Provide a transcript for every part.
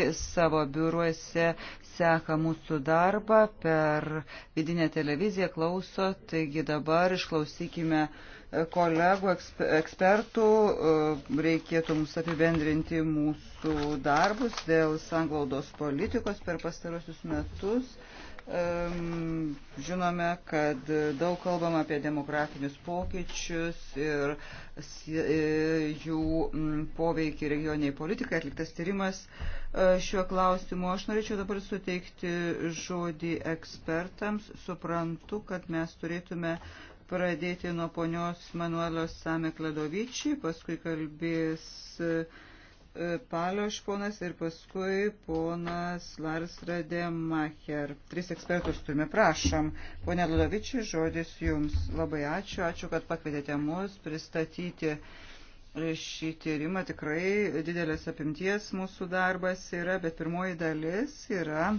tikrai savo biuruose seka mūsų darbą per vidinę televiziją, klauso. Taigi dabar išklausykime e, kolegų ekspertų. E, reikėtų mums apibendrinti mūsų darbus dėl sanglaudos politikos per pastarosius metus. Žinome, kad daug kalbam apie demografinius pokyčius ir e, jų poveikį regioniai politikai. Atliktas tyrimas e, šiuo klausimu. Aš norėčiau dabar suteikti žodį ekspertams. Suprantu, kad mes turėtume pradėti nuo ponios Manuelos Samekledovičiai, paskui kalbės. Uh, E, Palioš ponas ir paskui ponas Lars Rademacher. Tris ekspertus turime, prašom. Pone Ludovičiai, žodis jums. Labai ačiū, ačiū, kad pakvietėte mus pristatyti šį tyrimą. Tikrai didelės apimties mūsų darbas yra, bet pirmoji dalis yra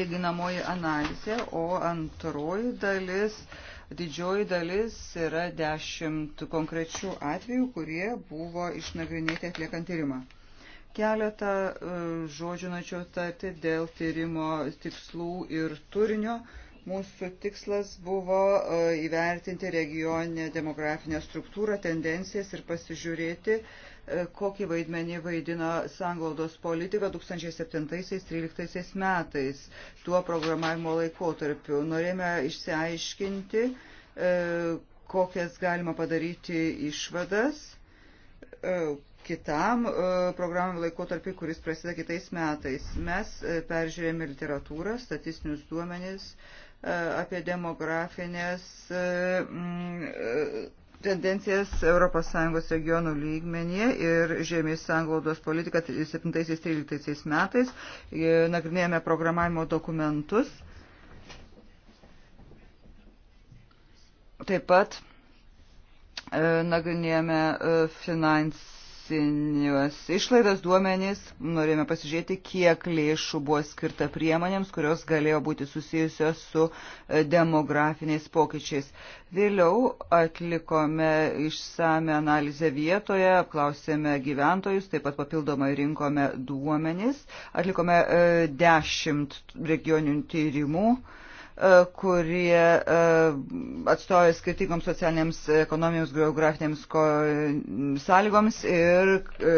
lyginamoji analizė, o antroji dalis. Uh, Didžioji dalis yra dešimt konkrečių atvejų, kurie buvo išnagrinėti atliekant tyrimą. Keletą e, žodžių norėčiau tarti dėl tyrimo tikslų ir turinio. Mūsų tikslas buvo e, įvertinti regioninę demografinę struktūrą, tendencijas ir pasižiūrėti, uh, E, kokį vaidmenį vaidino sanglaudos politika 2007-2013 metais tuo programavimo laikotarpiu. Norėjome išsiaiškinti, e, kokias galima padaryti išvadas e, kitam programavimo laikotarpiu, kuris prasideda kitais metais. Mes peržiūrėjome literatūrą, statistinius duomenis apie demografinės tendencijas ES regionų lygmenyje ir žemės sanglaudos politiką 7-13 metais. E, nagrinėjame programavimo dokumentus. Taip pat e, nagrinėjame e, finansinį finansinės išlaidas duomenys. Norėjome pasižiūrėti, kiek lėšų buvo skirta priemonėms, kurios galėjo būti susijusios su e, demografiniais pokyčiais. Vėliau atlikome išsame analizę vietoje, apklausėme gyventojus, taip pat papildomai rinkome duomenys, atlikome e, dešimt regioninių tyrimų E, kurie e, atstovauja skirtingoms socialinėms, ekonominėms, geografinėms sąlygoms ir e,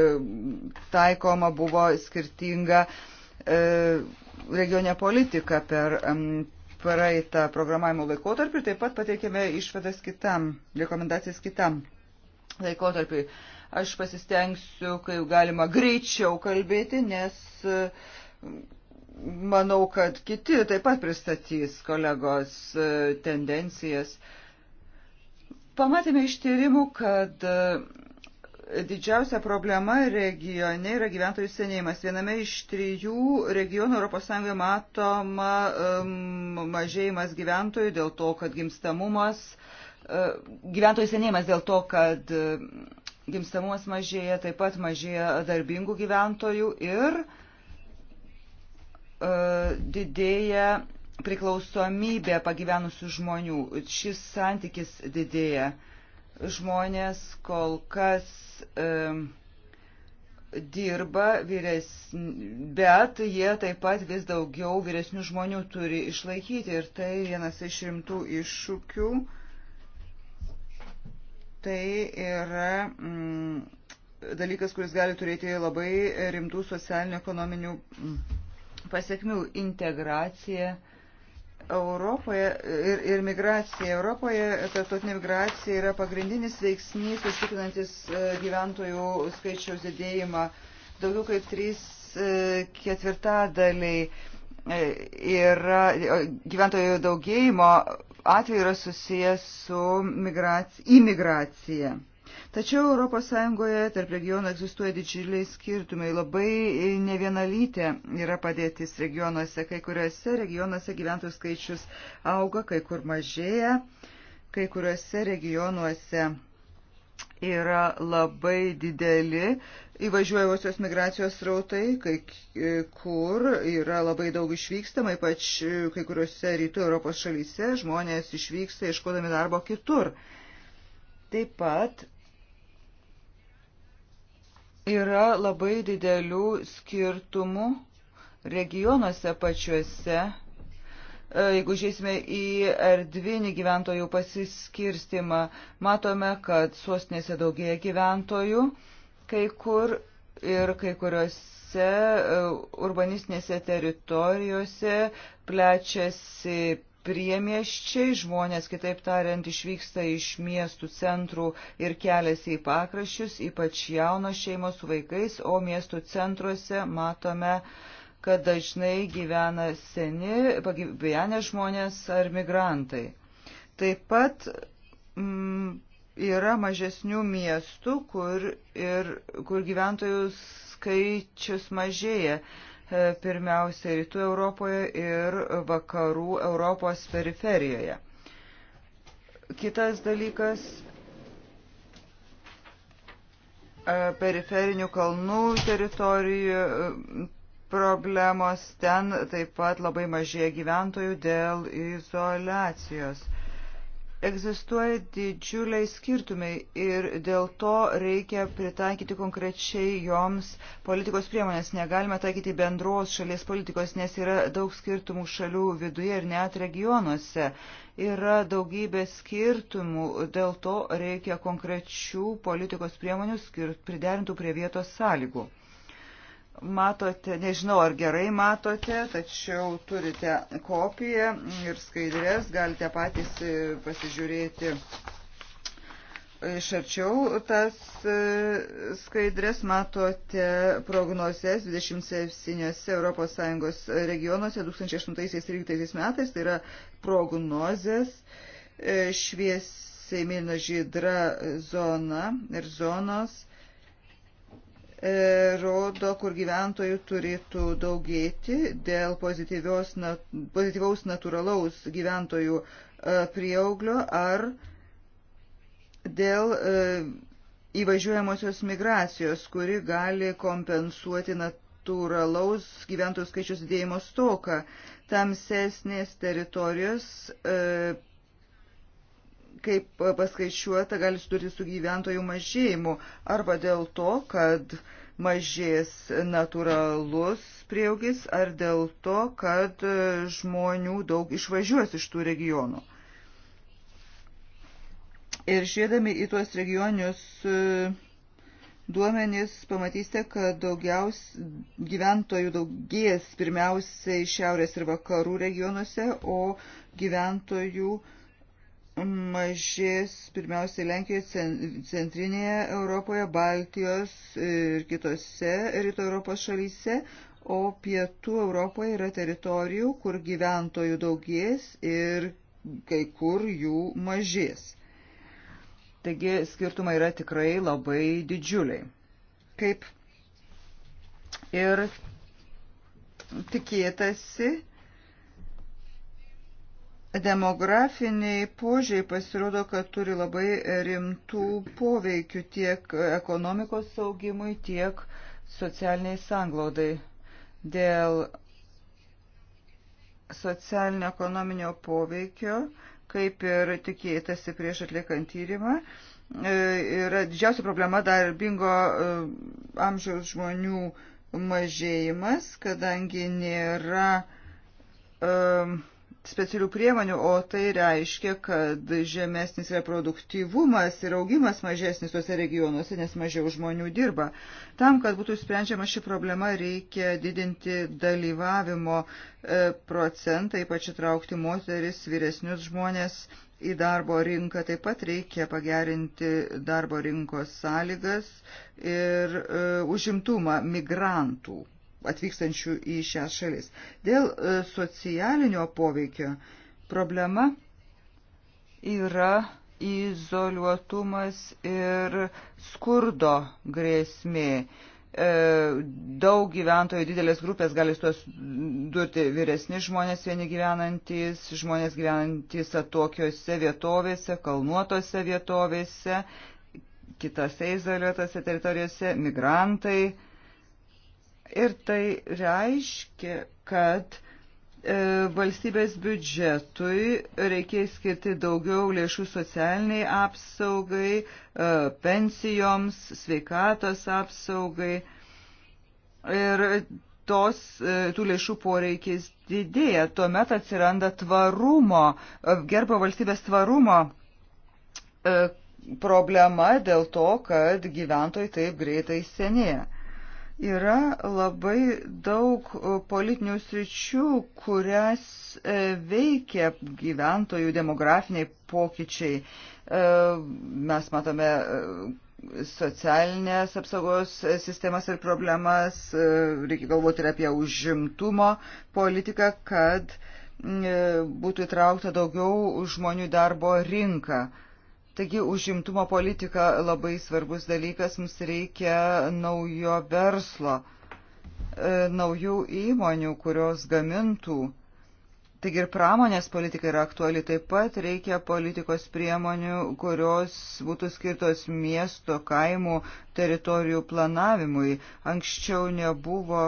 taikoma buvo skirtinga regionė politika per praeitą programavimo laikotarpį ir taip pat pateikėme išvadas kitam, rekomendacijas kitam laikotarpiui. Aš pasistengsiu, kaip galima, greičiau kalbėti, nes manau, kad kiti taip pat pristatys kolegos e, tendencijas. Pamatėme iš tyrimų, kad e, didžiausia problema regione yra gyventojų senėjimas. Viename iš trijų regionų ES matoma mažėjimas gyventojų dėl to, kad gimstamumas, e, gyventojų senėjimas dėl to, kad gimstamumas mažėja, taip pat mažėja darbingų gyventojų ir uh, E, didėja priklausomybė pagyvenusių žmonių. Šis santykis didėja. Žmonės kol kas um, dirba vyresni, bet jie taip pat vis daugiau vyresnių žmonių turi išlaikyti ir tai vienas iš rimtų iššūkių. Tai yra. Mm, dalykas, kuris gali turėti labai rimtų socialinių ekonominių mm, pasiekmių integracija Europoje ir, ir migracija Europoje, tarptautinė migracija yra pagrindinis veiksnys užtikrinantis e, gyventojų skaičiaus didėjimą. Daugiau kaip trys e, ketvirtadaliai e, yra gyventojų daugėjimo atveju yra susijęs su imigracija. Tačiau ES tarp regionų egzistuoja didžiuliai skirtumai. Labai nevienalytė yra padėtis regionuose. Kai kuriuose regionuose gyventojų skaičius auga, kai kur mažėja. Kai kuriuose regionuose yra labai dideli įvažiuojamosios migracijos rautai, kai kur yra labai daug išvykstama, ypač kai kuriuose rytų Europos šalyse žmonės išvyksta iškodami darbo kitur. Taip pat Yra labai didelių skirtumų regionuose pačiuose e, jeigu žiūrėsime į erdvinį gyventojų pasiskirstimą, matome, kad sostinėse daugėja gyventojų kai kur ir kai kuriuose e, urbanistinėse teritorijose plečiasi priemieščiai, žmonės, kitaip tariant, išvyksta iš miestų centrų ir keliasi į pakraščius, ypač jaunos šeimos su vaikais, o miestų centruose matome, kad dažnai gyvena seni, pagyvenę žmonės ar migrantai. Taip pat mm, yra mažesnių miestų, kur, ir, kur gyventojų skaičius mažėja. E, pirmiausia rytų Europoje ir vakarų Europos periferijoje. Kitas dalykas e, - periferinių kalnų teritorijų e, problemos. Ten taip pat labai mažėja gyventojų dėl izolacijos egzistuoja didžiuliai skirtumai ir dėl to reikia pritaikyti konkrečiai joms politikos priemonės. Negalime taikyti bendros šalies politikos, nes yra daug skirtumų šalių viduje ir net regionuose. Yra daugybė skirtumų, dėl to reikia konkrečių politikos priemonių skirt, priderintų prie vietos sąlygų matote, nežinau ar gerai matote, tačiau turite kopiją ir skaidrės, galite patys e, pasižiūrėti iš arčiau tas e, skaidrės matote prognozes 27 ES regionuose 2008-2013 metais, tai yra prognozes e, šviesiai mėlyna žydra zona ir zonos E, rodo, kur gyventojų turėtų daugėti dėl pozityvaus natūralaus gyventojų e, prieauglio ar dėl e, įvažiuojamosios migracijos, kuri gali kompensuoti natūralaus gyventojų skaičius didėjimo stoką. Tamsesnės teritorijos kaip paskaičiuota, gali sudurti su gyventojų mažėjimu arba dėl to, kad mažės natūralus prieaugis ar dėl to, kad žmonių daug išvažiuos iš tų regionų. Ir žiūrėdami į tuos regionius e, duomenys pamatysite, kad daugiaus gyventojų daugės pirmiausiai šiaurės ir vakarų regionuose, o gyventojų uh, mažės pirmiausiai Lenkijoje, centrinėje Europoje, Baltijos ir kitose rytų Europos šalyse, o pietų Europoje yra teritorijų, kur gyventojų daugės ir kai kur jų mažės. Taigi skirtumai yra tikrai labai didžiuliai. Kaip ir tikėtasi, demografiniai požiai pasirodo, kad turi labai rimtų poveikių tiek ekonomikos saugimui, tiek socialiniai sanglaudai. Dėl socialinio ekonominio poveikio, kaip ir tikėtasi prieš atliekant tyrimą, e, yra didžiausia problema darbingo e, amžiaus žmonių mažėjimas, kadangi nėra um, specialių priemonių, o tai reiškia, kad žemesnis yra produktyvumas ir augimas mažesnis tuose regionuose, nes mažiau žmonių dirba. Tam, kad būtų sprendžiama ši problema, reikia didinti dalyvavimo e, procentą, ypač įtraukti moteris, vyresnius žmonės į darbo rinką. Taip pat reikia pagerinti darbo rinkos sąlygas ir e, užimtumą migrantų atvykstančių į šią šalis. Dėl e, socialinio poveikio problema yra izoliuotumas ir skurdo grėsmė. E, daug gyventojų didelės grupės gali tuos durti vyresni žmonės, vieni gyvenantis, žmonės gyvenantis atokiose vietovėse, kalnuotose vietovėse, kitose izoliuotose teritorijose, migrantai Ir tai reiškia, kad e, valstybės biudžetui reikės skirti daugiau lėšų socialiniai apsaugai, e, pensijoms, sveikatos apsaugai. Ir tos, e, tų lėšų poreikis didėja. Tuomet atsiranda tvarumo, gerbo valstybės tvarumo problema dėl to, kad gyventojai taip greitai senėja yra labai daug e, politinių sričių, kurias e, veikia gyventojų demografiniai pokyčiai. E, mes matome socialinės apsaugos sistemas ir problemas, reikia galvoti ir apie užimtumo politiką, kad būtų įtraukta daugiau žmonių darbo rinką. Taigi užimtumo politika labai svarbus dalykas, mums reikia naujo verslo, e, naujų įmonių, kurios gamintų. Taigi ir pramonės politika yra aktuali, taip pat reikia politikos priemonių, kurios būtų skirtos miesto, kaimų, teritorijų planavimui. Anksčiau nebuvo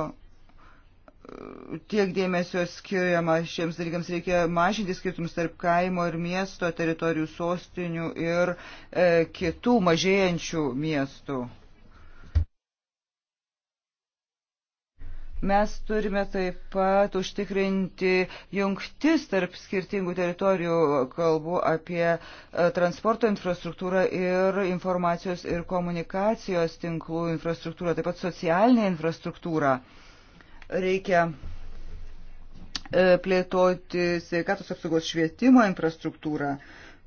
tiek dėmesio skiriama šiems dalykams, reikia mažinti skirtumus tarp kaimo ir miesto teritorijų sostinių ir e, kitų mažėjančių miestų. Mes turime taip pat užtikrinti jungtis tarp skirtingų teritorijų, kalbu apie e, transporto infrastruktūrą ir informacijos ir komunikacijos tinklų infrastruktūrą, taip pat socialinę infrastruktūrą. E, Reikia e, plėtoti sveikatos apsaugos švietimo infrastruktūrą.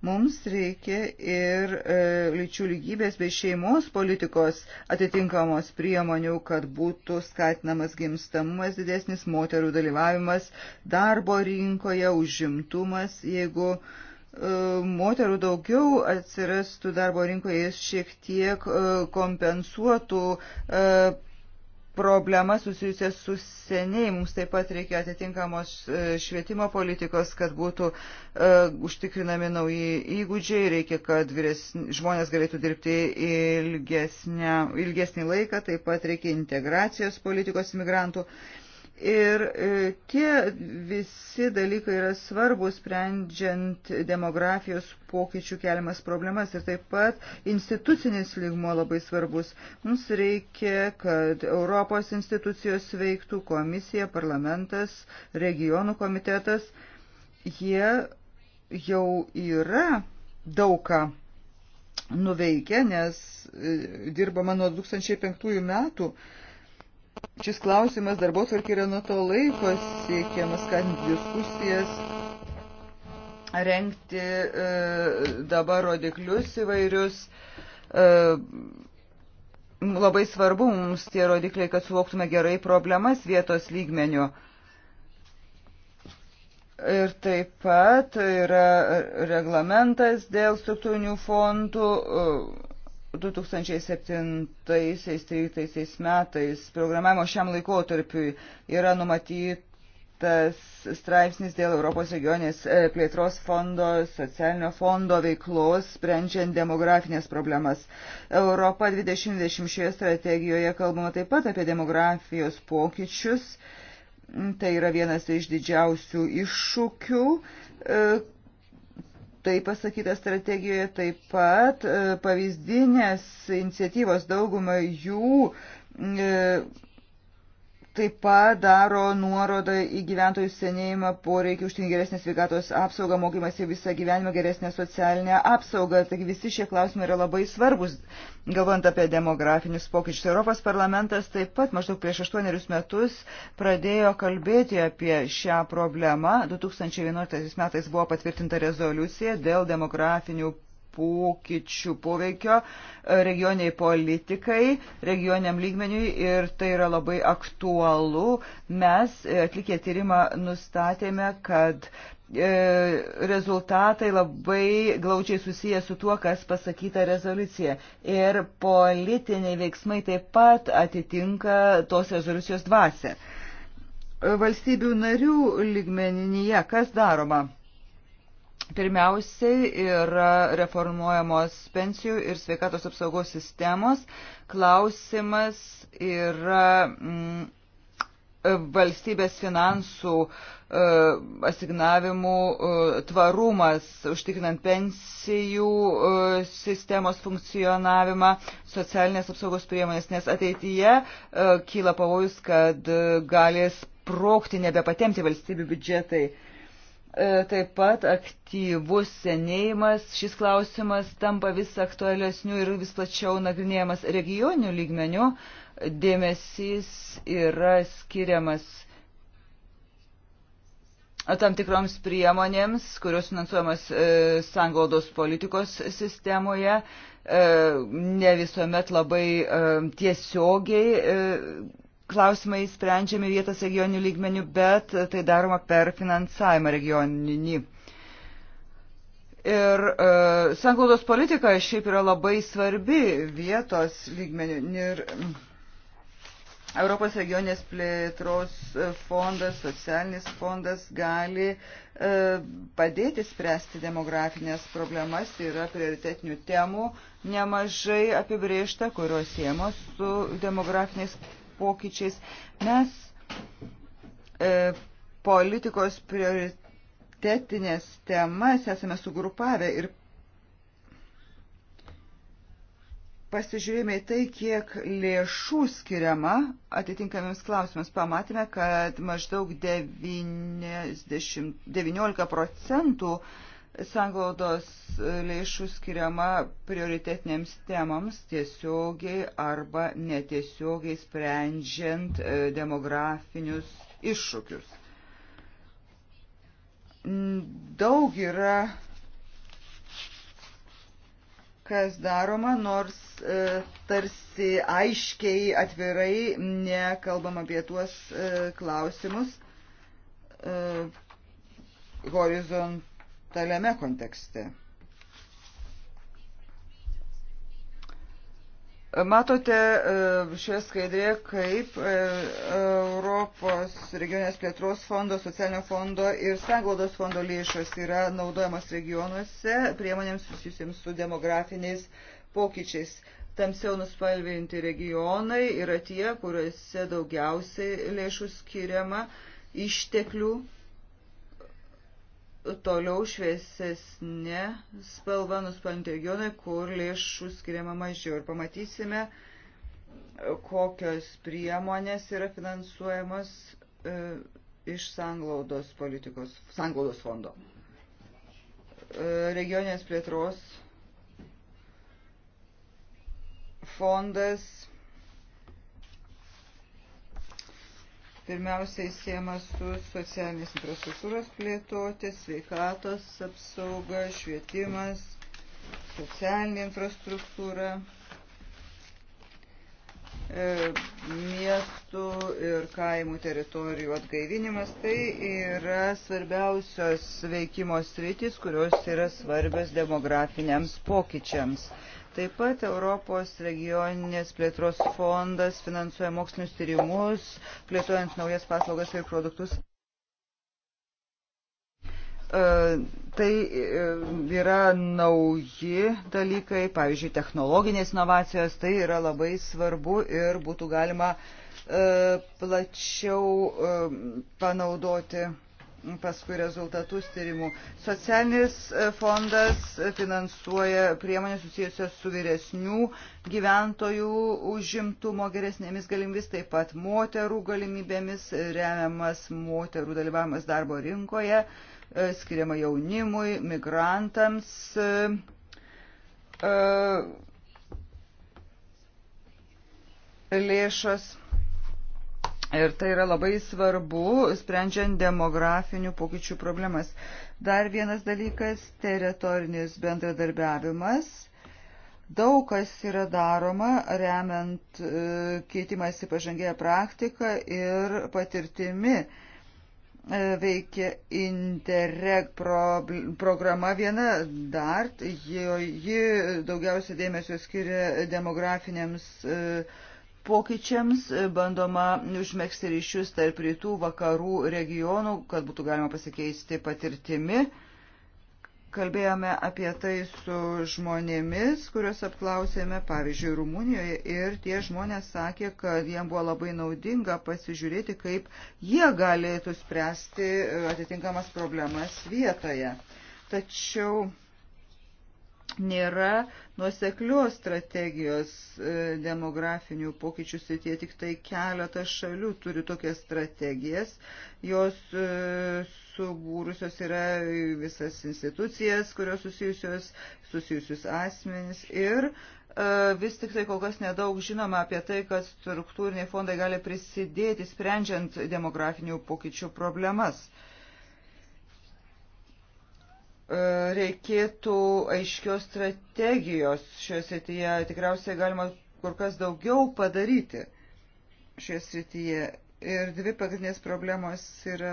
Mums reikia ir e, lyčių lygybės bei šeimos politikos atitinkamos priemonių, kad būtų skatinamas gimstamumas didesnis, moterų dalyvavimas darbo rinkoje, užimtumas. Jeigu e, moterų daugiau atsirastų darbo rinkoje, jis šiek tiek e, kompensuotų e, problema susijusia su seniai. Mums taip pat reikia atitinkamos e, švietimo politikos, kad būtų uh, užtikrinami nauji įgūdžiai, reikia, kad vyresni, žmonės galėtų dirbti ilgesnę, ilgesnį laiką, taip pat reikia integracijos politikos imigrantų. Uh, Ir e, tie visi dalykai yra svarbus sprendžiant demografijos pokyčių keliamas problemas ir taip pat institucinis lygmo labai svarbus. Mums reikia, kad Europos institucijos veiktų komisija, parlamentas, regionų komitetas. Jie jau yra daugą nuveikę, nes e, dirbama nuo 2005 metų šis klausimas darbo tvarkė yra nuo to laiko siekiamas skatinti diskusijas, renkti e, dabar rodiklius įvairius. E, labai svarbu mums tie rodikliai, kad suvoktume gerai problemas vietos lygmenių. Ir taip pat yra reglamentas dėl struktūrinių fondų. E, 2007-2013 metais programavimo šiam laikotarpiui yra numatytas straipsnis dėl Europos regionės e, plėtros fondo, socialinio fondo veiklos, sprendžiant demografinės problemas. Europa 2020 šioje strategijoje kalbama taip pat apie demografijos pokyčius. Tai yra vienas iš didžiausių iššūkių e, Tai pasakyta strategijoje taip pat e, pavyzdinės iniciatyvos daugumą jų e, taip pat daro nuorodą į gyventojų senėjimą poreikį užtikrinti geresnę sveikatos apsaugą, mokymasi visą gyvenimą geresnę socialinę apsaugą. Taigi visi šie klausimai yra labai svarbus, galvant apie demografinius pokyčius. Europos parlamentas taip pat maždaug prieš aštuonerius metus pradėjo kalbėti apie šią problemą. 2011 metais buvo patvirtinta rezoliucija dėl demografinių pokyčių poveikio regioniai politikai, regioniam lygmeniui ir tai yra labai aktualu. Mes atlikę tyrimą nustatėme, kad e, rezultatai labai glaučiai susiję su tuo, kas pasakyta rezoliucija. Ir politiniai veiksmai taip pat atitinka tos rezoliucijos dvasę. Valstybių narių lygmenyje kas daroma? Pirmiausiai yra reformuojamos pensijų ir sveikatos apsaugos sistemos. Klausimas yra mm, valstybės finansų e, asignavimų e, tvarumas, užtikrinant pensijų e, sistemos funkcionavimą, socialinės apsaugos priemonės, nes ateityje e, kyla pavojus, kad e, gali sprokti nebepatemti valstybių biudžetai. E, taip pat aktyvus senėjimas, šis klausimas tampa vis aktualesniu ir vis plačiau nagrinėjamas regioninių lygmenių. Dėmesys yra skiriamas tam tikroms priemonėms, kurios finansuojamas e, sanglaudos politikos sistemoje, e, ne visuomet labai e, tiesiogiai. E, klausimai sprendžiami vietos regioninių lygmenių, bet tai daroma per finansavimą regioninį. Ir e, sanglaudos politika šiaip yra labai svarbi vietos lygmenių. Ir mm, Europos regionės plėtros fondas, socialinis fondas gali e, padėti spręsti demografinės problemas. Yra prioritetinių temų nemažai apibriešta, kurios siemos su demografiniais pokyčiais. Mes e, politikos prioritetinės temas esame sugrupavę ir pasižiūrėjome į tai, kiek lėšų skiriama atitinkamiems klausimams. Pamatėme, kad maždaug 90, 19 procentų e, sanglaudos lėšų skiriama prioritetinėms temams tiesiogiai arba netiesiogiai sprendžiant e, demografinius iššūkius. Daug yra kas daroma, nors e, tarsi aiškiai, atvirai nekalbam apie tuos e, klausimus. E, horizont horizontaliame kontekste. Matote e, šioje skaidrėje, kaip e, Europos regionės plėtros fondo, socialinio fondo ir sanglaudos fondo lėšos yra naudojamas regionuose priemonėms susijusiems su demografiniais pokyčiais. Tamsiau nuspalvinti regionai yra tie, kuriuose daugiausiai lėšų skiriama išteklių toliau šviesesnė spalva nuspalvinti regionai, kur lėšų skiriama mažiau. Ir pamatysime, kokios priemonės yra finansuojamos e, iš sanglaudos politikos, sanglaudos fondo. E, regionės plėtros fondas pirmiausiai siema su socialinės infrastruktūros plėtoti, sveikatos apsauga, švietimas, socialinė infrastruktūra, e, miestų ir kaimų teritorijų atgaivinimas. Tai yra svarbiausios veikimo sritis, kurios yra svarbios demografiniams pokyčiams. Taip pat Europos regioninės plėtros fondas finansuoja mokslinius tyrimus, plėtojant naujas paslaugas ir produktus. E, tai e, yra nauji dalykai, pavyzdžiui, technologinės inovacijos, tai yra labai svarbu ir būtų galima e, plačiau panaudoti paskui rezultatus tyrimų. Socialinis e, fondas e, finansuoja priemonės susijusios su vyresnių gyventojų užimtumo geresnėmis galimybėmis, taip pat moterų galimybėmis, e, remiamas moterų dalyvavimas darbo rinkoje, skiriama jaunimui, migrantams. Lėšos Ir tai yra labai svarbu, sprendžiant demografinių pokyčių problemas. Dar vienas dalykas - teritorinis bendradarbiavimas. Daug kas yra daroma, remiant e, keitimąsi pažangėją praktiką ir patirtimi. E, veikia Interreg pro, programa viena DART, ji, ji daugiausia dėmesio skiria demografinėms uh, e, pokyčiams, e, bandoma užmėgsti ryšius tarp rytų vakarų regionų, kad būtų galima pasikeisti patirtimi. Kalbėjome apie tai su žmonėmis, kuriuos apklausėme, pavyzdžiui, Rumunijoje, ir tie žmonės sakė, kad jiem buvo labai naudinga pasižiūrėti, kaip jie galėtų spręsti e, atitinkamas problemas vietoje. Tačiau nėra nuoseklios strategijos e, demografinių pokyčių srityje, tik tai keletas šalių turi tokias strategijas, jos e, subūrusios yra visas institucijas, kurios susijusios, susijusius asmenys ir e, vis tik tai kol kas nedaug žinoma apie tai, kad struktūriniai fondai gali prisidėti sprendžiant demografinių pokyčių problemas. E, reikėtų aiškios strategijos šioje srityje. Tikriausiai galima kur kas daugiau padaryti šioje srityje. Ir dvi pagrindinės problemos yra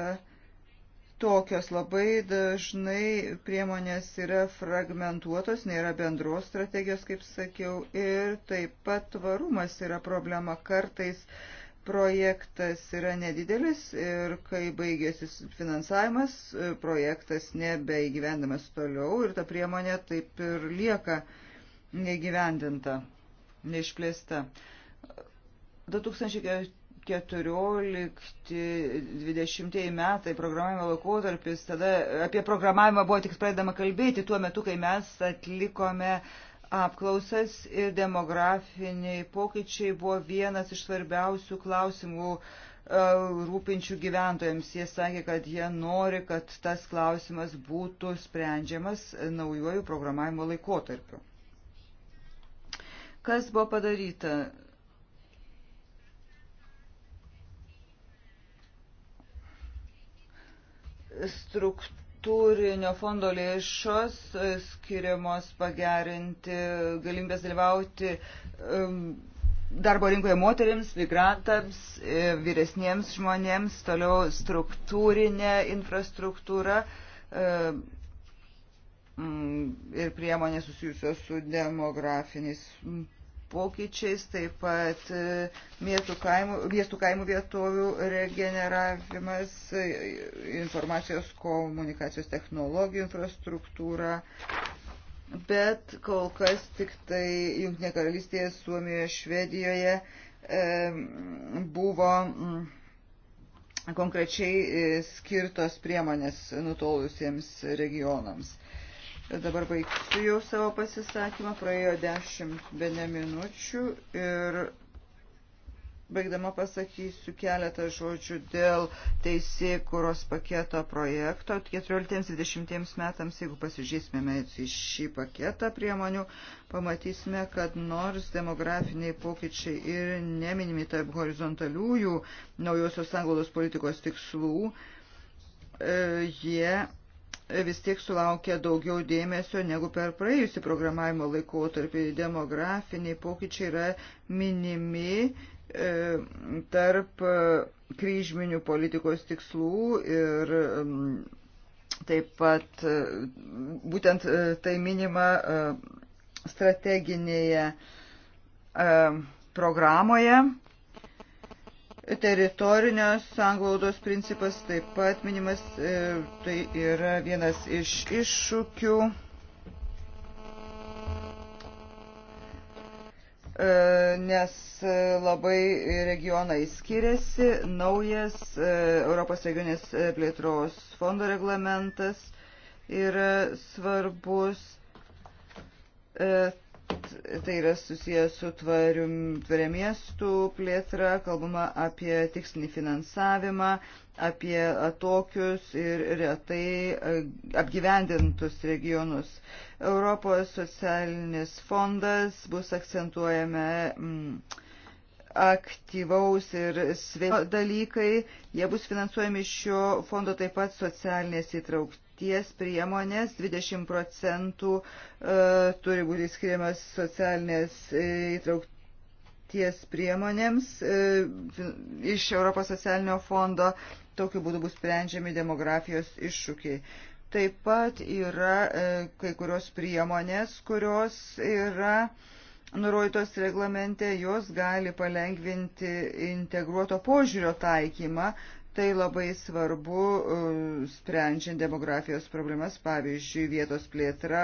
tokios. Labai dažnai priemonės yra fragmentuotos, nėra bendros strategijos, kaip sakiau. Ir taip pat tvarumas yra problema kartais. Uh, projektas yra nedidelis ir kai baigėsi finansavimas, projektas nebeįgyvendamas toliau ir ta priemonė taip ir lieka neįgyvendinta, neišplėsta. 2014-2020 metai programavimo laikotarpis, tada apie programavimą buvo tik pradedama kalbėti tuo metu, kai mes atlikome uh, apklausas ir demografiniai pokyčiai buvo vienas iš svarbiausių klausimų e, rūpinčių gyventojams. Jie sakė, kad jie nori, kad tas klausimas būtų sprendžiamas naujojų programavimo laikotarpiu. Kas buvo padaryta? Struktūra struktūrinio fondo lėšos e, skiriamos pagerinti galimybės dalyvauti darbo rinkoje moteriams, migrantams, e, vyresniems žmonėms, toliau struktūrinė infrastruktūra e, ir priemonės susijusios su demografiniais pokyčiais, taip pat e, miestų kaimų, miestų kaimų vietovių regeneravimas, e, informacijos komunikacijos technologijų infrastruktūra. Bet kol kas tik tai Junktinė karalystėje, Suomijoje, Švedijoje e, buvo m, mm, konkrečiai e, skirtos priemonės nutolusiems regionams. Dabar baigsiu jau savo pasisakymą, praėjo dešimt bene minučių ir baigdama pasakysiu keletą žodžių dėl teisėkuros paketo projekto. 14-20 metams, jeigu pasižiūrėsime į šį paketą priemonių, pamatysime, kad nors demografiniai pokyčiai ir neminimi tarp horizontaliųjų naujosios sanglaudos politikos tikslų, e, jie vis tiek sulaukia daugiau dėmesio negu per praėjusi programavimo laikotarpį. Demografiniai pokyčiai yra minimi e, tarp e, kryžminių politikos tikslų ir taip pat e, būtent tai minima strateginėje programoje Teritorinės sanglaudos principas taip pat minimas, e, tai yra vienas iš iššūkių. E, nes labai regionai skiriasi, naujas e, Europos regionės plėtros fondo reglamentas yra svarbus tai yra susijęs su tvariu, tvaria miestų plėtra, kalbama apie tikslinį finansavimą, apie tokius ir retai e, apgyvendintus regionus. Europos socialinis fondas bus akcentuojame. Mm, aktyvaus ir sveiko dalykai, jie bus finansuojami šio fondo taip pat socialinės įtraukti ties priemonės, 20 procentų e, turi būti skiriamas socialinės e, įtraukties priemonėms e, iš Europos socialinio fondo. Tokiu būdu bus sprendžiami demografijos iššūkiai. Taip pat yra e, kai kurios priemonės, kurios yra nurodytos reglamente, jos gali palengvinti integruoto požiūrio taikymą, e, Tai labai svarbu um, sprendžiant demografijos problemas, pavyzdžiui, vietos plėtra,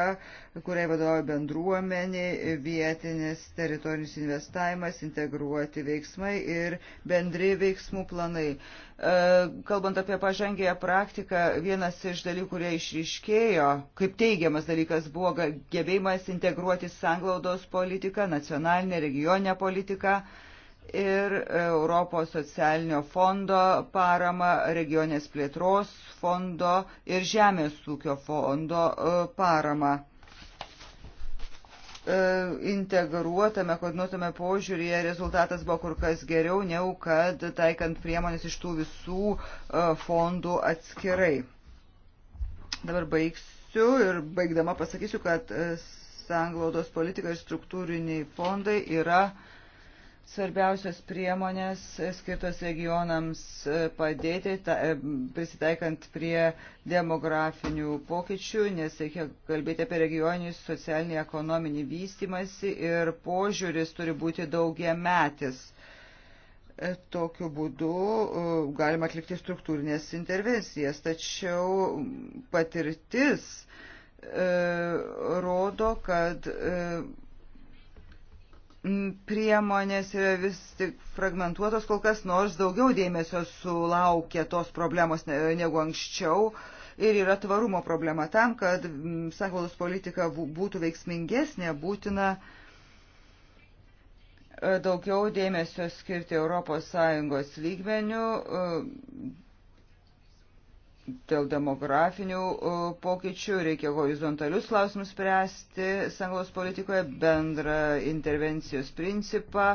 kuriai vadovauja bendruomenė, vietinis teritorinis investavimas, integruoti veiksmai ir bendri veiksmų planai. E, kalbant apie pažangėją praktiką, vienas iš dalykų, kurie išryškėjo, kaip teigiamas dalykas buvo gebėjimas integruoti sanglaudos politiką, nacionalinę regioninę politiką. politiką ir Europos socialinio fondo parama, regionės plėtros fondo ir žemės ūkio fondo e, parama e, integruotame, koordinuotame požiūrėje rezultatas buvo kur kas geriau, negu kad taikant priemonės iš tų visų e, fondų atskirai. Dabar baigsiu ir baigdama pasakysiu, kad sanglaudos politika ir struktūriniai fondai yra uh, svarbiausios priemonės skirtos regionams padėti ta, e, prisitaikant prie demografinių pokyčių, nes reikia kalbėti apie regioninį, socialinį, ekonominį vystimąsi ir požiūris turi būti daugia metis. E, tokiu būdu e, galima atlikti struktūrinės intervencijas, tačiau patirtis e, rodo, kad e, priemonės yra vis tik fragmentuotos kol kas, nors daugiau dėmesio sulaukia tos problemos negu anksčiau. Ir yra tvarumo problema tam, kad sanglaudos politika būtų veiksmingesnė, būtina e, daugiau dėmesio skirti ES lygmenių e, dėl demografinių pokyčių, reikia horizontalius klausimus spręsti sanglaus politikoje, bendrą intervencijos principą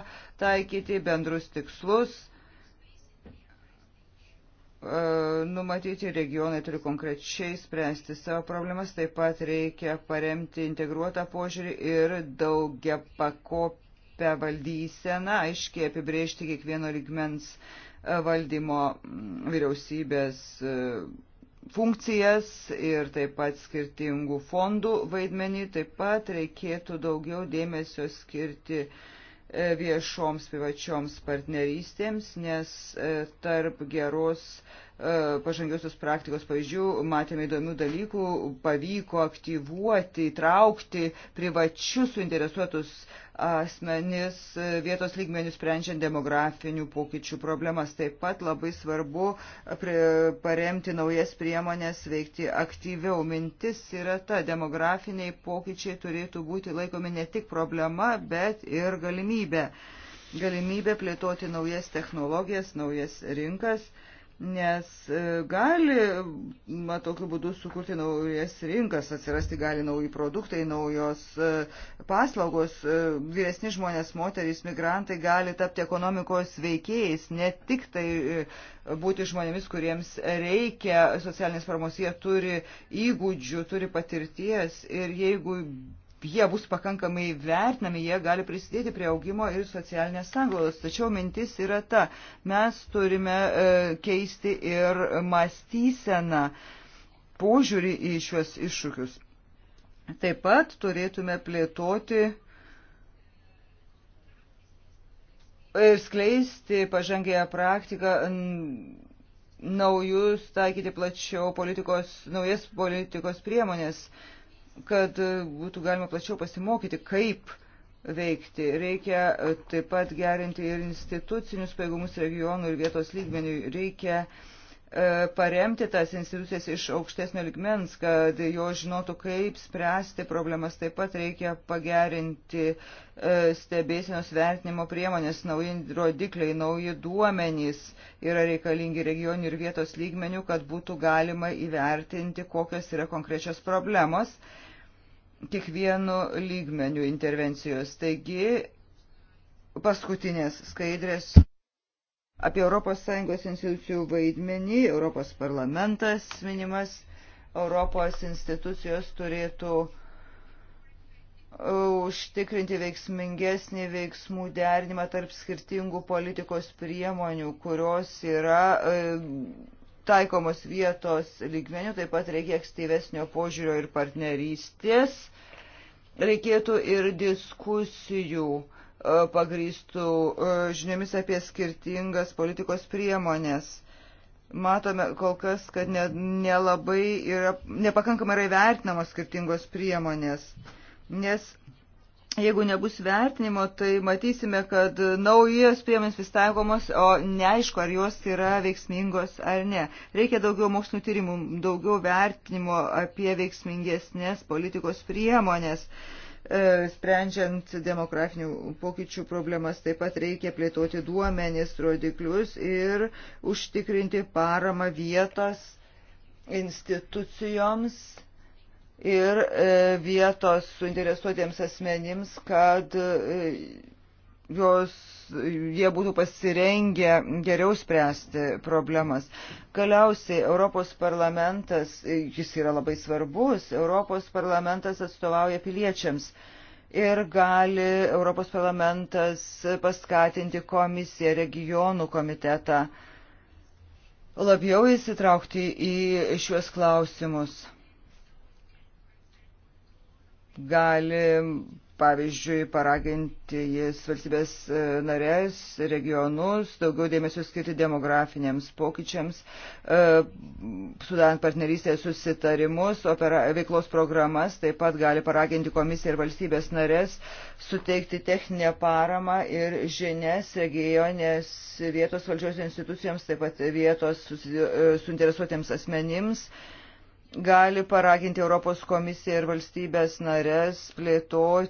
taikyti, bendrus tikslus numatyti regionai turi konkrečiai spręsti savo problemas, taip pat reikia paremti integruotą požiūrį ir daugia pakopę valdyseną, aiškiai apibriežti kiekvieno ligmens uh, valdymo mm, vyriausybės e, funkcijas ir taip pat skirtingų fondų vaidmenį. Taip pat reikėtų daugiau dėmesio skirti e, viešoms privačioms partnerystėms, nes e, tarp geros E, pažangiosios praktikos pavyzdžių, matėme įdomių dalykų, pavyko aktyvuoti, įtraukti privačius suinteresuotus asmenis e, vietos lygmenių sprendžiant demografinių pokyčių problemas. Taip pat labai svarbu paremti naujas priemonės, veikti aktyviau. Mintis yra ta, demografiniai pokyčiai turėtų būti laikomi ne tik problema, bet ir galimybė. Galimybė plėtoti naujas technologijas, naujas rinkas. Uh, nes e, gali ma, tokiu būdu sukurti naujas rinkas, atsirasti gali nauji produktai, naujos e, paslaugos. E, vyresni žmonės, moterys, migrantai gali tapti ekonomikos veikėjais, ne tik tai būti žmonėmis, kuriems reikia socialinės paramos, jie turi įgūdžių, turi patirties ir jeigu jie bus pakankamai vertinami, jie gali prisidėti prie augimo ir socialinės sanglaudos. Tačiau mintis yra ta, mes turime e, keisti ir mąstyseną, požiūrį į šiuos iššūkius. Taip pat turėtume plėtoti ir skleisti pažangėją praktiką naujus, taikyti plačiau politikos, naujas politikos priemonės. Uh, kad e, būtų galima plačiau pasimokyti, kaip veikti. Reikia e, taip pat gerinti ir institucinius pajėgumus regionų ir vietos lygmenių. Reikia e, paremti tas institucijas iš aukštesnio ligmens, kad jo žinotų, kaip spręsti problemas. Taip pat reikia pagerinti stebėsienos vertinimo priemonės, nauji rodikliai, nauji duomenys yra reikalingi regionių ir vietos lygmenių, kad būtų galima įvertinti, kokios yra konkrečios problemos kiekvienu lygmeniu intervencijos. Taigi, paskutinės skaidrės apie ES institucijų vaidmenį, Europos parlamentas minimas, Europos institucijos turėtų e, užtikrinti veiksmingesnį veiksmų derinimą tarp skirtingų politikos priemonių, kurios yra e, taikomos vietos lygmenių, taip pat reikia aktyvesnio požiūrio ir partnerystės, reikėtų ir diskusijų e, pagrįstų e, žiniomis apie skirtingas politikos priemonės. Matome kol kas, kad nelabai ne yra, nepakankamai yra įvertinamos skirtingos priemonės, nes Jeigu nebus vertinimo, tai matysime, kad naujos priemonės vis taikomos, o neaišku, ar jos yra veiksmingos ar ne. Reikia daugiau mokslinių tyrimų, daugiau vertinimo apie veiksmingesnės politikos priemonės e, sprendžiant demografinių pokyčių problemas, taip pat reikia plėtoti duomenis, rodiklius ir užtikrinti paramą vietos institucijoms ir e, vietos suinteresuotiems asmenims, kad e, jos, jie būtų pasirengę geriau spręsti problemas. Galiausiai Europos parlamentas, e, jis yra labai svarbus, Europos parlamentas atstovauja piliečiams. Ir gali Europos parlamentas paskatinti komisiją, regionų komitetą labiau įsitraukti į šiuos klausimus gali, pavyzdžiui, paraginti jis valstybės e, narės, regionus, daugiau dėmesio skirti demografiniams pokyčiams, e, sudant partnerystės susitarimus, opera, veiklos programas, taip pat gali paraginti komisiją ir valstybės narės suteikti techninę paramą ir žinias regionės vietos valdžios institucijoms, taip pat vietos e, suinteresuotiems asmenims gali paraginti Europos komisiją ir valstybės narės plėtoti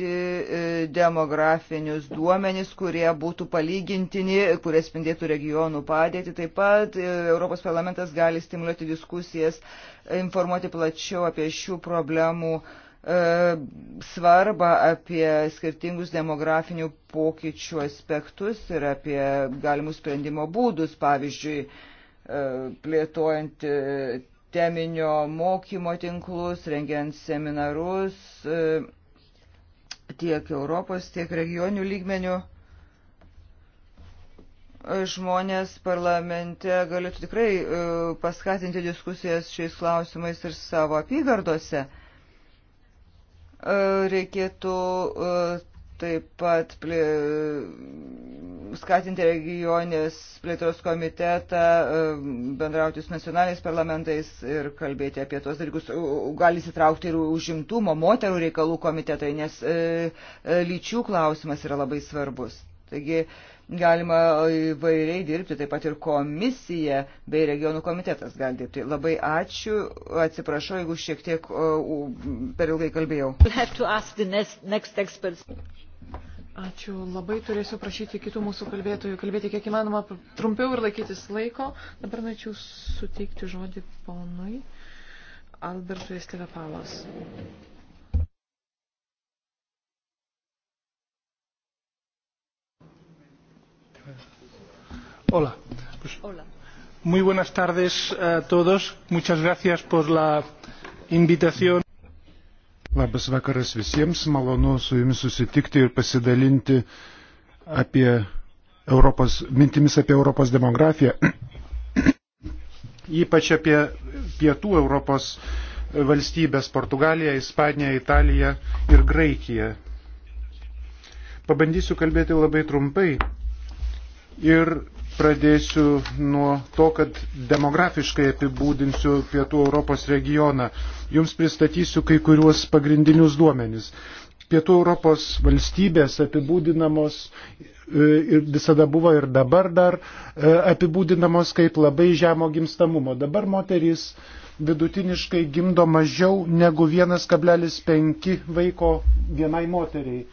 e, demografinius duomenis, kurie būtų palygintini, kurie spindėtų regionų padėti. Taip pat e, Europos parlamentas gali stimuliuoti diskusijas, informuoti plačiau apie šių problemų e, svarbą apie skirtingus demografinių pokyčių aspektus ir apie galimus sprendimo būdus, pavyzdžiui, plėtojant teminio mokymo tinklus, rengiant seminarus e, tiek Europos, tiek regionių lygmenių. Žmonės parlamente galėtų tikrai e, paskatinti diskusijas šiais klausimais ir savo apygardose. E, reikėtų taip pat plė, skatinti regionės plėtros komitetą, e, bendrauti su nacionaliniais parlamentais ir kalbėti apie tuos dalykus. Gali įsitraukti ir užimtumo moterų reikalų komitetai, nes e, e, lyčių klausimas yra labai svarbus. Taigi galima įvairiai dirbti, taip pat ir komisija bei regionų komitetas gali dirbti. Labai ačiū, atsiprašau, jeigu šiek tiek per ilgai kalbėjau. We'll Ačiū labai, turėsiu prašyti kitų mūsų kalbėtojų kalbėti kiek įmanoma trumpiau ir laikytis laiko. Dabar norėčiau suteikti žodį ponui Albertui Estevepalos. Hola. Pues, Hola. Muy buenas tardes a todos. Muchas gracias por la invitación. Labas vakaras visiems, malonu su jumis susitikti ir pasidalinti apie Europos, mintimis apie Europos demografiją, ypač apie pietų Europos valstybės - Portugaliją, Ispaniją, Italiją ir Graikiją. Pabandysiu kalbėti labai trumpai ir pradėsiu nuo to, kad demografiškai apibūdinsiu Pietų Europos regioną. Jums pristatysiu kai kuriuos pagrindinius duomenis. Pietų Europos valstybės apibūdinamos e, ir visada buvo ir dabar dar e, apibūdinamos kaip labai žemo gimstamumo. Dabar moterys vidutiniškai gimdo mažiau negu 1,5 vaiko vienai moteriai.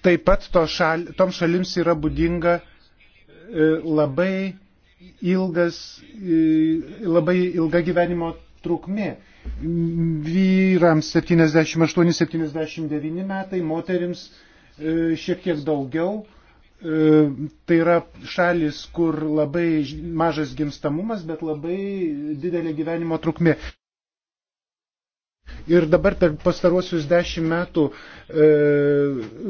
Taip pat to šal, tom šalims yra būdinga e, labai ilgas, e, labai ilga gyvenimo trukmė. Vyrams 78-79 metai, moterims e, šiek tiek daugiau. Tai yra šalis, kur labai mažas gimstamumas, bet labai didelė gyvenimo trukmė. Ir dabar per pastaruosius dešimt metų e,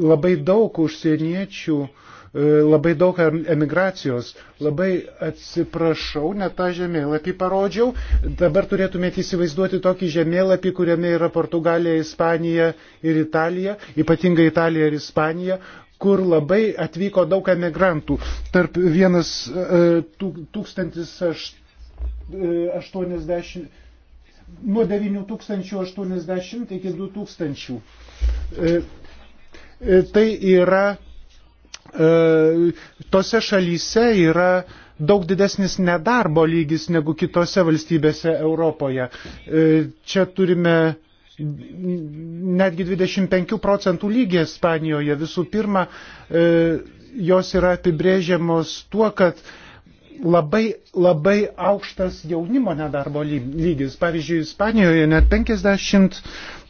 labai daug užsieniečių, e, labai daug emigracijos. Labai atsiprašau, net tą žemėlapį parodžiau. Dabar turėtumėte įsivaizduoti tokį žemėlapį, kuriame yra Portugalija, Ispanija ir Italija, ypatingai Italija ir Ispanija, kur labai atvyko daug emigrantų. Tarp vienas e, tūkstantis e, aštuoniasdešimt nuo 9080 iki 2000. E, e, tai yra, e, tose šalyse yra daug didesnis nedarbo lygis negu kitose valstybėse Europoje. E, čia turime netgi 25 procentų lygį Ispanijoje. Visų pirma, e, jos yra apibrėžiamos tuo, kad e, labai, labai aukštas jaunimo nedarbo lygis. Pavyzdžiui, Ispanijoje net 50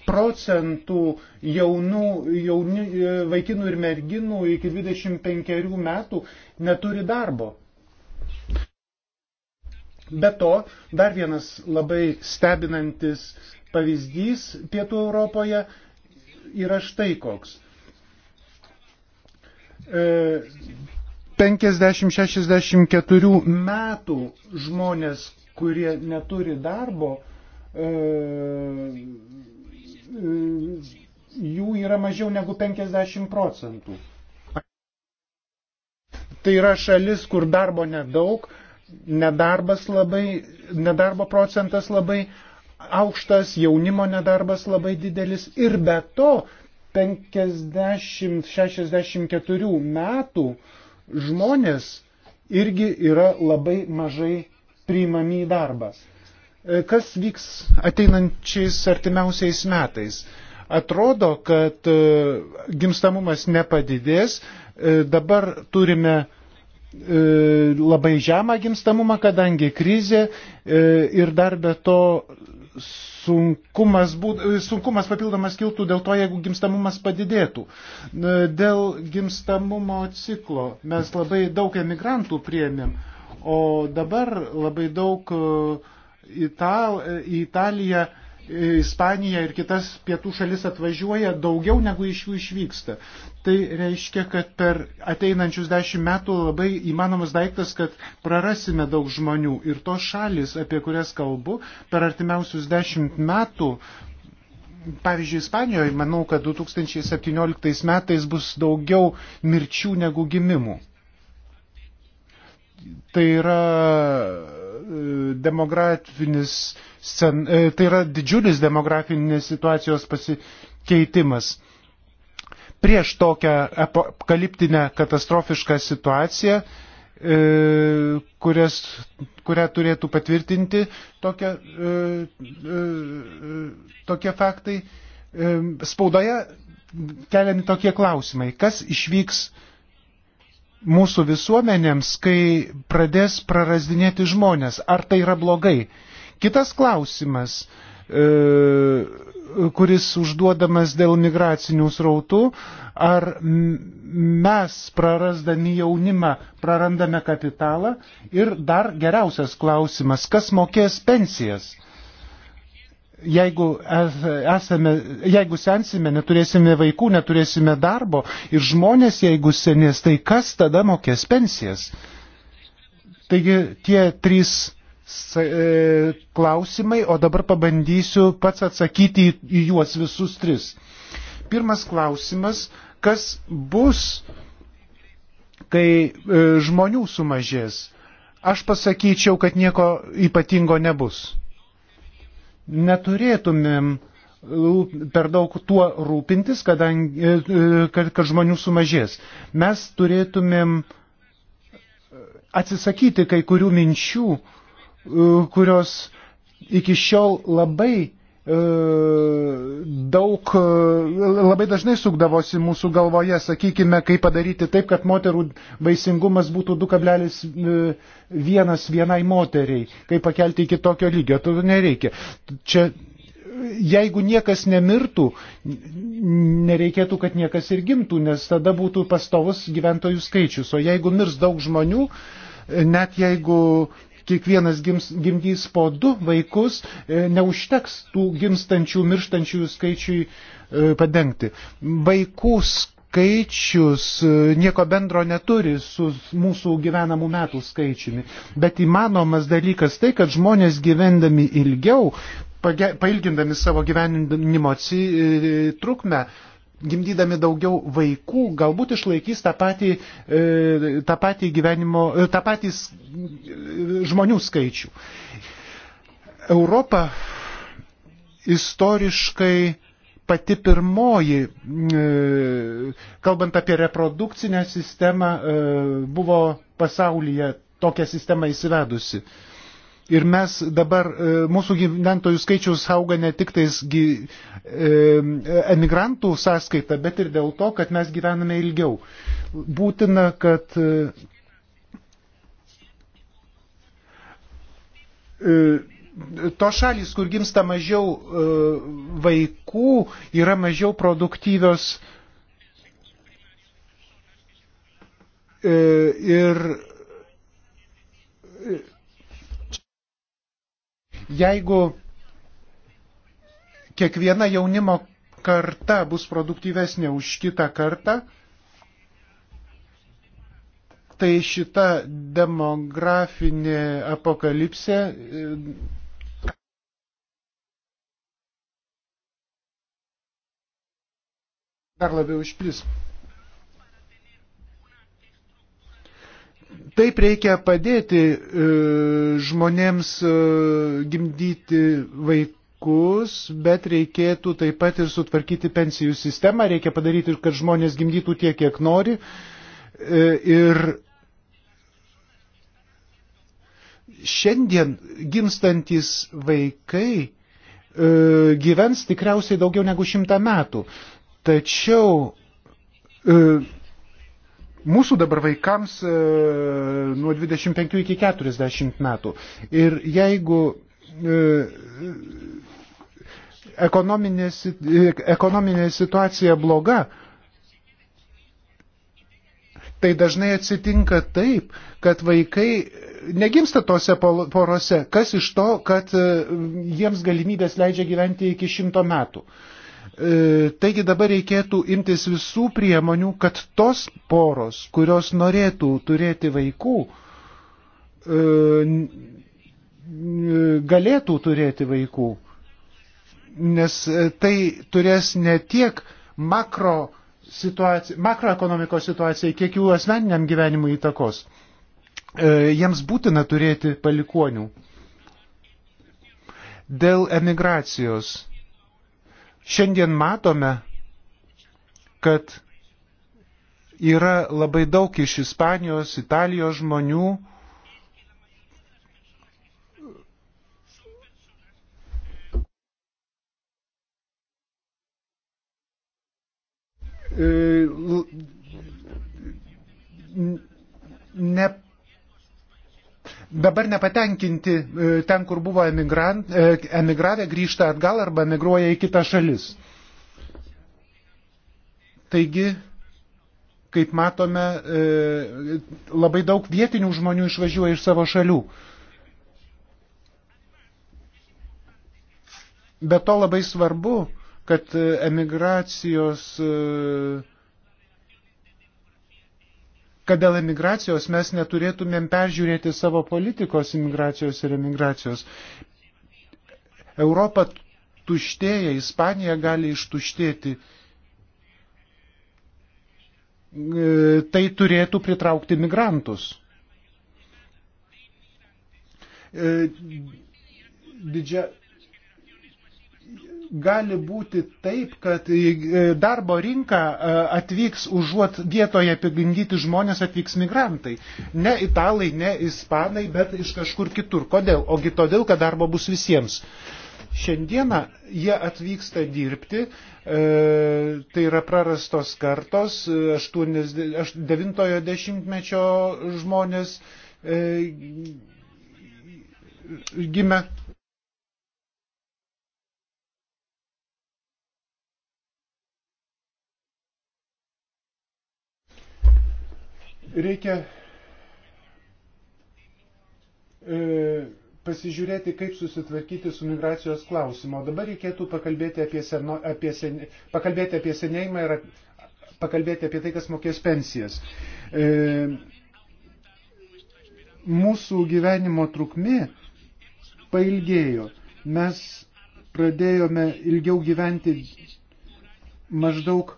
procentų jaunų, jauni, e, vaikinų ir merginų iki 25 metų neturi darbo. Be to, dar vienas labai stebinantis pavyzdys Pietų Europoje yra štai koks. E, 50-64 metų žmonės, kurie neturi darbo, e, e, jų yra mažiau negu 50 procentų. Tai yra šalis, kur darbo nedaug, nedarbas labai, nedarbo procentas labai aukštas, jaunimo nedarbas labai didelis ir be to 50-64 metų uh, žmonės irgi yra labai mažai priimami į darbą. E, kas vyks ateinančiais artimiausiais metais? Atrodo, kad e, gimstamumas nepadidės, e, dabar turime labai žemą gimstamumą, kadangi krizė ir dar be to sunkumas, būd, sunkumas papildomas kiltų dėl to, jeigu gimstamumas padidėtų. E, dėl gimstamumo ciklo mes labai daug emigrantų priemėm, o dabar labai daug e, Ital, e, į Italiją Ispaniją ir kitas pietų šalis atvažiuoja daugiau negu iš jų išvyksta. Tai reiškia, kad per ateinančius dešimt metų labai įmanomas daiktas, kad prarasime daug žmonių ir tos šalis, apie kurias kalbu, per artimiausius dešimt metų. Pavyzdžiui, Ispanijoje manau, kad 2017 metais bus daugiau mirčių negu gimimų. Tai yra demografinis, scen, e, tai yra didžiulis demografinės situacijos pasikeitimas. Prieš tokią apokaliptinę katastrofišką situaciją, e, kurias, kurią turėtų patvirtinti tokie, e, tokie faktai, spaudoje keliami tokie klausimai, kas išvyks mūsų visuomenėms, kai pradės prarazdinėti žmonės. Ar tai yra blogai? Kitas klausimas, e, kuris užduodamas dėl migracinių srautų, ar mes prarasdami jaunimą prarandame kapitalą? Ir dar geriausias klausimas, kas mokės pensijas? jeigu, esame, jeigu sensime, neturėsime vaikų, neturėsime darbo ir žmonės, jeigu senės, tai kas tada mokės pensijas? Taigi tie trys e, klausimai, o dabar pabandysiu pats atsakyti į juos visus tris. Pirmas klausimas, kas bus, kai e, žmonių sumažės? Aš pasakyčiau, kad nieko ypatingo nebus neturėtumėm per daug tuo rūpintis, kadangi, e, e, kad, kad žmonių sumažės. Mes turėtumėm e, atsisakyti kai kurių minčių, kurios iki šiol labai E, daug, e, labai dažnai sukdavosi mūsų galvoje, sakykime, kaip padaryti taip, kad moterų vaisingumas būtų 2,1 vienai moteriai, kaip pakelti iki tokio lygio, to nereikia. Čia, jeigu niekas nemirtų, nereikėtų, kad niekas ir gimtų, nes tada būtų pastovus gyventojų skaičius, o jeigu mirs daug žmonių, net jeigu kiekvienas gims, gimdys po du vaikus, e, neužteks tų gimstančių, mirštančių skaičiui e, padengti. Vaikų skaičius e, nieko bendro neturi su mūsų gyvenamų metų skaičiumi, bet įmanomas dalykas tai, kad žmonės gyvendami ilgiau, pailgindami savo gyvenimo trukmę, gimdydami daugiau vaikų, galbūt išlaikys tą patį, e, tą patį gyvenimo, e, tą patį e, žmonių skaičių. Europa istoriškai pati pirmoji, kalbant apie reprodukcinę sistemą, buvo pasaulyje tokią sistemą įsivedusi. Ir mes dabar, e, mūsų gyventojų skaičius auga ne tik tais gy, e, emigrantų sąskaita, bet ir dėl to, kad mes gyvename ilgiau. Būtina, kad e, to šalis, kur gimsta mažiau vaikų, yra mažiau produktyvios ir Jeigu kiekviena jaunimo karta bus produktyvesnė už kitą kartą, tai šita demografinė apokalipsė e, dar labiau išplis. Taip reikia padėti e, žmonėms e, gimdyti vaikus, bet reikėtų taip pat ir sutvarkyti pensijų sistemą, reikia padaryti, kad žmonės gimdytų tiek, kiek nori. E, ir šiandien gimstantis vaikai gyvens tikriausiai daugiau negu šimtą metų. Tačiau mūsų dabar vaikams e, nuo 25 iki 40 metų. Ir jeigu e, ekonominė, e, ekonominė situacija bloga, tai dažnai atsitinka taip, kad vaikai negimsta tose porose. Kas iš to, kad jiems galimybės leidžia gyventi iki šimto metų. Uh, E, taigi dabar reikėtų imtis visų priemonių, kad tos poros, kurios norėtų turėti vaikų, e, e, galėtų turėti vaikų. Nes tai turės ne tiek makro situacija, makroekonomikos situacijai, kiek jų asmeniniam gyvenimui įtakos. Jiems būtina turėti palikonių. Dėl emigracijos Šiandien matome, kad yra labai daug iš Ispanijos, Italijos žmonių, e, ne dabar nepatenkinti e, ten, kur buvo emigrant, e, emigravę, grįžta atgal arba emigruoja į kitą šalis. Taigi, kaip matome, e, labai daug vietinių žmonių išvažiuoja iš savo šalių. Be to labai svarbu, kad emigracijos uh, kad dėl emigracijos mes neturėtumėm peržiūrėti savo politikos imigracijos ir emigracijos. Europa tuštėja, Ispanija gali ištuštėti. E, tai turėtų pritraukti migrantus. E, didžia, gali būti taip, kad e, darbo rinka e, atvyks užuot vietoje apigindyti žmonės atvyks migrantai. Ne italai, ne ispanai, bet iš kažkur kitur. Kodėl? Ogi todėl, kad darbo bus visiems. Šiandieną jie atvyksta dirbti, e, tai yra prarastos kartos, 90-mečio e, žmonės e, gimė Reikia e, pasižiūrėti, kaip susitvarkyti su migracijos klausimu. O dabar reikėtų pakalbėti apie, seno, apie, sen, pakalbėti apie senėjimą ir pakalbėti apie tai, kas mokės pensijas. E, mūsų gyvenimo trukmė pailgėjo. Mes pradėjome ilgiau gyventi maždaug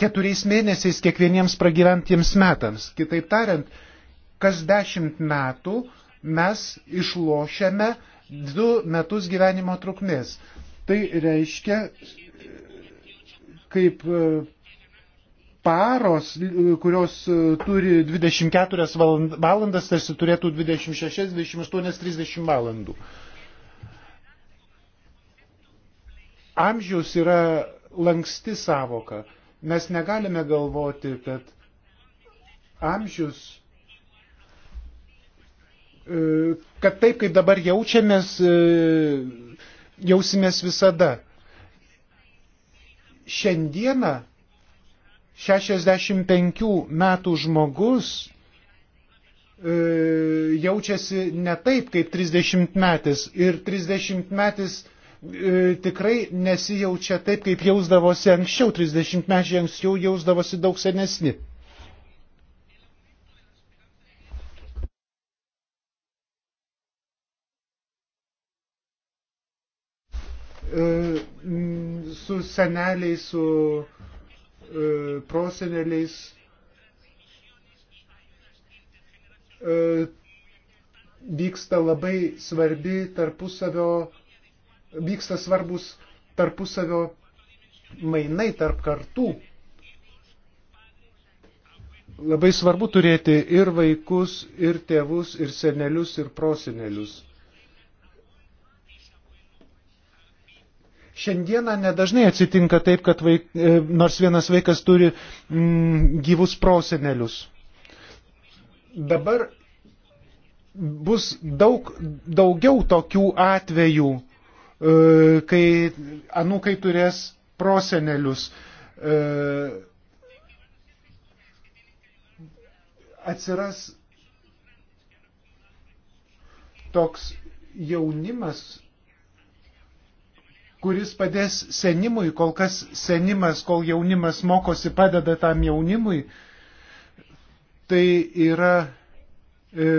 keturiais mėnesiais kiekvieniems pragyventiems metams. Kitaip tariant, kas dešimt metų mes išlošiame du metus gyvenimo trukmės. Tai reiškia, kaip e, paros, kurios e, turi 24 valandas, tarsi turėtų 26, 28, 30 valandų. Amžiaus yra lanksti savoka. Mes negalime galvoti, kad amžius, e, kad taip kaip dabar jaučiamės, e, jausimės visada. Šiandieną 65 metų žmogus e, jaučiasi ne taip kaip 30 metis ir 30 metis E, tikrai nesijaučia taip, kaip jausdavosi anksčiau, 30 mečiai anksčiau jausdavosi daug senesni. E, su seneliais, su e, proseneliais. Vyksta labai svarbi tarpusavio vyksta svarbus tarpusavio mainai tarp kartų. Labai svarbu turėti ir vaikus, ir tėvus, ir senelius, ir prosenelius. Šiandieną nedažnai atsitinka taip, kad vaik, e, nors vienas vaikas turi mm, gyvus prosenelius. Dabar bus daug daugiau tokių atvejų, E, kai anūkai turės prosenelius. E, atsiras toks jaunimas, kuris padės senimui, kol kas senimas, kol jaunimas mokosi, padeda tam jaunimui, tai yra e,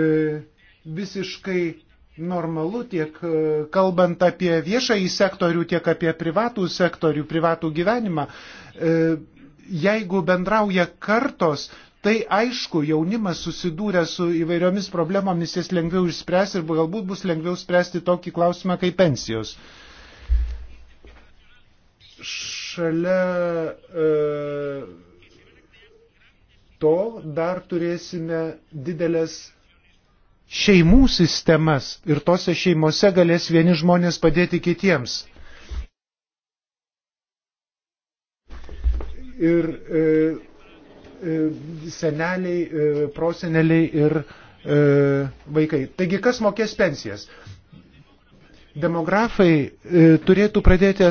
visiškai normalu tiek e, kalbant apie viešąjį sektorių, tiek apie privatų sektorių, privatų gyvenimą. E, jeigu bendrauja kartos, tai aišku, jaunimas susidūrė su įvairiomis problemomis, jis lengviau išspręs ir galbūt bus lengviau spręsti tokį klausimą kaip pensijos. Šalia e, to dar turėsime didelės šeimų sistemas ir tose šeimose galės vieni žmonės padėti kitiems. Ir e, e, seneliai, e, proseneliai ir e, vaikai. Taigi kas mokės pensijas? Demografai e, turėtų pradėti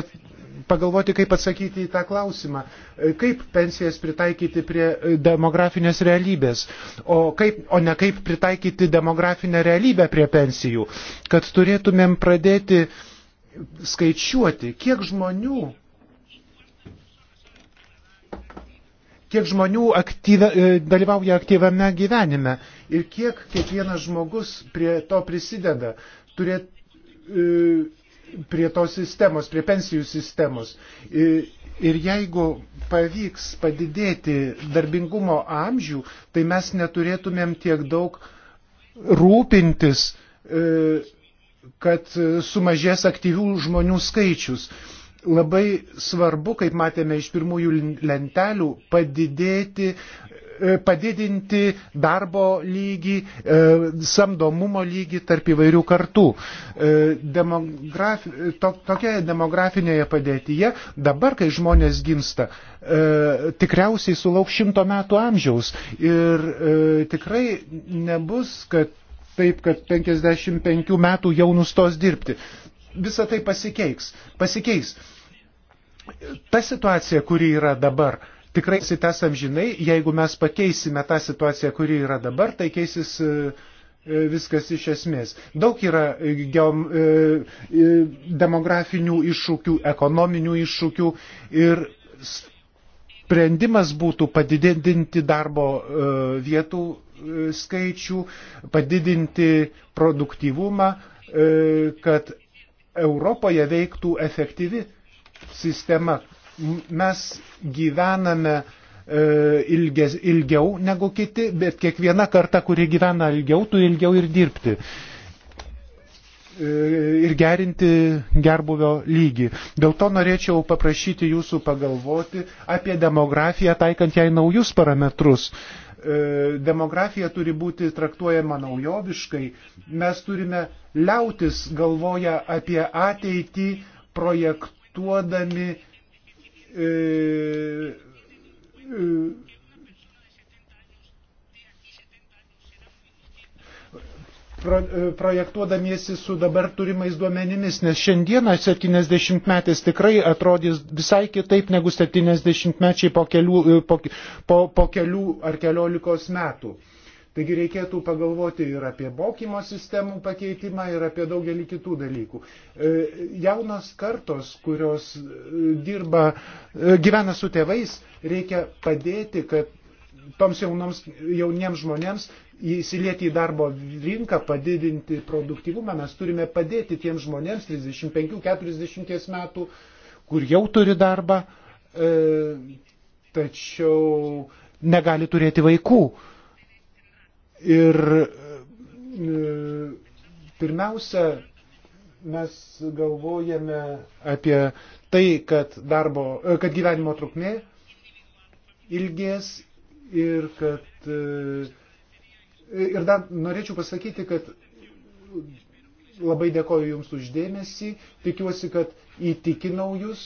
pagalvoti, kaip atsakyti į tą klausimą, kaip pensijas pritaikyti prie demografinės realybės, o, kaip, o ne kaip pritaikyti demografinę realybę prie pensijų, kad turėtumėm pradėti skaičiuoti, kiek žmonių kiek žmonių aktyve, e, dalyvauja aktyvame gyvenime ir kiek kiekvienas žmogus prie to prisideda. Turėt, e, prie tos sistemos, prie pensijų sistemos. Ir jeigu pavyks padidėti darbingumo amžių, tai mes neturėtumėm tiek daug rūpintis, e, kad sumažės aktyvių žmonių skaičius. Labai svarbu, kaip matėme iš pirmųjų lentelių, padidėti E, padidinti darbo lygį, e, samdomumo lygį tarp įvairių kartų. E, Demograf... Tokioje demografinėje padėtyje dabar, kai žmonės gimsta, tikriausiai sulauks šimto metų amžiaus ir tikrai nebus, kad taip, kad 55 metų jau nustos dirbti. Visa tai pasikeis. pasikeis. Ta situacija, kuri yra dabar, tikrai sitęs amžinai, jeigu mes pakeisime tą situaciją, kuri yra dabar, tai keisis e, e, viskas iš esmės. Daug yra e, geom, demografinių iššūkių, ekonominių iššūkių ir sprendimas būtų padidinti darbo vietų skaičių, padidinti produktyvumą, kad Europoje veiktų efektyvi sistema, mes gyvename e, ilges, ilgiau negu kiti, bet kiekviena karta, kuri gyvena ilgiau, tu ilgiau ir dirbti. E, ir gerinti gerbuvio lygį. Dėl to norėčiau paprašyti jūsų pagalvoti apie demografiją, taikant jai naujus parametrus. E, demografija turi būti traktuojama naujoviškai. Mes turime liautis galvoja apie ateitį, projektuodami eh, eh, projektuodamiesi su dabar turimais duomenimis, nes šiandieną 70 metės tikrai atrodys visai kitaip negu 70 mečiai po kelių, e, po, po kelių ar keliolikos metų. Taigi reikėtų pagalvoti ir apie mokymo sistemų pakeitimą, ir apie daugelį kitų dalykų. E, jaunos kartos, kurios e, dirba, e, gyvena su tėvais, reikia padėti, kad toms jaunoms, jauniems žmonėms įsilieti į darbo rinką, padidinti produktyvumą. Mes turime padėti tiems žmonėms 35-40 metų, kur jau turi darbą, tačiau negali turėti vaikų. Ir e, pirmiausia, mes galvojame apie tai, kad, darbo, e, kad gyvenimo trukmė ilgės ir kad. E, ir dar norėčiau pasakyti, kad labai dėkoju Jums uždėmesį, tikiuosi, kad įtikinau Jūs,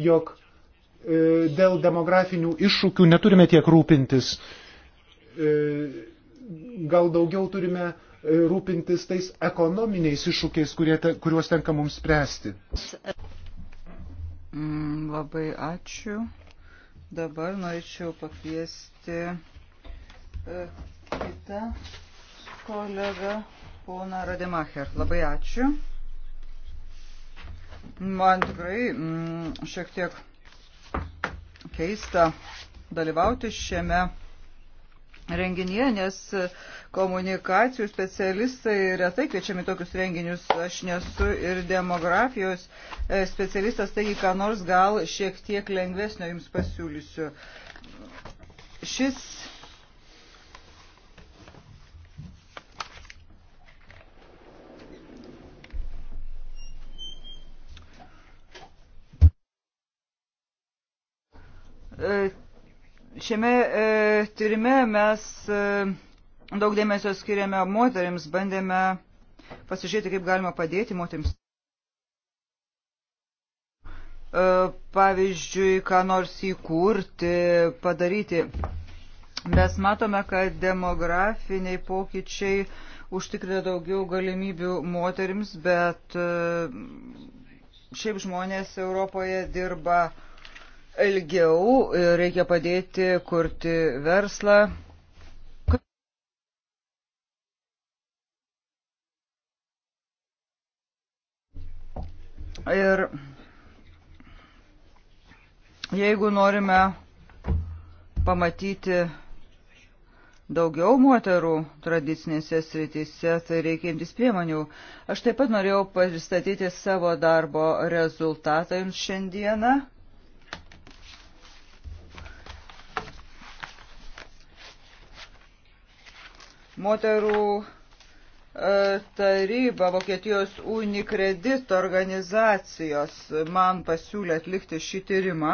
jog dėl demografinių iššūkių neturime tiek rūpintis gal daugiau turime e, rūpintis tais ekonominiais iššūkiais, te, kuriuos tenka mums spręsti. Mm, labai ačiū. Dabar norėčiau pakviesti e, kitą kolegą, poną Rademacher. Labai ačiū. Man tikrai mm, šiek tiek keista dalyvauti šiame renginyje, nes komunikacijų specialistai retai kviečiami tokius renginius. Aš nesu ir demografijos e, specialistas, taigi ką nors gal šiek tiek lengvesnio jums pasiūlysiu. Šis e, Šiame e, tyrime mes e, daug dėmesio skiriame moteriams, bandėme pasižiūrėti, kaip galima padėti moteriams. E, pavyzdžiui, ką nors įkurti, padaryti. Mes matome, kad demografiniai pokyčiai užtikrina daugiau galimybių moterims, bet e, šiaip žmonės Europoje dirba uh, ilgiau, reikia padėti kurti verslą. Ir jeigu norime pamatyti daugiau moterų tradicinėse srityse, tai reikia imtis priemonių. Aš taip pat norėjau pristatyti savo darbo rezultatą jums šiandieną. Moterų e, taryba Vokietijos Unikredit organizacijos man pasiūlė atlikti šį tyrimą.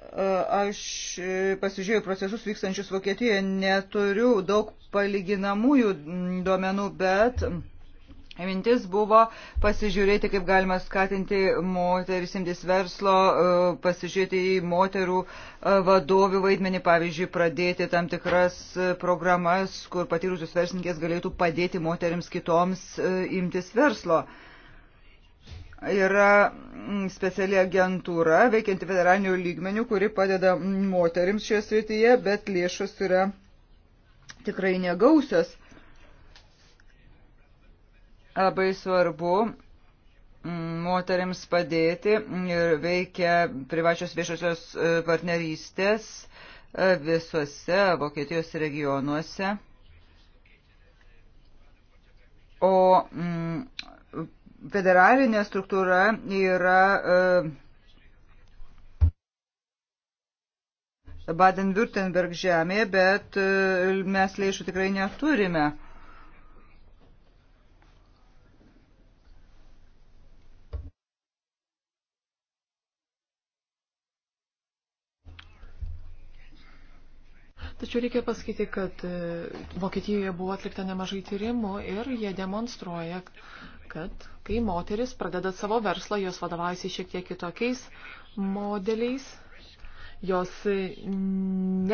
E, aš e, pasižiūrėjau procesus vykstančius Vokietijoje, neturiu daug palyginamųjų mm, duomenų, bet Mintis buvo pasižiūrėti, kaip galima skatinti moteris imtis verslo, e, pasižiūrėti į moterų e, vadovių vaidmenį, pavyzdžiui, pradėti tam tikras e, programas, kur patyrusius verslininkės galėtų padėti moteriams kitoms imtis verslo. Yra mm, speciali agentūra, veikianti federalinių lygmenių, kuri padeda moteriams šioje srityje, bet lėšos yra tikrai negausios Labai svarbu mm, moteriams padėti ir veikia privačios viešosios e, partnerystės e, visuose Vokietijos regionuose. O mm, federalinė struktūra yra e, Baden-Württemberg žemė, bet mes lėšų tikrai neturime. Tačiau reikia pasakyti, kad e, Vokietijoje buvo atlikta nemažai tyrimų ir jie demonstruoja, kad kai moteris pradeda savo verslą, jos vadovaujasi šiek tiek kitokiais modeliais, jos e,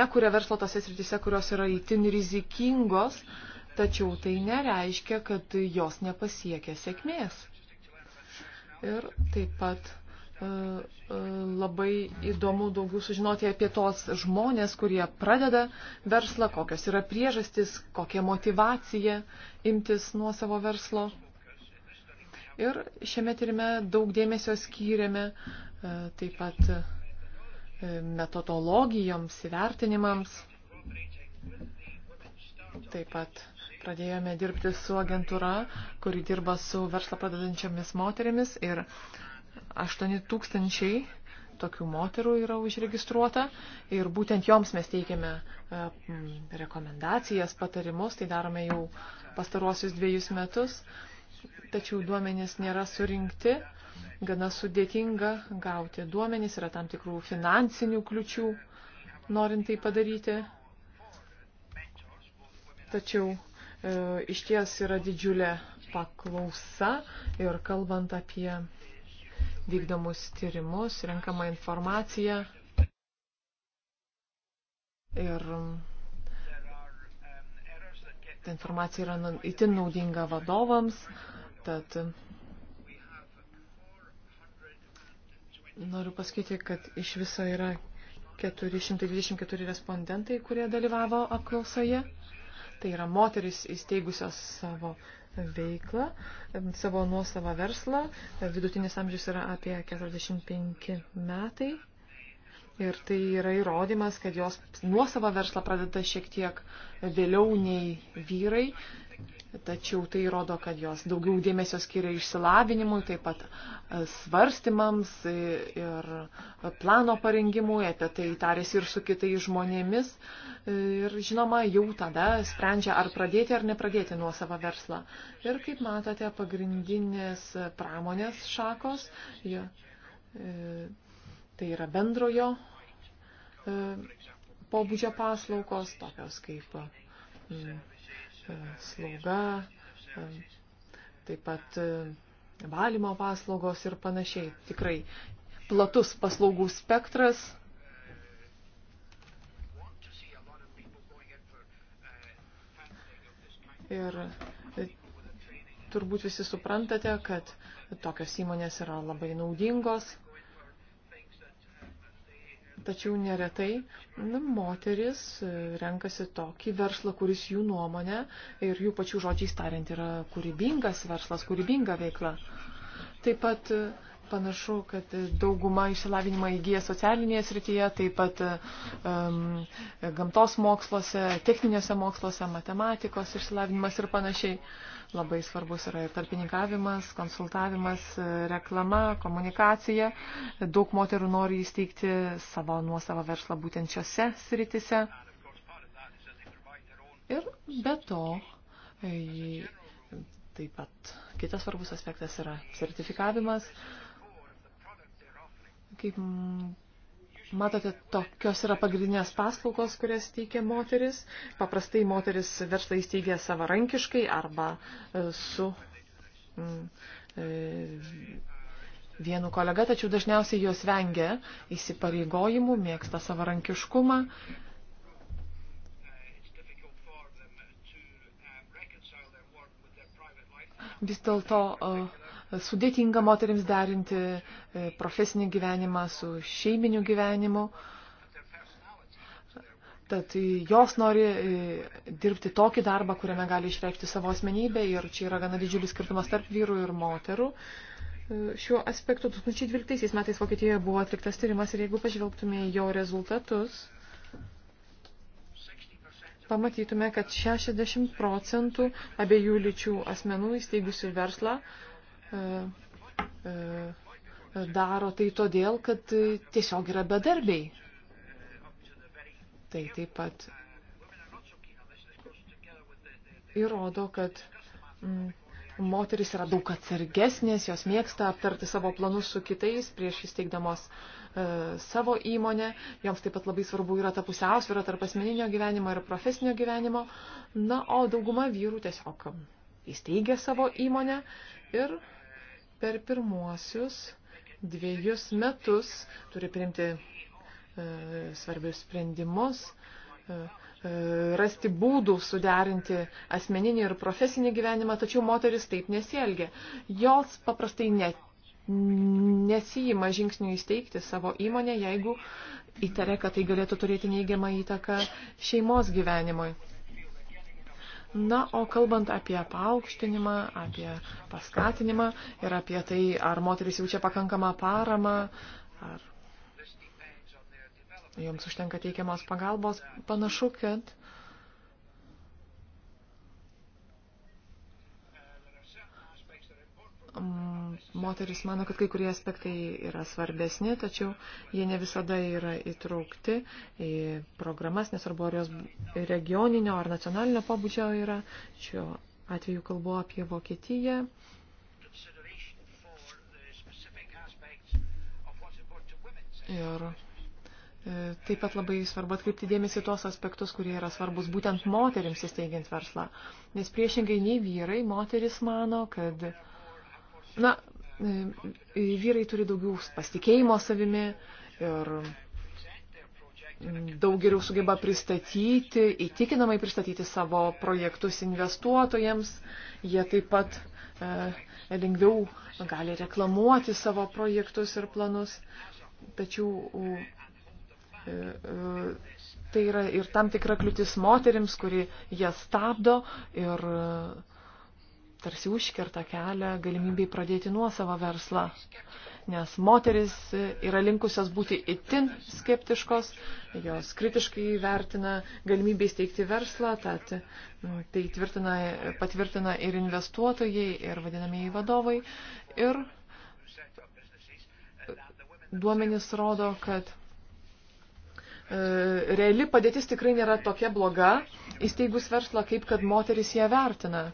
nekuria verslo tose srityse, kurios yra itin rizikingos, tačiau tai nereiškia, kad jos nepasiekia sėkmės. Ir taip pat E, e, labai įdomu daugiau sužinoti apie tos žmonės, kurie pradeda verslą, kokios yra priežastis, kokia motivacija imtis nuo savo verslo. Ir šiame tyrime daug dėmesio skyrėme e, taip pat metodologijoms, įvertinimams. Taip pat pradėjome dirbti su agentūra, kuri dirba su verslą pradedančiamis moterimis ir uh, 8 tūkstančiai tokių moterų yra užregistruota ir būtent joms mes teikiame e, rekomendacijas, patarimus, tai darome jau pastaruosius dviejus metus, tačiau duomenys nėra surinkti, gana sudėtinga gauti duomenys, yra tam tikrų finansinių kliučių, norint tai padaryti. Tačiau e, iš ties yra didžiulė paklausa ir kalbant apie vykdomus tyrimus, renkama informacija. Ir ta informacija yra nu, itin naudinga vadovams, tad noriu pasakyti, kad iš viso yra 424 respondentai, kurie dalyvavo apklausoje. Tai yra moteris įsteigusios savo veiklą, savo nuosavą verslą. Vidutinis amžius yra apie 45 metai. Ir tai yra įrodymas, kad jos nuosavą verslą pradeda šiek tiek vėliau nei vyrai. Tačiau tai rodo, kad jos daugiau dėmesio skiria išsilavinimui, taip pat e, svarstymams e, ir plano parengimui, apie tai tarėsi ir su kitais žmonėmis. E, ir žinoma, jau tada sprendžia, ar pradėti ar nepradėti nuo savo verslą. Ir kaip matote, pagrindinės pramonės šakos, jo, tai yra bendrojo pobūdžio paslaugos, tokios kaip. Mm, slauga, taip pat e, valymo paslaugos ir panašiai. Tikrai platus paslaugų spektras. Ir e, turbūt visi suprantate, kad tokios įmonės yra labai naudingos. Tačiau neretai na, moteris e, renkasi tokį verslą, kuris jų nuomonė ir jų pačių žodžiais tariant yra kūrybingas verslas, kūrybinga veikla. Taip pat e, Panašu, kad dauguma išsilavinimą įgyja socialinėje srityje, taip pat um, gamtos moksluose, techninėse moksluose, matematikos išsilavinimas ir panašiai. Labai svarbus yra ir tarpininkavimas, konsultavimas, reklama, komunikacija. Daug moterų nori įsteigti savo nuosavą verslą būtent šiose sritise. Ir be to, taip pat kitas svarbus aspektas yra sertifikavimas. Uh, Kaip matote, tokios yra pagrindinės paslaugos, kurias teikia moteris. Paprastai moteris verslą įsteigia savarankiškai arba e, su e, vienu kolega, tačiau dažniausiai jos vengia įsipareigojimų, mėgsta savarankiškumą. Vis dėlto uh, sudėtinga moteriams derinti e, profesinį gyvenimą su šeiminiu gyvenimu. Tad jos nori e, dirbti tokį darbą, kuriame gali išreikšti savo asmenybę ir čia yra gana didžiulis skirtumas tarp vyrų ir moterų. E, šiuo aspektu 2012 metais Vokietijoje buvo atliktas tyrimas ir jeigu pažvelgtume į jo rezultatus, pamatytume, kad 60 procentų abiejų lyčių asmenų įsteigusių verslą E, e, daro tai todėl, kad tiesiog yra bedarbiai. Tai taip pat įrodo, kad mm, moteris yra daug atsargesnės, jos mėgsta aptarti savo planus su kitais prieš įsteigdamos e, savo įmonę, joms taip pat labai svarbu yra ta pusiausvyrą tarp asmeninio gyvenimo ir profesinio gyvenimo. Na, o dauguma vyrų tiesiog įsteigia savo įmonę ir per pirmuosius dviejus metus turi priimti e, svarbius sprendimus, e, e, rasti būdų suderinti asmeninį ir profesinį gyvenimą, tačiau moteris taip nesielgia. Jos paprastai net nesijima žingsnių įsteigti savo įmonę, jeigu įtarė, kad tai galėtų turėti neigiamą įtaką šeimos gyvenimui. Na, o kalbant apie paaukštinimą, apie paskatinimą ir apie tai, ar moteris jaučia pakankamą paramą, ar joms užtenka teikiamos pagalbos, panašu, kad moteris mano, kad kai kurie aspektai yra svarbesni, tačiau jie ne visada yra įtraukti į programas, nesvarbu, ar jos regioninio ar nacionalinio pobūdžio yra. Šiuo atveju kalbu apie Vokietiją. Ir e, Taip pat labai svarbu atkreipti dėmesį tuos aspektus, kurie yra svarbus būtent moterims įsteigiant verslą. Nes priešingai nei vyrai, moteris mano, kad uh, Na, e, e, vyrai turi daugiau pasitikėjimo savimi ir mm, daug geriau sugeba pristatyti, įtikinamai pristatyti savo projektus investuotojams. Jie taip pat e, lengviau gali reklamuoti savo projektus ir planus. Tačiau e, e, tai yra ir tam tikra kliūtis moterims, kuri jas stabdo ir e, tarsi užkerta kelią galimybėj pradėti nuosavą verslą. Nes moteris yra linkusios būti itin skeptiškos, jos kritiškai vertina galimybę įsteigti verslą, tad nu, tai tvirtina, patvirtina ir investuotojai, ir vadinamieji vadovai. Ir duomenys rodo, kad e, reali padėtis tikrai nėra tokia bloga įsteigus verslą, kaip kad moteris ją vertina.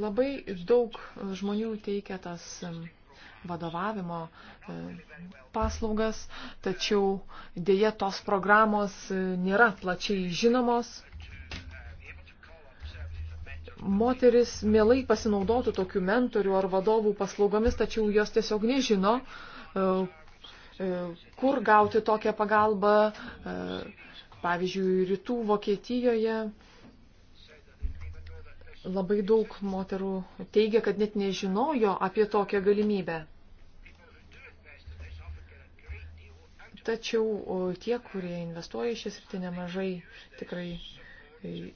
Labai daug žmonių teikia tas vadovavimo e, paslaugas, tačiau dėje tos programos e, nėra plačiai žinomos. Moteris mielai pasinaudotų tokių mentorių ar vadovų paslaugomis, tačiau jos tiesiog nežino, e, kur gauti tokią pagalbą, pavyzdžiui, rytų Vokietijoje Labai daug moterų teigia, kad net nežinojo apie tokią galimybę. Tačiau tie, kurie investuoja į šį sritį nemažai, tikrai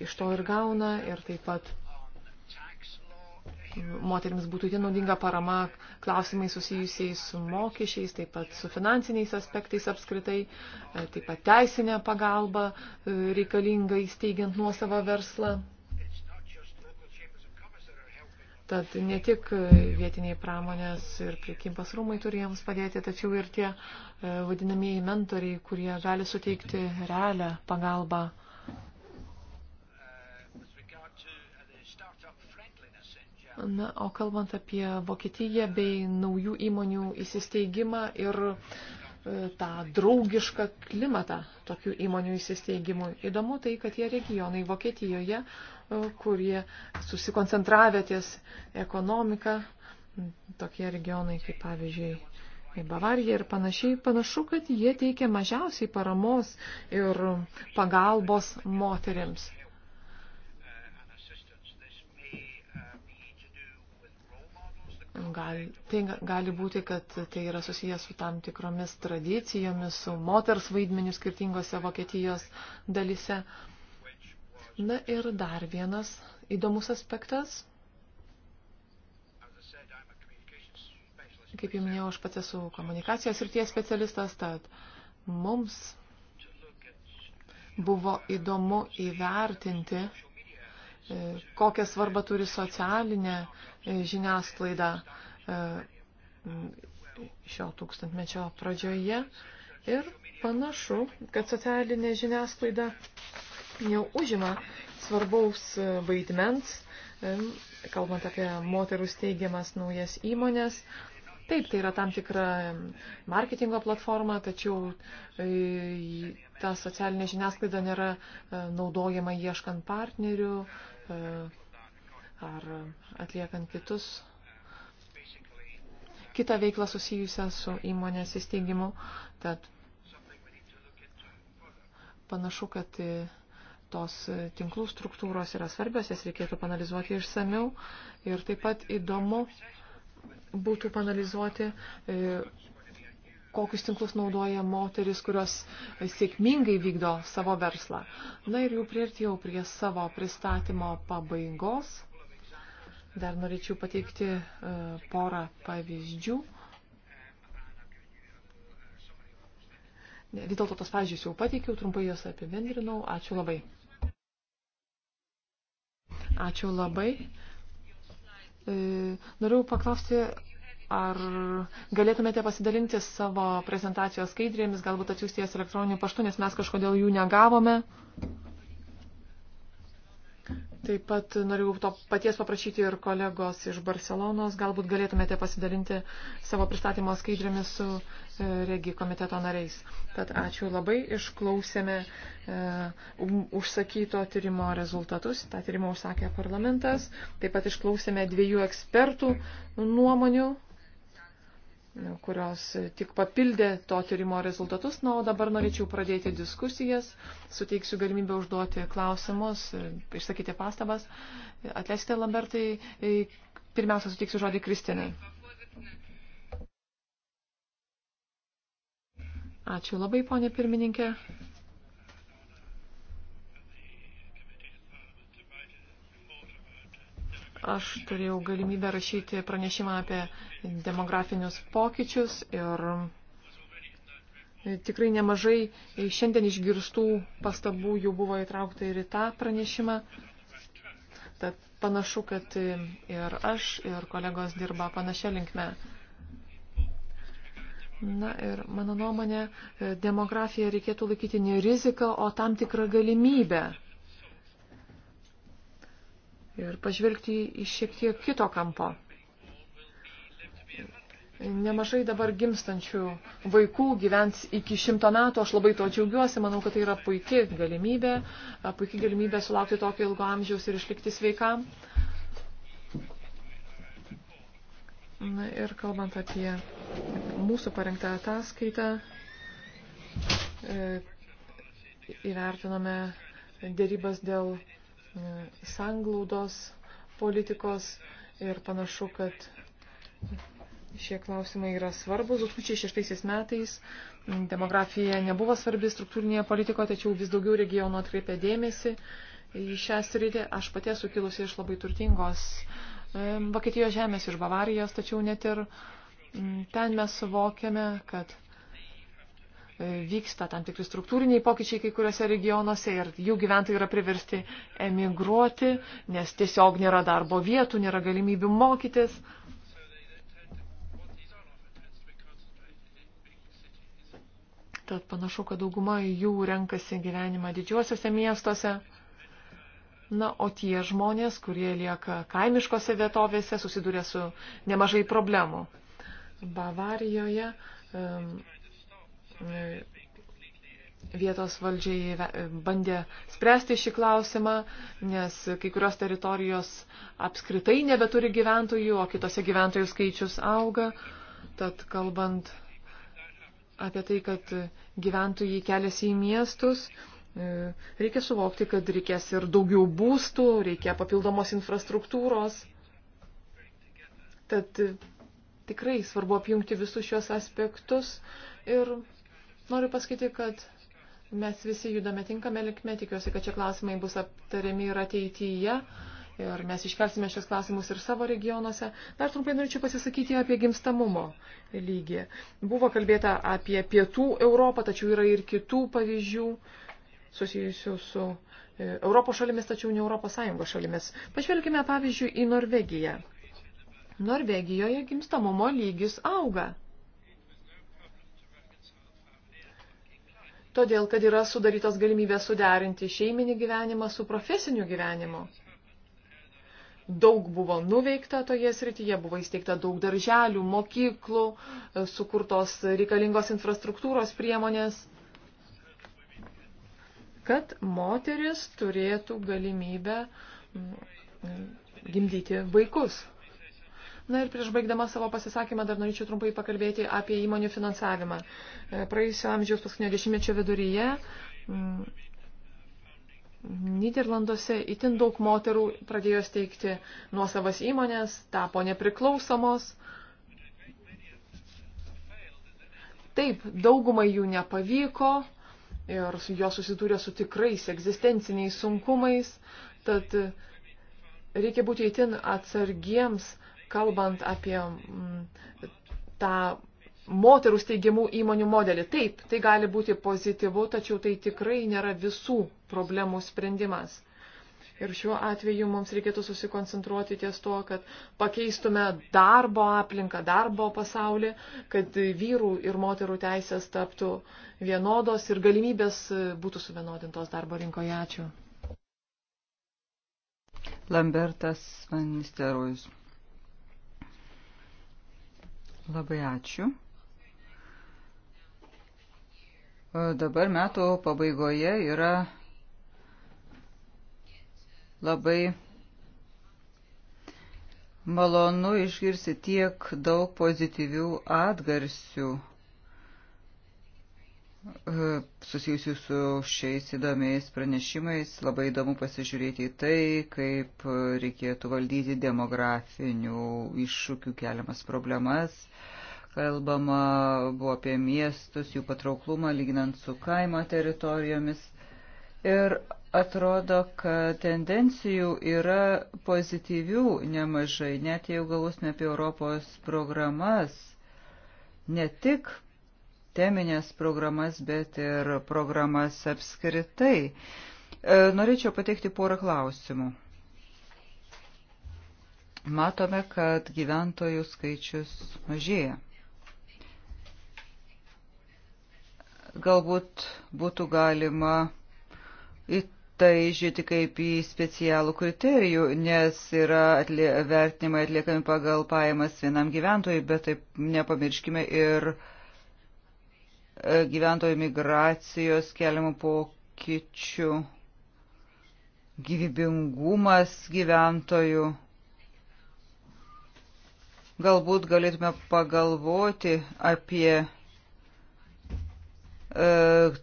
iš to ir gauna ir taip pat moteriams būtų tie naudinga parama klausimai susijusiais su mokesčiais, taip pat su finansiniais aspektais apskritai, taip pat teisinė pagalba e, reikalinga įsteigiant nuosavą verslą. Tad ne tik vietiniai pramonės ir priekybos rūmai turi jiems padėti, tačiau ir tie e, vadinamieji mentoriai, kurie gali suteikti realią pagalbą. Na, o kalbant apie Vokietiją bei naujų įmonių įsisteigimą ir e, tą draugišką klimatą tokių įmonių įsisteigimui. Įdomu tai, kad tie regionai Vokietijoje kurie susikoncentravę ties ekonomiką, tokie regionai kaip pavyzdžiui Bavarija ir panašiai, panašu, kad jie teikia mažiausiai paramos ir pagalbos moteriams. Gal, tai gali būti, kad tai yra susijęs su tam tikromis tradicijomis, su moters vaidmeniu skirtingose Vokietijos dalise. Uh, Na ir dar vienas įdomus aspektas. Kaip jau minėjau, aš pats esu komunikacijos ir tie specialistas, tad mums buvo įdomu įvertinti, e, kokią svarbą turi socialinė e, žiniasklaida e, šio tūkstantmečio pradžioje. Ir panašu, kad socialinė žiniasklaida jau užima svarbaus e, vaidmens, e, kalbant apie moterų steigiamas naujas įmonės. Taip, tai yra tam tikra marketingo platforma, tačiau e, ta socialinė žiniasklaida nėra naudojama ieškant partnerių ar atliekant kitus kitą veiklą susijusią su įmonės įsteigimu. Tad panašu, kad tos tinklų struktūros yra svarbios, jas reikėtų panalizuoti išsamiau ir taip pat įdomu būtų panalizuoti, e, kokius tinklus naudoja moteris, kurios sėkmingai vykdo savo verslą. Na ir jau prieartėjau prie savo pristatymo pabaigos. Dar norėčiau pateikti e, porą pavyzdžių. Vis dėlto tos pavyzdžius jau pateikiau, trumpai juos apibendrinau. Ačiū labai. Ačiū labai. E, Noriu paklausti, ar galėtumėte pasidalinti savo prezentacijos skaidrėmis, galbūt atsiųsti jas elektroniniu paštu, nes mes kažkodėl jų negavome. Taip pat noriu to paties paprašyti ir kolegos iš Barcelonos. Galbūt galėtumėte pasidalinti savo pristatymo skaidrėmis su e, regi komiteto nariais. Tad ačiū labai, išklausėme e, užsakyto tyrimo rezultatus. Ta tyrimo užsakė parlamentas. Taip pat išklausėme dviejų ekspertų nuomonių kurios tik papildė to tyrimo rezultatus. Na, o dabar norėčiau pradėti diskusijas, suteiksiu galimybę užduoti klausimus, išsakyti pastabas. Atleiskite, Lambertai, pirmiausia, suteiksiu žodį Kristinai. Ačiū labai, ponė pirmininkė. Aš turėjau galimybę rašyti pranešimą apie demografinius pokyčius ir tikrai nemažai šiandien išgirstų pastabų jau buvo įtraukta ir į tą pranešimą. Tad panašu, kad ir aš, ir kolegos dirba panašia linkme. Na ir mano nuomonė, demografiją reikėtų laikyti ne riziką, o tam tikrą galimybę ir pažvelgti iš šiek tiek kito kampo. Nemažai dabar gimstančių vaikų gyvens iki šimto metų, aš labai to džiaugiuosi, manau, kad tai yra puikia galimybė, puikia galimybė sulaukti tokio ilgo amžiaus ir išlikti sveikam. Na ir kalbant apie mūsų parengtą ataskaitą, e, įvertinome dėrybas dėl E, sanglaudos politikos ir panašu, kad šie klausimai yra svarbus. 2006 metais demografija nebuvo svarbi struktūrinėje politikoje, tačiau vis daugiau regionų atkreipė dėmesį į šią sritį. Aš pati esu kilusi iš labai turtingos e, Vokietijos žemės, iš Bavarijos, tačiau net ir ten mes suvokiame, kad E, vyksta tam tikri struktūriniai pokyčiai kai kuriuose regionuose ir jų gyventojai yra priversti emigruoti, nes tiesiog nėra darbo vietų, nėra galimybių mokytis. Tad panašu, kad dauguma jų renkasi gyvenimą didžiuosiuose miestuose. Na, o tie žmonės, kurie lieka kaimiškose vietovėse, susiduria su nemažai problemų. Bavarijoje um, E, vietos valdžiai e, bandė spręsti šį klausimą, nes kai kurios teritorijos apskritai nebeturi gyventojų, o kitose gyventojų skaičius auga. Tad kalbant apie tai, kad gyventojai keliasi į miestus, e, reikia suvokti, kad reikės ir daugiau būstų, reikia papildomos infrastruktūros. Tad tikrai svarbu apjungti visus šios aspektus ir Noriu pasakyti, kad mes visi judame tinkame likme, tikiuosi, kad šie klausimai bus aptariami ir ateityje. Ir mes iškelsime šios klausimus ir savo regionuose. Dar trumpai norėčiau pasisakyti apie gimstamumo lygį. Buvo kalbėta apie pietų Europą, tačiau yra ir kitų pavyzdžių susijusių su e, Europos šalimis, tačiau ne Europos Sąjungos šalimis. Pažvelkime pavyzdžiui į Norvegiją. Norvegijoje gimstamumo lygis auga. todėl kad yra sudarytos galimybės suderinti šeiminį gyvenimą su profesiniu gyvenimu. Daug buvo nuveikta toje srityje, buvo įsteigta daug darželių, mokyklų, e, sukurtos reikalingos infrastruktūros priemonės, kad moteris turėtų galimybę gimdyti vaikus. Na ir prieš baigdama savo pasisakymą dar norėčiau trumpai pakalbėti apie įmonių finansavimą. E, praėjusio amžiaus paskutinio dešimtmečio viduryje mm, Niderlanduose itin daug moterų pradėjo steigti nuosavas įmonės, tapo nepriklausomos. Taip, daugumai jų nepavyko ir jos susidūrė su tikrais egzistenciniais sunkumais, tad e, reikia būti itin atsargiems kalbant apie mm, tą moterų steigiamų įmonių modelį. Taip, tai gali būti pozityvu, tačiau tai tikrai nėra visų problemų sprendimas. Ir šiuo atveju mums reikėtų susikoncentruoti ties to, kad pakeistume darbo aplinką, darbo pasaulį, kad vyrų ir moterų teisės taptų vienodos ir galimybės būtų suvienodintos darbo rinkoje. Ačiū. Lambertas Van Nisterojus. Labai ačiū. E, dabar metų pabaigoje yra labai malonu išgirsti tiek daug pozityvių atgarsių E, susijusių su šiais įdomiais pranešimais. Labai įdomu pasižiūrėti į tai, kaip reikėtų valdyti demografinių iššūkių keliamas problemas. Kalbama buvo apie miestus, jų patrauklumą lyginant su kaimo teritorijomis. Ir atrodo, kad tendencijų yra pozityvių nemažai, net jeigu galvosime apie Europos programas, ne tik teminės programas, bet ir programas apskritai. E, norėčiau pateikti porą klausimų. Matome, kad gyventojų skaičius mažėja. Galbūt būtų galima į tai žiūrėti kaip į specialų kriterijų, nes yra atlie, vertinimai atliekami pagal pajamas vienam gyventojui, bet taip nepamirškime ir uh, gyventojų migracijos keliamų pokyčių, gyvybingumas gyventojų. Galbūt galėtume pagalvoti apie e,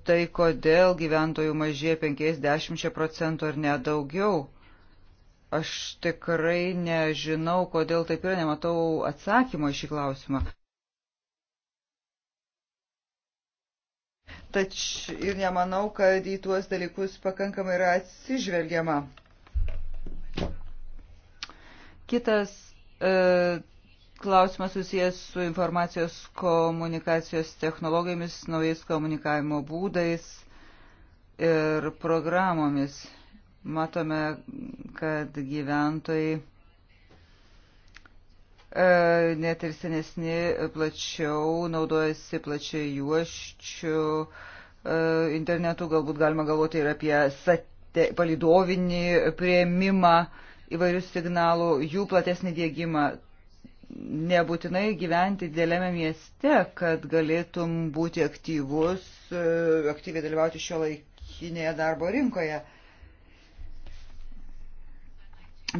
tai, kodėl gyventojų mažėja 50 procentų ar net daugiau. Aš tikrai nežinau, kodėl taip yra, nematau atsakymo į šį klausimą. Tač ir nemanau, kad į tuos dalykus pakankamai yra atsižvelgiama. Kitas e, klausimas susijęs su informacijos komunikacijos technologijomis, naujais komunikavimo būdais ir programomis. Matome, kad gyventojai E, net ir senesni plačiau naudojasi plačiai juoščių e, internetu, galbūt galima galvoti ir apie sate, palidovinį prieimimą įvairių signalų, jų platesnį dėgymą. Nebūtinai gyventi dėlėme mieste, kad galėtum būti aktyvus, e, aktyviai dalyvauti šio laikinėje darbo rinkoje. Uh,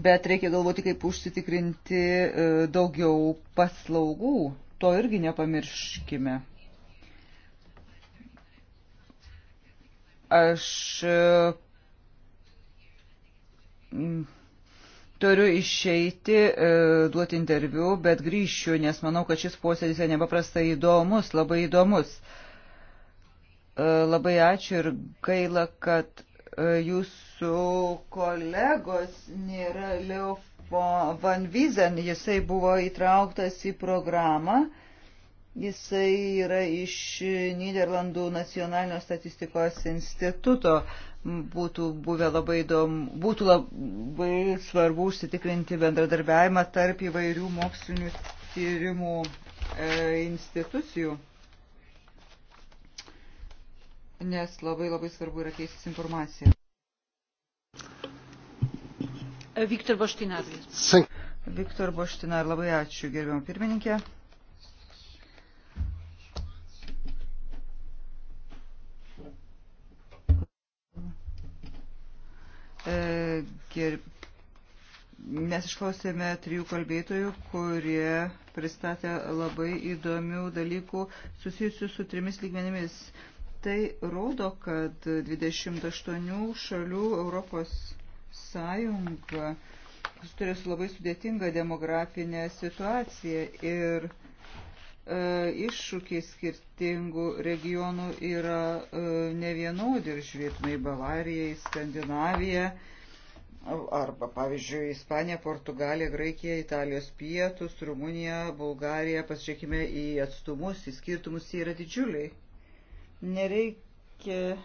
bet reikia galvoti, kaip užsitikrinti e, daugiau paslaugų. To irgi nepamirškime. Aš e, turiu išeiti, e, duoti interviu, bet grįšiu, nes manau, kad šis posėdis yra nepaprastai įdomus, labai įdomus. Labai ačiū ir gaila, kad E, jūsų kolegos nėra Leofo Van Vizen, jisai buvo įtrauktas į programą. Jisai yra iš Niderlandų nacionalinio statistikos instituto. Būtų buvę labai įdomu, būtų labai svarbu užsitikrinti bendradarbiavimą tarp įvairių mokslinių tyrimų e, institucijų nes labai labai svarbu yra keistis informacija. E, Viktor Boštinar. Viktor Boštinar, labai ačiū, gerbiam pirmininkė. E, ger... Mes išklausėme trijų kalbėtojų, kurie pristatė labai įdomių dalykų susijusių su trimis lygmenimis Tai rodo, kad 28 šalių Europos Sąjunga susiduria su labai sudėtinga demografinė situacija ir e, iššūkiai skirtingų regionų yra e, ne vienodi ir žvėtume į Bavariją, į Skandinaviją arba, pavyzdžiui, Ispaniją, Portugaliją, Graikiją, Italijos pietus, Rumuniją, Bulgariją. Pasižiūrėkime į atstumus, į skirtumus, jie yra didžiuliai. Nereikia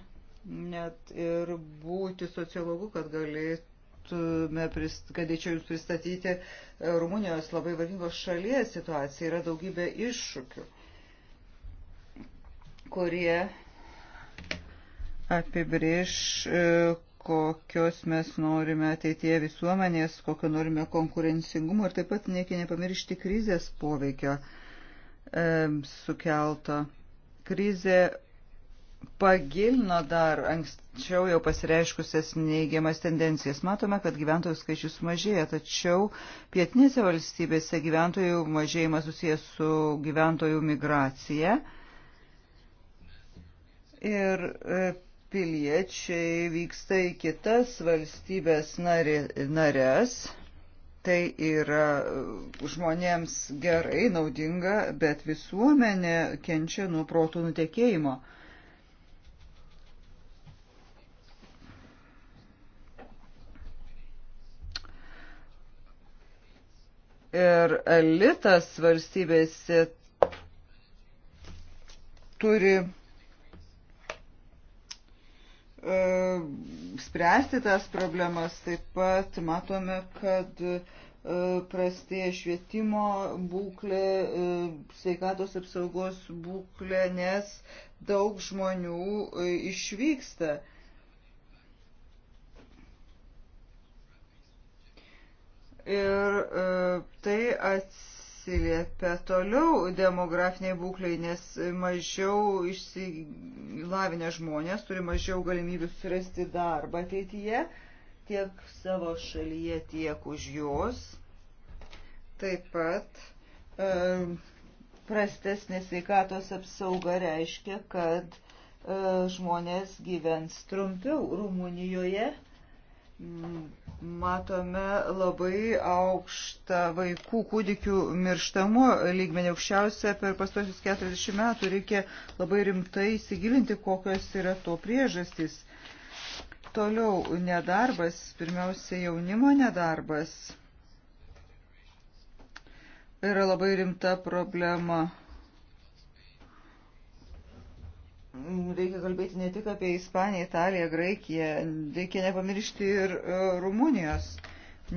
net ir būti sociologu, kad galėtume, galėčiau jums pristatyti e, Rumunijos labai vargingos šalies situaciją. Yra daugybė iššūkių, kurie apibrėž, e, kokios mes norime ateitie visuomenės, kokio norime konkurencingumo ir taip pat nekia nepamiršti krizės poveikio e, sukelto. Krizė pagilino dar anksčiau jau pasireiškusias neigiamas tendencijas. Matome, kad gyventojų skaičius mažėja, tačiau pietinėse valstybėse gyventojų mažėjimas susijęs su gyventojų migracija. Ir e, piliečiai vyksta į kitas valstybės nari, nares. Tai yra e, žmonėms gerai, naudinga, bet visuomenė kenčia nuo protų nutekėjimo. ir elitas valstybėse turi e, spręsti tas problemas. Taip pat matome, kad e, prastėja švietimo būklė, e, sveikatos apsaugos būklė, nes daug žmonių išvyksta. ir e, tai atsiliepia toliau demografiniai būkliai, nes mažiau išsilavinę žmonės turi mažiau galimybių surasti darbą ateityje tiek savo šalyje, tiek už jos. Taip pat e, prastesnė sveikatos apsauga reiškia, kad e, žmonės gyvens trumpiau Rumunijoje. Mm, Matome labai aukštą vaikų kūdikių mirštamų lygmenį aukščiausią per pastosius 40 metų. Reikia labai rimtai įsigilinti, kokios yra to priežastys. Toliau nedarbas, pirmiausia jaunimo nedarbas, yra labai rimta problema reikia kalbėti ne tik apie Ispaniją, Italiją, Graikiją, reikia nepamiršti ir e, Rumunijos.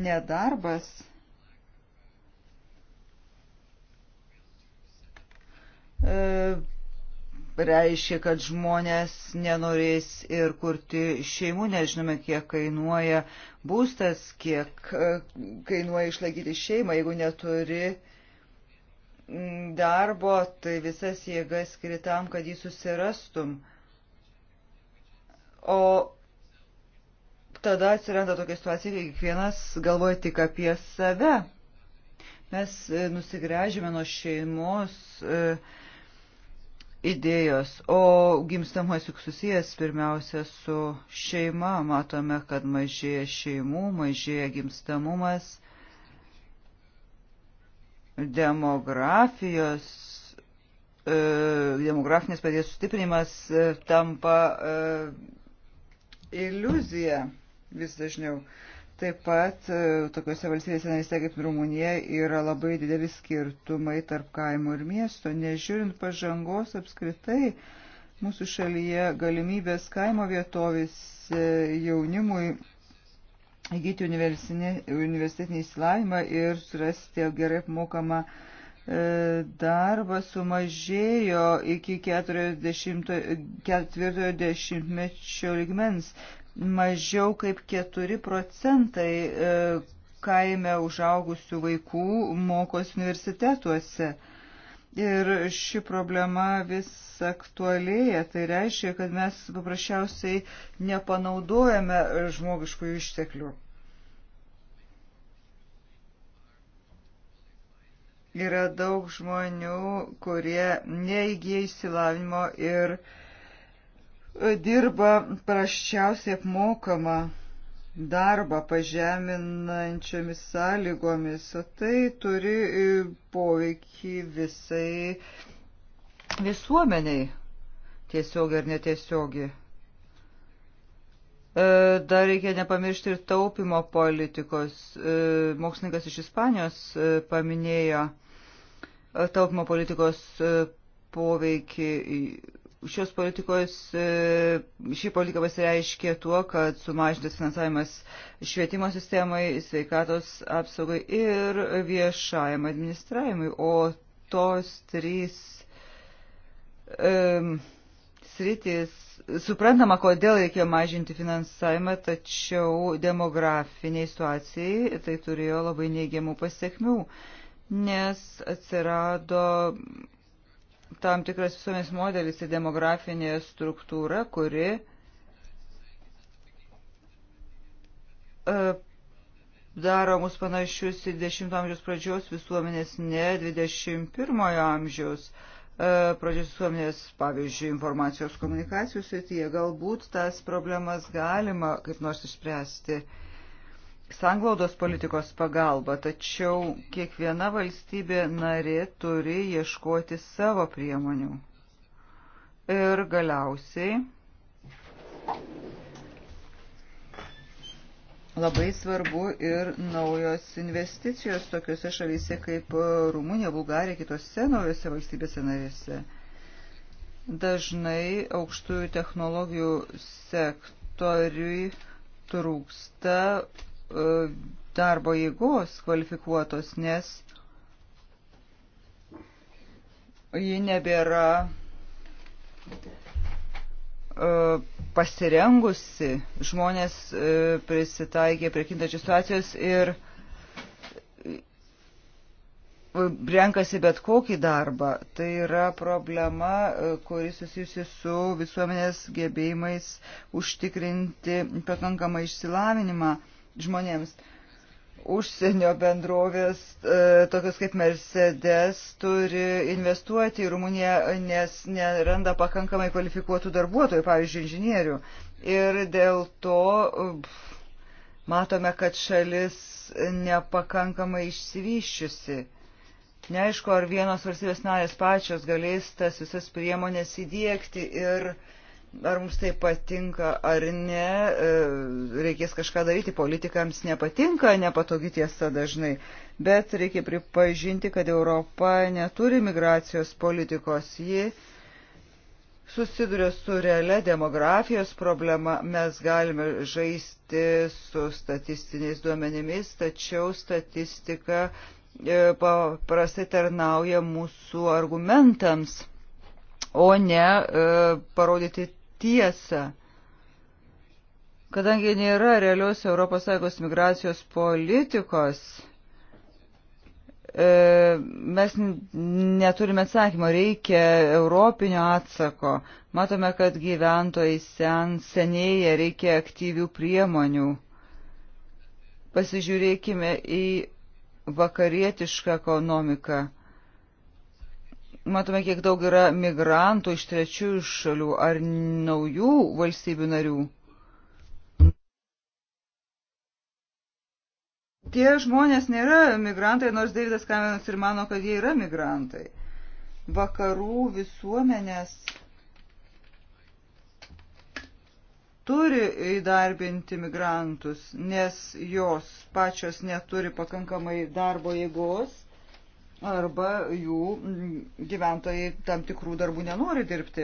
Nedarbas. E, reiškia, kad žmonės nenorės ir kurti šeimų, nežinome, kiek kainuoja būstas, kiek e, kainuoja išlaikyti šeimą, jeigu neturi uh, darbo, tai visas jėgas skiritam, kad jį susirastum. O tada atsiranda tokia situacija, kai kiekvienas galvoja tik apie save. Mes e, nusigręžime nuo šeimos e, idėjos, o gimstamas juk susijęs pirmiausia su šeima. Matome, kad mažėja šeimų, mažėja gimstamumas demografijos, e, demografinės padės sustiprinimas e, tampa e, iliuzija vis dažniau. Taip pat tokiuose valstybėse narėse kaip Rumunija yra labai dideli skirtumai tarp kaimo ir miesto. Nežiūrint pažangos apskritai, mūsų šalyje galimybės kaimo vietovės jaunimui įgyti universitetinį įsilavimą ir surasti gerai apmokamą e, darbą sumažėjo iki 40-mečio ligmens. Mažiau kaip 4 procentai e, kaime užaugusių vaikų mokos universitetuose. Ir ši problema vis aktualėja. Tai reiškia, kad mes paprasčiausiai nepanaudojame žmogiškųjų išteklių. yra daug žmonių, kurie neįgyja įsilavinimo ir e, dirba praščiausiai apmokama darbą pažeminančiomis sąlygomis, o tai turi e, poveikį visai visuomeniai, tiesiog ar netiesiogiai. E, dar reikia nepamiršti ir taupimo politikos. E, mokslininkas iš Ispanijos e, paminėjo taupimo politikos poveikį. Šios politikos, šį politiką pasireiškė tuo, kad sumažintas finansavimas švietimo sistemai, sveikatos apsaugai ir viešajam administravimui, o tos trys um, e, sritis. Suprantama, kodėl reikia mažinti finansavimą, tačiau demografiniai situacijai tai turėjo labai neigiamų pasiekmių, nes atsirado tam tikras visuomenės modelis ir demografinė struktūra, kuri e, daro mus panašius į 10 amžiaus pradžios visuomenės, ne 21 amžiaus. E, pradžios visuomenės, pavyzdžiui, informacijos komunikacijų srityje. Galbūt tas problemas galima kaip nors išspręsti sanglaudos politikos pagalba, tačiau kiekviena valstybė narė turi ieškoti savo priemonių. Ir galiausiai Labai svarbu ir naujos investicijos tokiuose šalyse kaip e, Rumunija, Bulgarija, kitose naujose valstybėse narėse. Dažnai aukštųjų technologijų sektoriui trūksta e, darbo jėgos kvalifikuotos, nes ji nebėra E, pasirengusi, žmonės e, prisitaikė prie kintačių situacijos ir e, renkasi bet kokį darbą. Tai yra problema, kuri susijusi su visuomenės gebėjimais užtikrinti pakankamą išsilavinimą žmonėms. Uh, užsienio bendrovės, e, tokios kaip Mercedes, turi investuoti į Rumuniją, nes neranda pakankamai kvalifikuotų darbuotojų, pavyzdžiui, inžinierių. Ir dėl to matome, kad šalis nepakankamai išsivyščiusi. Neaišku, ar vienos valstybės narės pačios galės tas visas priemonės įdėkti ir uh, ar mums tai patinka ar ne, e, reikės kažką daryti, politikams nepatinka, nepatogi tiesa dažnai, bet reikia pripažinti, kad Europa neturi migracijos politikos, ji susiduria su realia demografijos problema, mes galime žaisti su statistiniais duomenimis, tačiau statistika e, paprastai tarnauja mūsų argumentams o ne e, parodyti tiesą. Kadangi nėra realios ES migracijos politikos, e, mes neturime atsakymo, reikia europinio atsako. Matome, kad gyventojai sen, senėja, reikia aktyvių priemonių. Pasižiūrėkime į vakarietišką ekonomiką matome, kiek daug yra migrantų iš trečiųjų šalių ar naujų valstybių narių. Tie žmonės nėra migrantai, nors Davidas Kameronas ir mano, kad jie yra migrantai. Vakarų visuomenės turi įdarbinti migrantus, nes jos pačios neturi pakankamai darbo jėgos arba jų mm, gyventojai tam tikrų darbų nenori dirbti.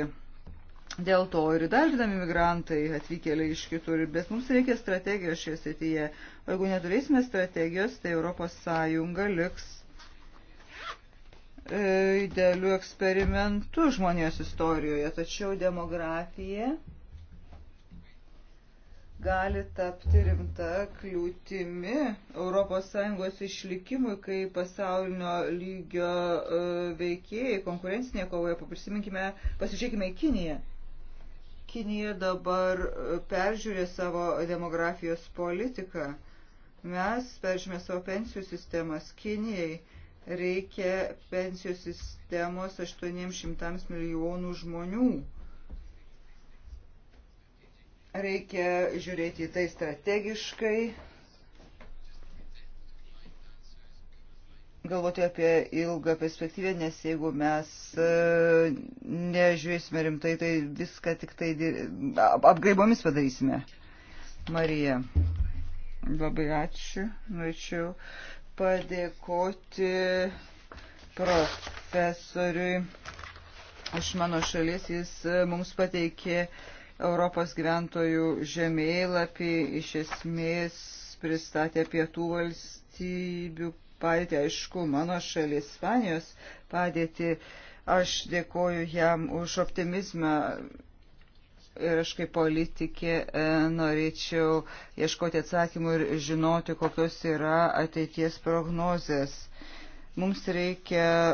Dėl to ir įdarbinami migrantai atvykėliai iš kitur, bet mums reikia strategijos šioje srityje. O jeigu neturėsime strategijos, tai Europos Sąjunga liks e, idealių eksperimentų žmonijos istorijoje. Tačiau demografija gali tapti rimta kliūtimi ES išlikimui, kai pasaulinio lygio e, veikėjai konkurencinėje kovoje, paprisiminkime, pasižiūrėkime į Kiniją. Kinija dabar e, peržiūrė savo demografijos politiką. Mes peržiūrėjome savo pensijų sistemas. Kinijai reikia pensijų sistemos 800 milijonų žmonių Reikia žiūrėti į tai strategiškai, galvoti apie ilgą perspektyvę, nes jeigu mes e, nežiūrėsime rimtai, tai viską tik tai apgraibomis padarysime. Marija, labai ačiū. Norėčiau padėkoti profesoriui iš mano šalies. Jis e, mums pateikė uh, Europos gyventojų žemėlapį iš esmės pristatė pietų valstybių padėtį, aišku, mano šalį Ispanijos padėtį. Aš dėkoju jam už optimizmą ir aš kaip politikė e, norėčiau ieškoti atsakymų ir žinoti, kokios yra ateities prognozės. Mums reikia e,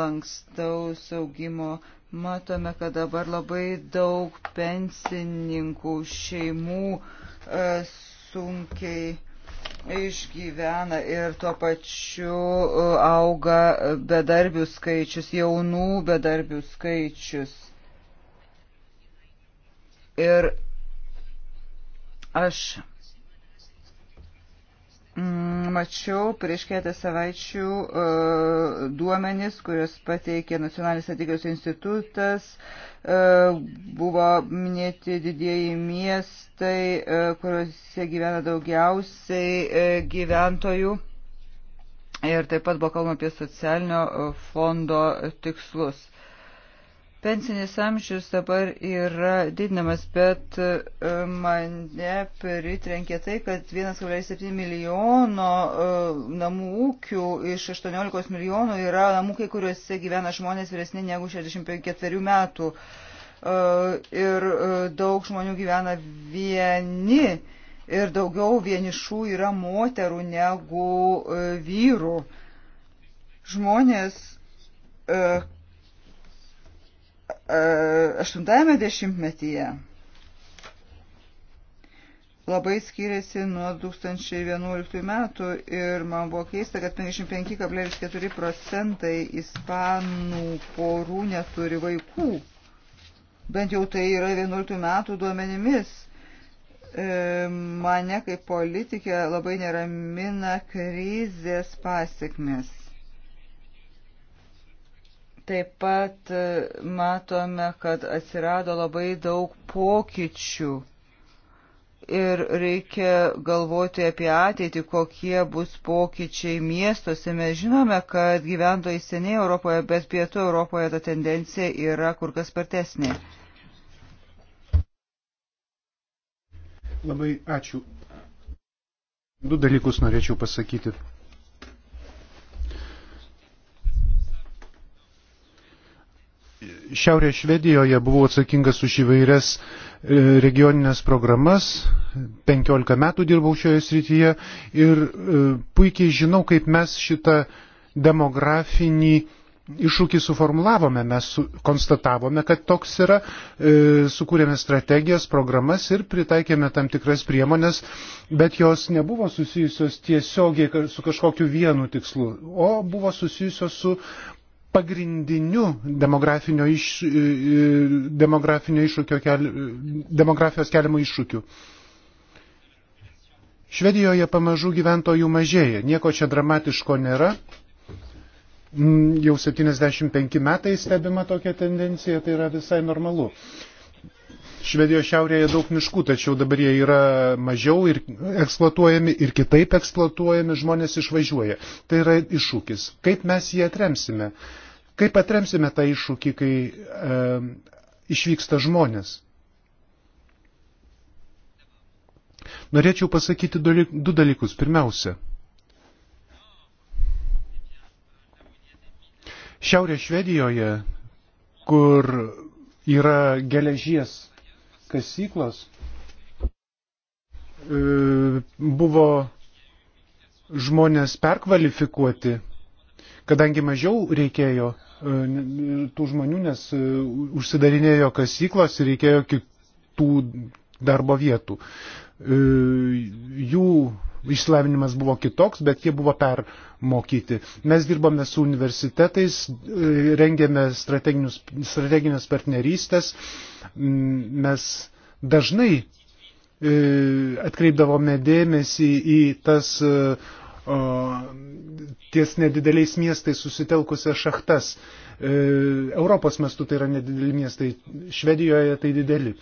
lankstaus augimo Matome, kad dabar labai daug pensininkų šeimų e, sunkiai išgyvena ir tuo pačiu e, auga bedarbių skaičius, jaunų bedarbių skaičius. Ir aš Mm, mačiau prieš keletą savaičių e, duomenis, kurios pateikė Nacionalinis statistikos institutas, e, buvo minėti didieji miestai, e, kuriuose gyvena daugiausiai gyventojų. Ir taip pat buvo kalbama apie socialinio fondo tikslus. Pensinis amžius dabar yra didinamas, bet e, mane pritrenkė tai, kad 1,7 milijono e, namų ūkių iš 18 milijonų yra namūkai, kuriuose gyvena žmonės vyresni negu 64 metų. E, ir daug žmonių gyvena vieni ir daugiau vienišų yra moterų negu vyrų. Žmonės 80-ame dešimtmetyje labai skiriasi nuo 2011 metų ir man buvo keista, kad 55,4 procentai ispanų porų neturi vaikų. Bent jau tai yra 11 metų duomenimis. E, mane kaip politikė labai neramina krizės pasiekmes. Taip pat e, matome, kad atsirado labai daug pokyčių ir reikia galvoti apie ateitį, kokie bus pokyčiai miestuose. Mes žinome, kad gyventojai seniai Europoje, bet pietų Europoje ta tendencija yra kur kas spartesnė. Labai ačiū. Du dalykus norėčiau pasakyti. Šiaurės Švedijoje buvau atsakingas už įvairias e, regioninės programas, 15 metų dirbau šioje srityje ir e, puikiai žinau, kaip mes šitą demografinį iššūkį suformulavome, mes su, konstatavome, kad toks yra, e, sukūrėme strategijas, programas ir pritaikėme tam tikras priemonės, bet jos nebuvo susijusios tiesiogiai su kažkokiu vienu tikslu, o buvo susijusios su pagrindiniu demografinio, iš, e, e, demografinio iššūkio, kel, demografijos keliamų iššūkių. Švedijoje pamažu gyventojų mažėja, nieko čia dramatiško nėra. Mm, jau 75 metai stebima tokia tendencija, tai yra visai normalu. Švedijos šiaurėje daug miškų, tačiau dabar jie yra mažiau ir eksploatuojami ir kitaip eksploatuojami, žmonės išvažiuoja. Tai yra iššūkis. Kaip mes jį atremsime? Kaip atremsime tą iššūkį, kai e, išvyksta žmonės? Norėčiau pasakyti du dalykus. Pirmiausia, Šiaurės Švedijoje, kur yra geležies kasyklos e, buvo žmonės perkvalifikuoti, kadangi mažiau reikėjo e, tų žmonių, nes e, užsidarinėjo kasyklos ir reikėjo kitų darbo vietų. E, jų išsilavinimas buvo kitoks, bet jie buvo permokyti. Mes dirbame su universitetais, e, rengėme strateginės partnerystės, mes dažnai e, atkreipdavome dėmesį į tas o, ties nedideliais miestais susitelkusias šachtas. Europos mastu tai yra nedideli miestai, Švedijoje tai dideli.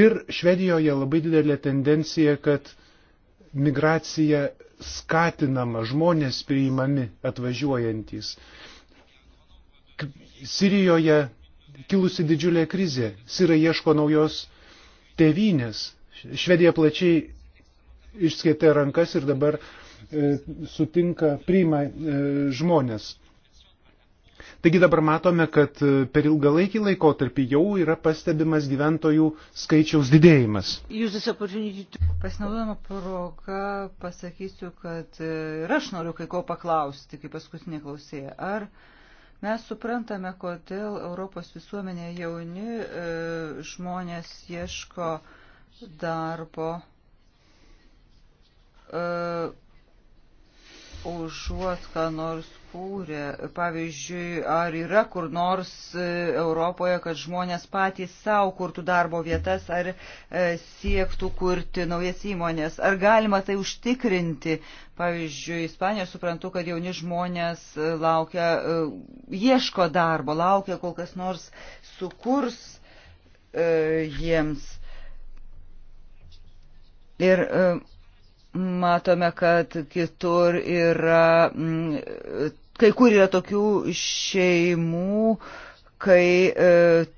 Ir Švedijoje labai didelė tendencija, kad migracija skatinama, žmonės priimami atvažiuojantys. Sirijoje kilusi didžiulė krizė, Sirai ieško naujos tėvynės. Švedija plačiai išskėtė rankas ir dabar e, sutinka, priima e, žmonės. Taigi dabar matome, kad e, per ilgalaikį laikotarpį jau yra pastebimas gyventojų skaičiaus didėjimas. Pasinaudodama progą pasakysiu, kad e, ir aš noriu kai ko paklausti, kaip paskutinė klausėja. Ar mes suprantame, kodėl Europos visuomenė jauni e, žmonės ieško darbo užuot ką nors sukūrė. Pavyzdžiui, ar yra kur nors e, Europoje, kad žmonės patys savo kurtų darbo vietas, ar e, siektų kurti naujas įmonės. Ar galima tai užtikrinti? Pavyzdžiui, Ispanijoje suprantu, kad jauni žmonės e, laukia, ieško darbo, laukia, kol kas nors sukurs jiems. Ir matome, kad kitur yra Kai kur yra tokių šeimų, kai e,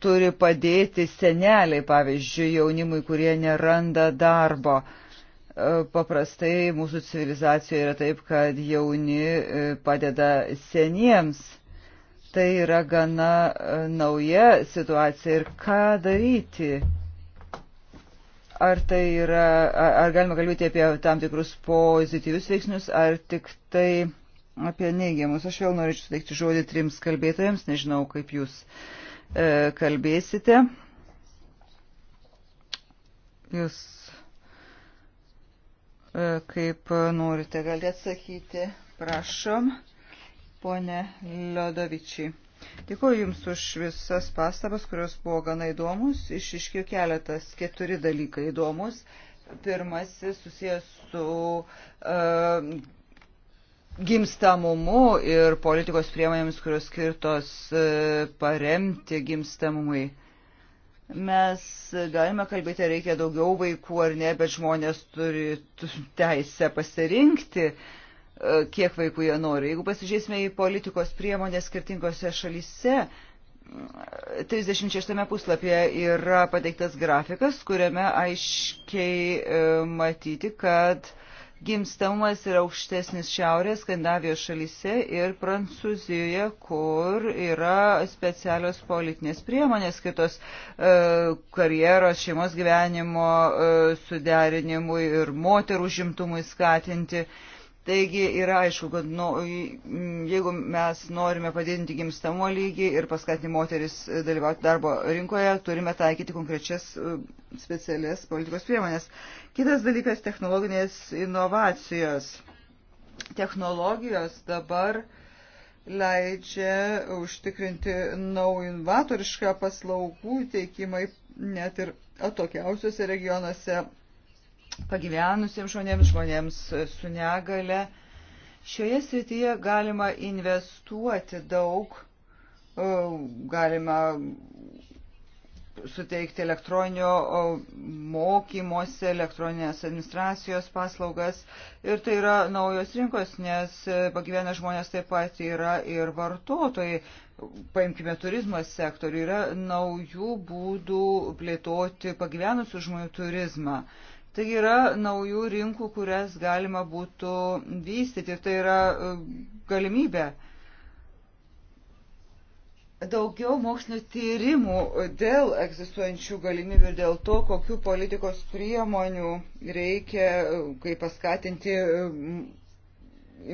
turi padėti seneliai, pavyzdžiui, jaunimui, kurie neranda darbo. E, paprastai mūsų civilizacijoje yra taip, kad jauni e, padeda seniems. Tai yra gana e, nauja situacija ir ką daryti? Ar tai yra, ar, ar galima kalbėti apie tam tikrus pozityvius veiksnius, ar tik tai apie neigiamus. Aš vėl norėčiau suteikti žodį trims kalbėtojams, nežinau, kaip jūs e, kalbėsite. Jūs e, kaip norite, galite atsakyti, prašom, ponė Liodovičiai. Dėkuoju Jums už visas pastabas, kurios buvo gana įdomus. Išiškiu keletas, keturi dalykai įdomus. Pirmasis susijęs su uh, e, gimstamumu ir politikos priemonėmis, kurios skirtos e, paremti gimstamumui. Mes galime kalbėti, reikia daugiau vaikų ar ne, bet žmonės turi teisę pasirinkti, e, kiek vaikų jie nori. Jeigu pasižiūrėsime į politikos priemonės skirtingose šalyse, 36 puslapyje yra pateiktas grafikas, kuriame aiškiai e, matyti, kad uh, Gimstamumas yra aukštesnis šiaurės Skandinavijos šalyse ir Prancūzijoje, kur yra specialios politinės priemonės kitos e, karjeros, šeimos gyvenimo e, suderinimui ir moterų žimtumui skatinti. E, Taigi yra aišku, kad nu, jeigu mes norime padidinti gimstamo lygį ir paskatinti moteris dalyvauti darbo rinkoje, turime taikyti konkrečias e, specialias politikos priemonės. Kitas dalykas - technologinės inovacijos. Technologijos dabar leidžia užtikrinti naujovatorišką paslaugų teikimai net ir atokiausiuose regionuose pagyvenusiems žmonėms, žmonėms su negale. Šioje srityje galima investuoti daug, e, galima suteikti elektroninio e, mokymosi, elektroninės administracijos paslaugas. Ir tai yra naujos rinkos, nes e, pagyvenę žmonės taip pat yra ir vartotojai. Paimkime turizmo sektorių, yra naujų būdų plėtoti pagyvenusių žmonių turizmą. Uh, Taigi yra naujų rinkų, kurias galima būtų vystyti ir tai yra e, galimybė. Daugiau mokslinio tyrimų dėl egzistuojančių galimybių ir dėl to, kokiu politikos priemonių reikia, e, kaip paskatinti e,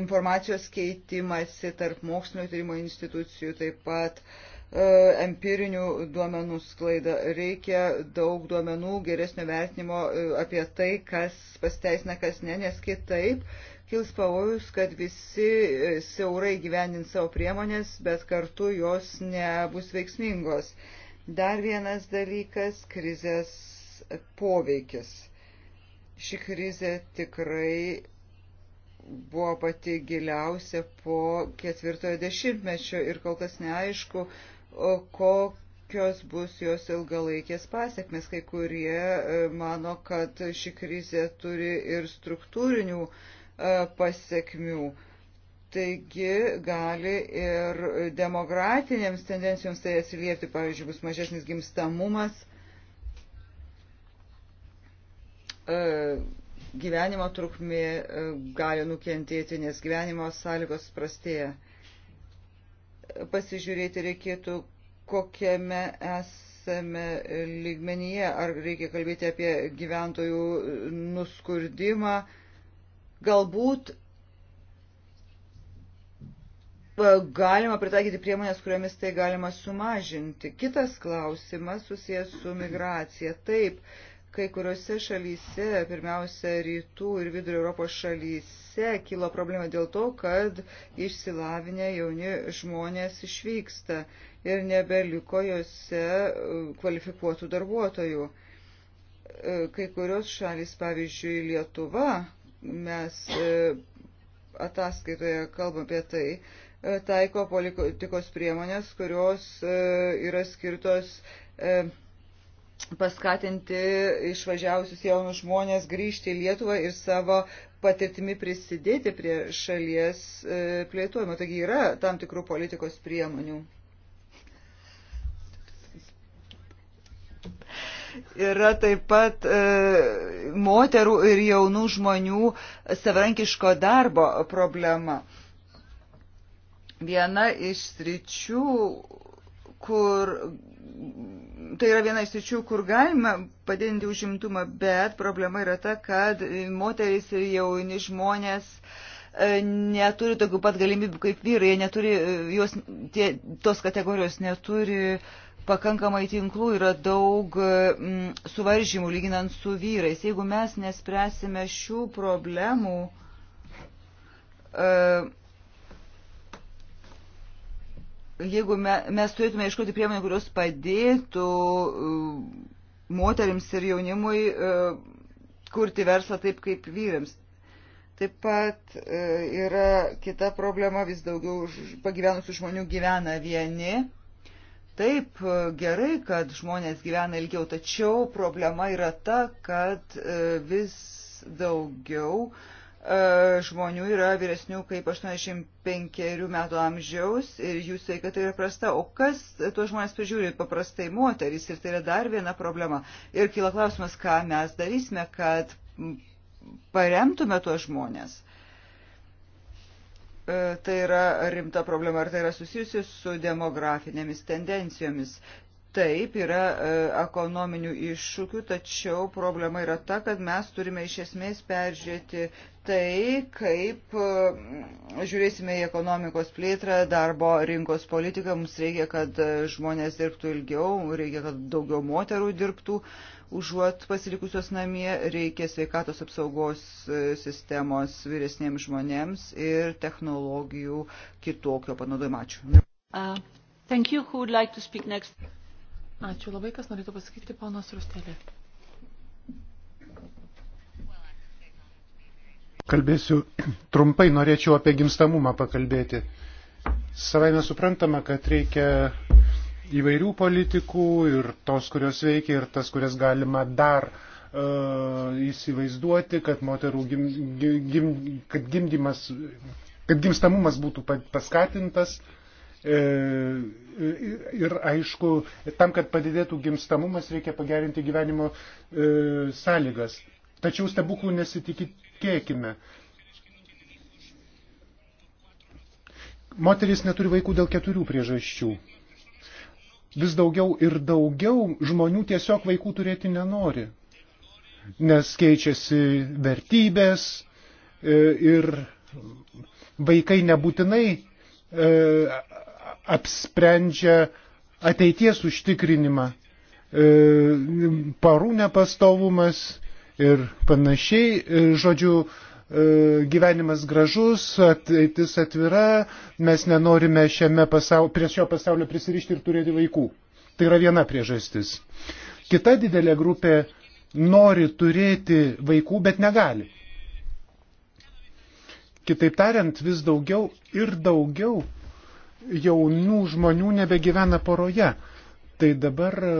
informacijos keitimąsi tarp mokslinio tyrimo institucijų, taip pat uh, E, empirinių duomenų sklaida. Reikia daug duomenų, geresnio vertinimo e, apie tai, kas pasteisina, kas ne, nes kitaip kils pavojus, kad visi e, siaurai gyvendins savo priemonės, bet kartu jos nebus veiksmingos. Dar vienas dalykas - krizės poveikis. Ši krizė tikrai buvo pati giliausia po ketvirtojo dešimtmečio ir kol kas neaišku, kokios bus jos ilgalaikės pasiekmes. Kai kurie e, mano, kad ši krizė turi ir struktūrinių e, pasiekmių. Taigi gali ir demokratinėms tendencijoms tai atsiliepti, pavyzdžiui, bus mažesnis gimstamumas, e, gyvenimo trukmė gali nukentėti, nes gyvenimo sąlygos prastėja pasižiūrėti reikėtų, kokiame esame lygmenyje, ar reikia kalbėti apie gyventojų nuskurdimą. Galbūt galima pritaikyti priemonės, kuriomis tai galima sumažinti. Kitas klausimas susijęs su migracija. Taip, Kai kuriuose šalyse, pirmiausia, rytų ir vidurio Europos šalyse, kilo problema dėl to, kad išsilavinę jauni žmonės išvyksta ir nebeliko juose uh, kvalifikuotų darbuotojų. Uh, kai kurios šalys, pavyzdžiui, Lietuva, mes uh, ataskaitoje kalbam apie tai, taiko politikos priemonės, kurios yra skirtos paskatinti išvažiavusius jaunus žmonės grįžti į Lietuvą ir savo patirtimi prisidėti prie šalies e, plėtojimo. Taigi yra tam tikrų politikos priemonių. Yra taip pat e, moterų ir jaunų žmonių savarankiško darbo problema. Viena iš sričių, kur tai yra viena iš sričių, kur galima padidinti užimtumą, bet problema yra ta, kad moteris ir jauni žmonės e, neturi tokių pat galimybių kaip vyrai, jie neturi, e, jos, tie, tos kategorijos neturi pakankamai tinklų, yra daug e, m, suvaržymų lyginant su vyrais. Jeigu mes nespręsime šių problemų, e, jeigu me, mes turėtume iškoti priemonių, kurios padėtų uh, moterims ir jaunimui uh, kurti verslą taip kaip vyrams. Taip pat uh, yra kita problema, vis daugiau pagyvenusių žmonių gyvena vieni. Taip, gerai, kad žmonės gyvena ilgiau, tačiau problema yra ta, kad vis daugiau uh, E, žmonių yra vyresnių kaip 85 metų amžiaus ir jų sveikata yra prasta. O kas tuos žmonės prižiūri? Paprastai moterys ir tai yra dar viena problema. Ir kyla klausimas, ką mes darysime, kad paremtume tuos žmonės. E, tai yra rimta problema ir tai yra susijusi su demografinėmis tendencijomis. Taip, yra e, ekonominių iššūkių, tačiau problema yra ta, kad mes turime iš esmės peržiūrėti tai, kaip e, žiūrėsime į ekonomikos plėtrą, darbo rinkos politiką. Mums reikia, kad e, žmonės dirbtų ilgiau, reikia, kad daugiau moterų dirbtų, užuot pasilikusios namie, reikia sveikatos apsaugos sistemos vyresniems žmonėms ir technologijų kitokio panaudojimo. Ačiū. Uh, Ačiū labai, kas norėtų pasakyti, ponas Rustelė. Kalbėsiu trumpai, norėčiau apie gimstamumą pakalbėti. Savai mes suprantame, kad reikia įvairių politikų ir tos, kurios veikia, ir tas, kurias galima dar uh, įsivaizduoti, kad moterų gim, gim, kad gimdymas, kad gimstamumas būtų paskatintas. Uh, E, ir aišku, tam, kad padidėtų gimstamumas, reikia pagerinti gyvenimo e, sąlygas. Tačiau stebuklų nesitikėkime. Moteris neturi vaikų dėl keturių priežasčių. Vis daugiau ir daugiau žmonių tiesiog vaikų turėti nenori, nes keičiasi vertybės e, ir vaikai nebūtinai apsprendžia ateities užtikrinimą, e, parų nepastovumas ir panašiai. E, žodžiu, e, gyvenimas gražus, ateitis atvira, mes nenorime pasaul... prie šio pasaulio prisirišti ir turėti vaikų. Tai yra viena priežastis. Kita didelė grupė nori turėti vaikų, bet negali. Kitaip tariant, vis daugiau ir daugiau jaunų žmonių nebegyvena poroje. Tai dabar e,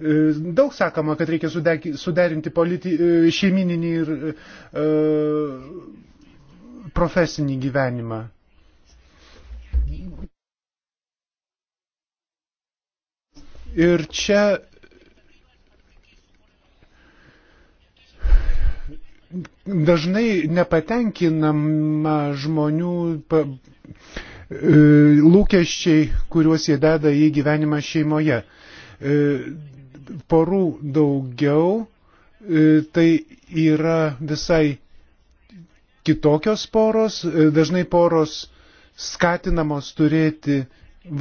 e, daug sakoma, kad reikia suderinti politi, e, šeimininį ir e, profesinį gyvenimą. Ir čia dažnai nepatenkinama žmonių pa, E, lūkesčiai, kuriuos jie deda į gyvenimą šeimoje. E, porų daugiau, e, tai yra visai kitokios poros, dažnai poros skatinamos turėti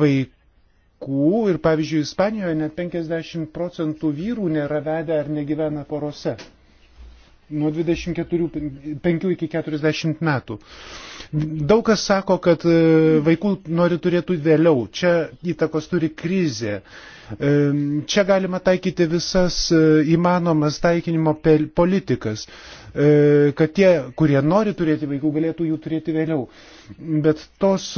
vaikų ir pavyzdžiui Ispanijoje net 50 procentų vyrų nėra vedę ar negyvena porose nuo 25 iki 40 metų. Daug kas sako, kad e, vaikų nori turėtų vėliau. Čia įtakos turi krizė. E, čia galima taikyti visas e, įmanomas taikinimo politikas, kad tie, kurie nori turėti vaikų, galėtų jų turėti vėliau. Bet tos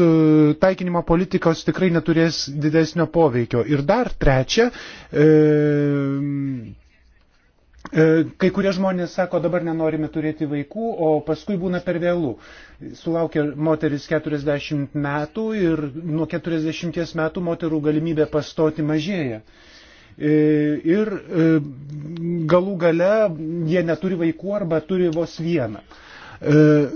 taikinimo politikos tikrai neturės didesnio poveikio. Ir dar trečia, E, kai kurie žmonės sako, dabar nenorime turėti vaikų, o paskui būna per vėlų. Sulaukia moteris 40 metų ir nuo 40 metų moterų galimybė pastoti mažėja. E, ir e, galų gale jie neturi vaikų arba turi vos vieną. E,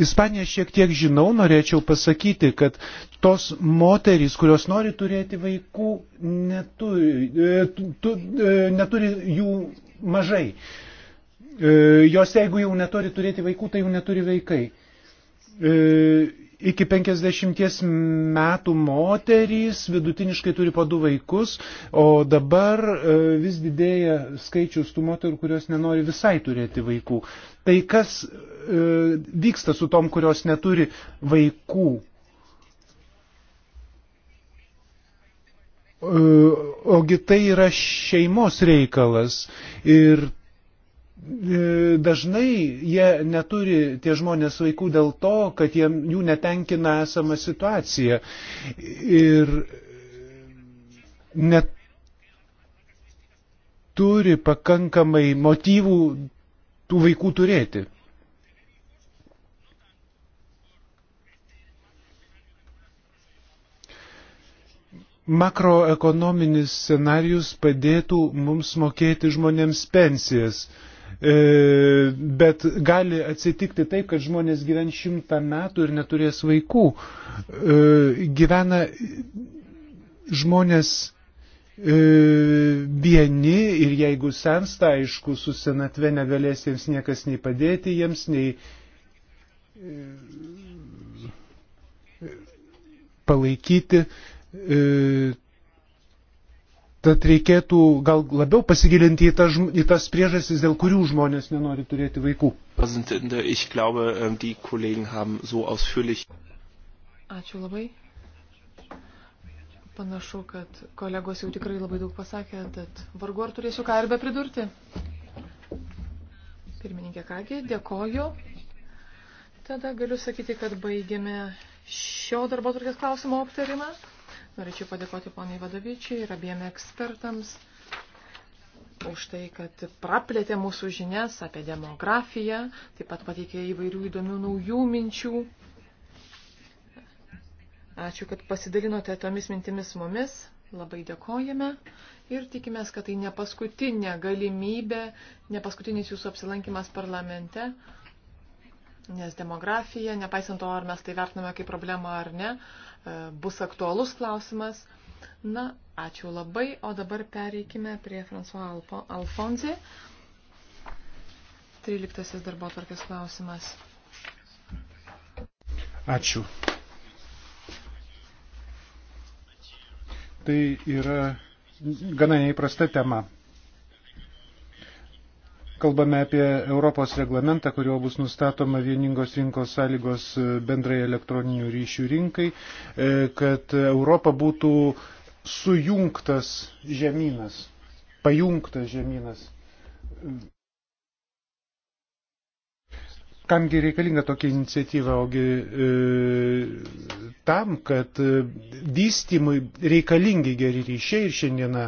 Ispaniją šiek tiek žinau, norėčiau pasakyti, kad tos moterys, kurios nori turėti vaikų, neturi, e, tu, tu, e, neturi jų mažai. Jos jeigu jau neturi turėti vaikų, tai jau neturi vaikai. Iki 50 metų moterys vidutiniškai turi po du vaikus, o dabar e, vis didėja skaičius tų moterų, kurios nenori visai turėti vaikų. Tai kas e, vyksta su tom, kurios neturi vaikų? E, ogi tai yra šeimos reikalas ir E, dažnai jie neturi tie žmonės vaikų dėl to, kad jie, jų netenkina esama situacija. Ir neturi pakankamai motyvų tų vaikų turėti. Makroekonominis scenarius padėtų mums mokėti žmonėms pensijas. E, E, bet gali atsitikti taip, kad žmonės gyven šimtą metų ir neturės vaikų. E, gyvena žmonės e, vieni ir jeigu sensta, aišku, su senatve negalės jiems niekas nei padėti jiems, nei palaikyti. Tad reikėtų gal labiau pasigilinti į tas, į tas priežastis, dėl kurių žmonės nenori turėti vaikų. Ähm, Ačiū labai. Panašu, kad kolegos jau tikrai labai daug pasakė, tad vargu ar turėsiu ką ir be pridurti. Pirmininkė Kagė, dėkoju. Tada galiu sakyti, kad baigėme šio darbo turkės klausimo aptarimą. Norėčiau padėkoti poniai vadovyčiai ir abiem ekspertams už tai, kad praplėtė mūsų žinias apie demografiją, taip pat pateikė įvairių įdomių naujų minčių. Ačiū, kad pasidalinote tomis mintimis su mumis. Labai dėkojame ir tikimės, kad tai ne paskutinė galimybė, ne paskutinis jūsų apsilankimas parlamente, nes demografija, nepaisant to, ar mes tai vertiname kaip problemą ar ne, E, bus aktualus klausimas. Na, ačiū labai, o dabar pereikime prie François Alfonzi. 13 darbo tvarkės klausimas. Ačiū. Tai yra gana neįprasta tema. Kalbame apie Europos reglamentą, kuriuo bus nustatoma vieningos rinkos sąlygos e, bendrai elektroninių ryšių rinkai, e, kad Europa būtų sujungtas žemynas, pajungtas žemynas. Kamgi reikalinga tokia iniciatyva, ogi e, tam, kad e, vystymui reikalingi geri ryšiai ir šiandieną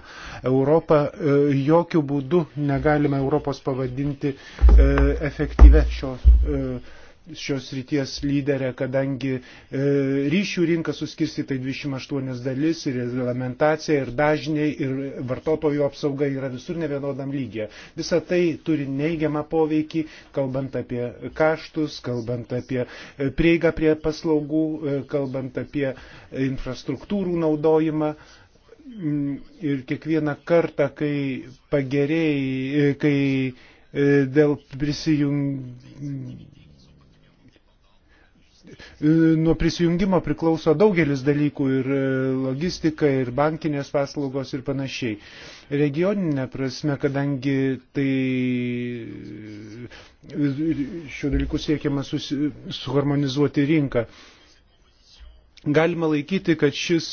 Europą e, jokių būdų negalime Europos pavadinti e, efektyve šios. E, šios ryties lyderė, kadangi e, ryšių rinka suskirstyta į 28 dalis ir reglamentacija ir dažniai ir vartotojų apsauga yra visur nevienodam lygiai. Visa tai turi neigiamą poveikį, kalbant apie kaštus, kalbant apie e, prieigą prie paslaugų, e, kalbant apie infrastruktūrų naudojimą mm, ir kiekvieną kartą, kai pagerėjai, e, kai dėl prisijung nuo prisijungimo priklauso daugelis dalykų ir e, logistika, ir bankinės paslaugos ir panašiai. Regioninė prasme, kadangi tai e, šiuo dalyku siekiama susi, suharmonizuoti rinką, galima laikyti, kad šis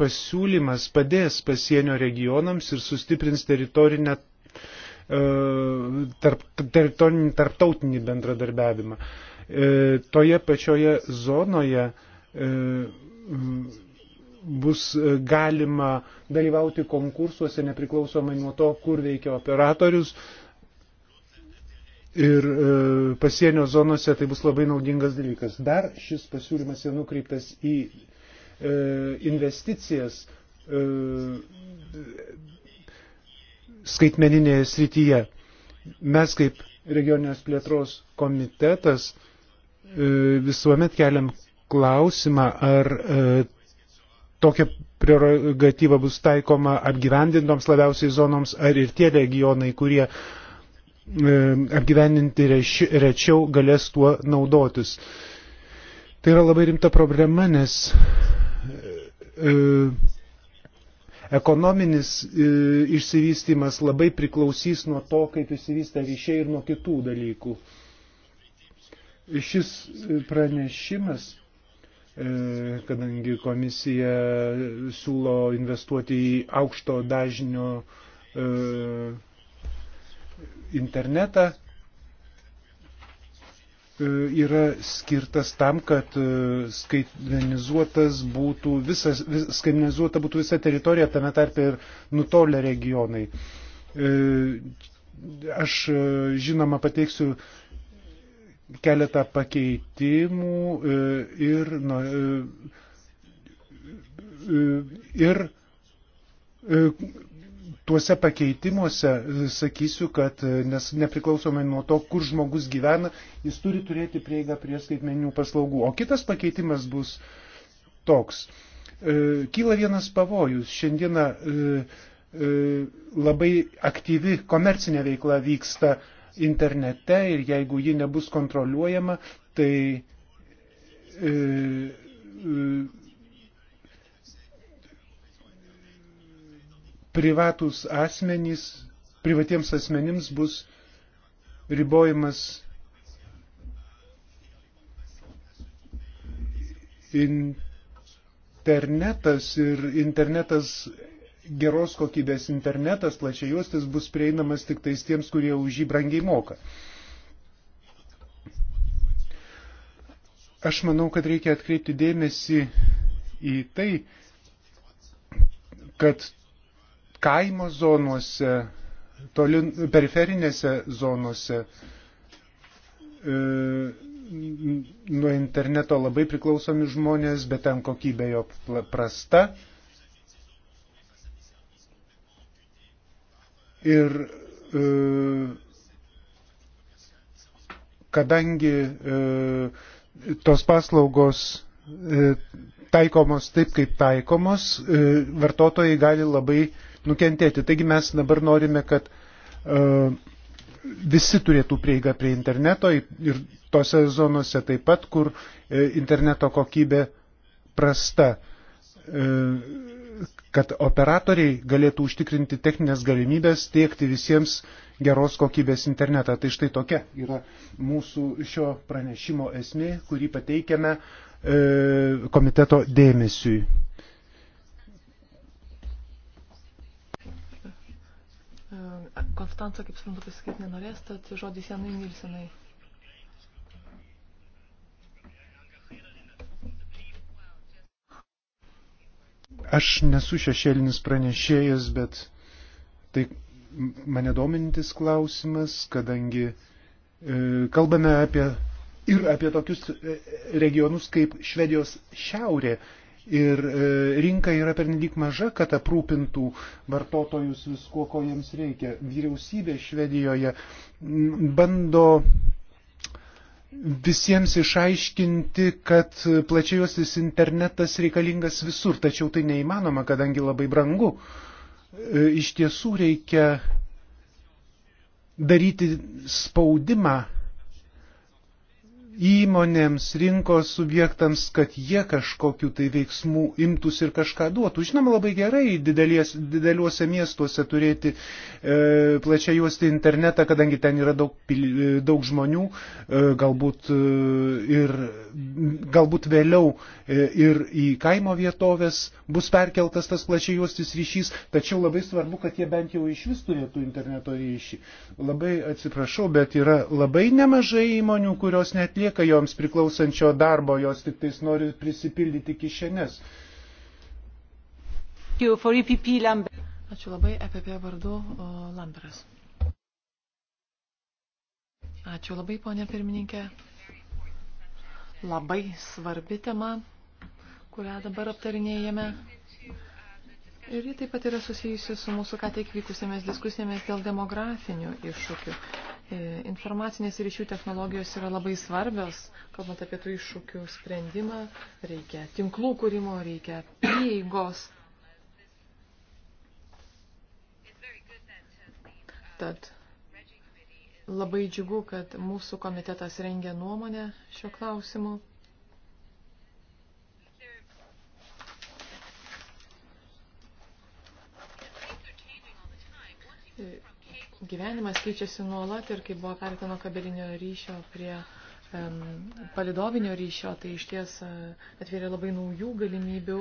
pasiūlymas padės pasienio regionams ir sustiprins teritorinę e, tarp, teritorinį tarptautinį bendradarbiavimą. Uh, E, toje pačioje zonoje e, bus e, galima dalyvauti konkursuose nepriklausomai nuo to, kur veikia operatorius. Ir pasienio zonose tai bus labai naudingas dalykas. Dar šis pasiūlymas yra nukreiptas į investicijas skaitmeninėje srityje. Mes kaip regioninės plėtros komitetas e, E, visuomet keliam klausimą, ar e, tokia prerogatyva bus taikoma apgyvendintoms labiausiai zonoms, ar ir tie regionai, kurie e, apgyvendinti rečiau galės tuo naudotis. Tai yra labai rimta problema, nes ekonominis išsivystimas labai priklausys nuo to, kaip išsivystė ryšiai ir nuo kitų dalykų. Šis pranešimas, e, kadangi komisija siūlo investuoti į aukšto dažnio e, internetą, e, yra skirtas tam, kad skaitmenizuotas būtų visas, vis, skaitmenizuota būtų visa teritorija, tame tarpe ir nutolę regionai. Aš žinoma pateiksiu keletą pakeitimų e, ir, nu, ir tuose pakeitimuose sakysiu, kad nes nepriklausomai nuo to, kur žmogus gyvena, jis turi turėti prieigą prie skaitmeninių paslaugų. O kitas pakeitimas bus toks. Kyla vienas pavojus. Šiandieną labai aktyvi komercinė veikla vyksta internete ir jeigu ji nebus kontroliuojama, tai e, e, privatus asmenys, privatiems asmenims bus ribojimas internetas ir internetas geros kokybės internetas plačiai juostis bus prieinamas tik tais tiems, kurie už jį brangiai moka. Aš manau, kad reikia atkreipti dėmesį į tai, kad kaimo zonuose, toli, periferinėse zonuose e, nuo interneto labai priklausomi žmonės, bet ten kokybė jo prasta. Ir e, kadangi e, tos paslaugos e, taikomos taip, kaip taikomos, e, vartotojai gali labai nukentėti. Taigi mes dabar norime, kad e, visi turėtų prieigą prie interneto ir tose zonose taip pat, kur e, interneto kokybė prasta. E, kad operatoriai galėtų užtikrinti techninės galimybės tiekti visiems geros kokybės internetą. Tai štai tokia yra mūsų šio pranešimo esmė, kurį pateikiame e, komiteto dėmesiui. Konstanca, kaip suprantu, pasakyti nenorės, tad žodis Janui Nilsenai. Aš nesu šešėlinis pranešėjas, bet tai mane domintis klausimas, kadangi e, kalbame apie ir apie tokius e, regionus kaip Švedijos šiaurė. Ir e, rinka yra pernelyg maža, kad aprūpintų vartotojus visko, ko jiems reikia. Vyriausybė Švedijoje bando visiems išaiškinti, kad plačiajosis internetas reikalingas visur, tačiau tai neįmanoma, kadangi labai brangu. E, iš tiesų reikia daryti spaudimą įmonėms, rinkos subjektams, kad jie kažkokiu tai veiksmų imtųsi ir kažką duotų. Žinoma, labai gerai didelės, dideliuose miestuose turėti e, plačią juostį internetą, kadangi ten yra daug, e, daug žmonių, e, galbūt, e, ir, galbūt vėliau e, ir į kaimo vietovės bus perkeltas tas plačiai juostis ryšys, tačiau labai svarbu, kad jie bent jau iš vis turėtų interneto ryšį. Labai atsiprašau, bet yra labai nemažai įmonių, kurios net neatlieka joms priklausančio darbo, jos tik tais nori prisipildyti kišenes. E Ačiū labai, EPP vardu Lamberas. Ačiū labai, ponė pirmininkė. Labai svarbi tema, kurią dabar aptarinėjame. Ir ji taip pat yra susijusi su mūsų ką tik vykusėmis diskusėmis dėl demografinių iššūkių. E, informacinės ryšių technologijos yra labai svarbios, kalbant apie tų iššūkių sprendimą, reikia tinklų kūrimo, reikia prieigos. Tad labai džiugu, kad mūsų komitetas rengia nuomonę šio klausimu. gyvenimas keičiasi nuolat ir kai buvo perėta nuo kabelinio ryšio prie um, palidovinio ryšio, tai iš ties uh, e, atvėrė labai naujų galimybių.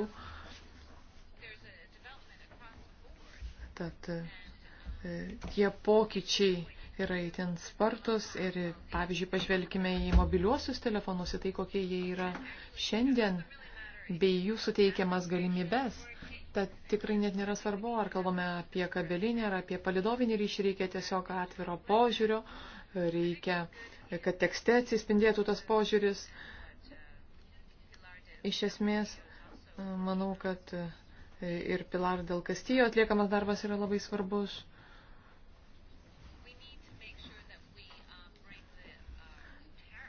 Tad uh, tie pokyčiai yra įtin spartus ir, pavyzdžiui, pažvelkime į mobiliuosius telefonus, į tai, kokie jie yra šiandien, bei jų suteikiamas galimybės. Uh, Tad tikrai net nėra svarbu, ar kalbame apie kabelinį, ar apie palidovinį ryšį, reikia tiesiog atviro požiūrio, reikia, kad tekste atsispindėtų tas požiūris. Iš esmės, manau, kad ir Pilar dėl Kastijo atliekamas darbas yra labai svarbus.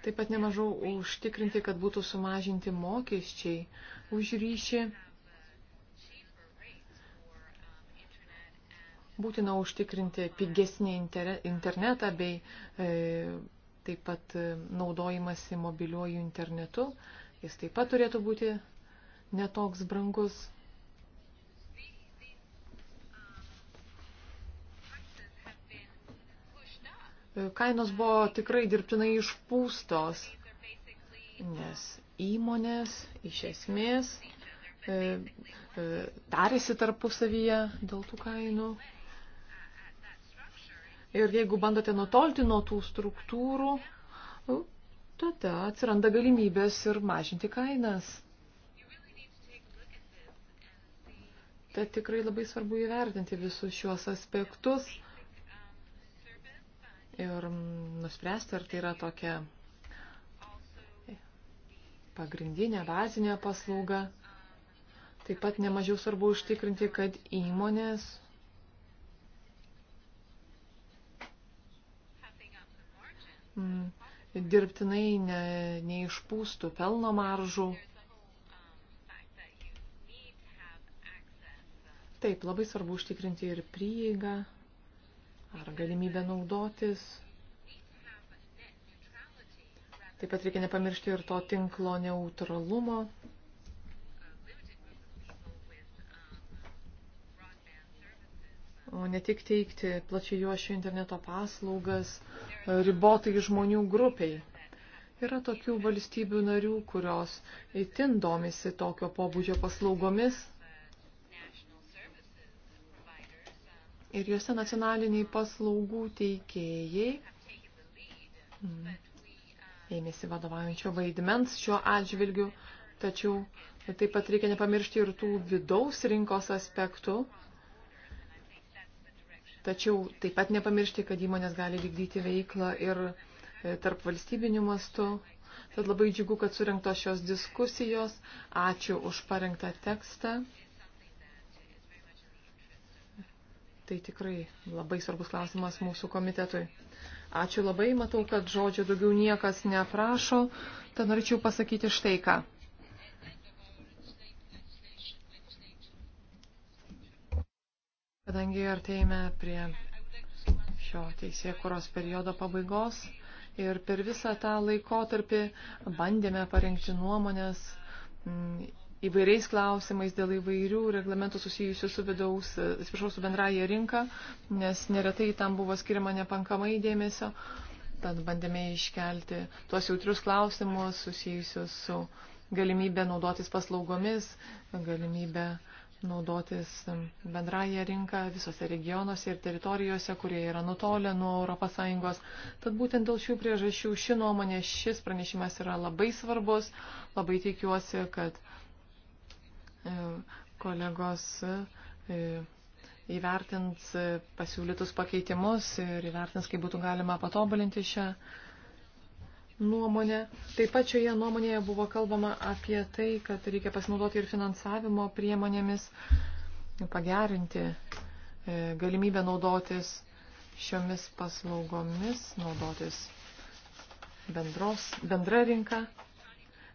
Taip pat nemažau užtikrinti, kad būtų sumažinti mokesčiai už ryšį. Būtina užtikrinti pigesnį internetą bei e, taip pat e, naudojimasi mobiliuoju internetu. Jis taip pat turėtų būti netoks brangus. E, kainos buvo tikrai dirbtinai išpūstos, nes įmonės iš esmės e, e, tarėsi tarpusavyje dėl tų kainų. E, Ir jeigu bandote nutolti nuo tų struktūrų, nu, tada atsiranda galimybės ir mažinti kainas. Tad tikrai labai svarbu įvertinti visus šiuos aspektus ir mm, nuspręsti, ar tai yra tokia pagrindinė, bazinė paslauga. Taip pat nemažiau svarbu užtikrinti, kad įmonės Mm. dirbtinai ne, neišpūstų pelno maržų. Taip, labai svarbu užtikrinti ir prieigą ar galimybę naudotis. Taip pat reikia nepamiršti ir to tinklo neutralumo. o ne tik teikti plačiai juošio interneto paslaugas e, ribotai žmonių grupiai. Yra tokių valstybių narių, kurios itin domisi tokio pobūdžio paslaugomis. Ir juose nacionaliniai paslaugų teikėjai mm, ėmėsi vadovaujančio vaidmens šiuo atžvilgiu, tačiau taip pat reikia nepamiršti ir tų vidaus rinkos aspektų, Tačiau taip pat nepamiršti, kad įmonės gali vykdyti veiklą ir e, tarp valstybinių mastų. Tad labai džiugu, kad surinktos šios diskusijos. Ačiū už parengtą tekstą. Tai tikrai labai svarbus klausimas mūsų komitetui. Ačiū labai, matau, kad žodžio daugiau niekas neprašo. Tad norėčiau pasakyti štai ką. Kadangi artėjame prie šio teisėkuros periodo pabaigos ir per visą tą laikotarpį bandėme parengti nuomonės mm, įvairiais klausimais dėl įvairių reglamentų susijusių su vidaus, atsiprašau, su bendraja rinka, nes neretai tam buvo skiriama nepankamai dėmesio, tad bandėme iškelti tuos jautrius klausimus susijusius su galimybė naudotis paslaugomis, galimybė uh, naudotis bendrają rinką visose regionuose ir teritorijose, kurie yra nutolę nuo ES. Tad būtent dėl šių priežasčių ši nuomonė, šis pranešimas yra labai svarbus. Labai tikiuosi, kad e, kolegos e, įvertins e, pasiūlytus pakeitimus ir įvertins, kaip būtų galima patobulinti šią nuomonę. Taip pat šioje nuomonėje buvo kalbama apie tai, kad reikia pasinaudoti ir finansavimo priemonėmis, pagerinti e, galimybę naudotis šiomis paslaugomis, naudotis bendros, bendra rinka.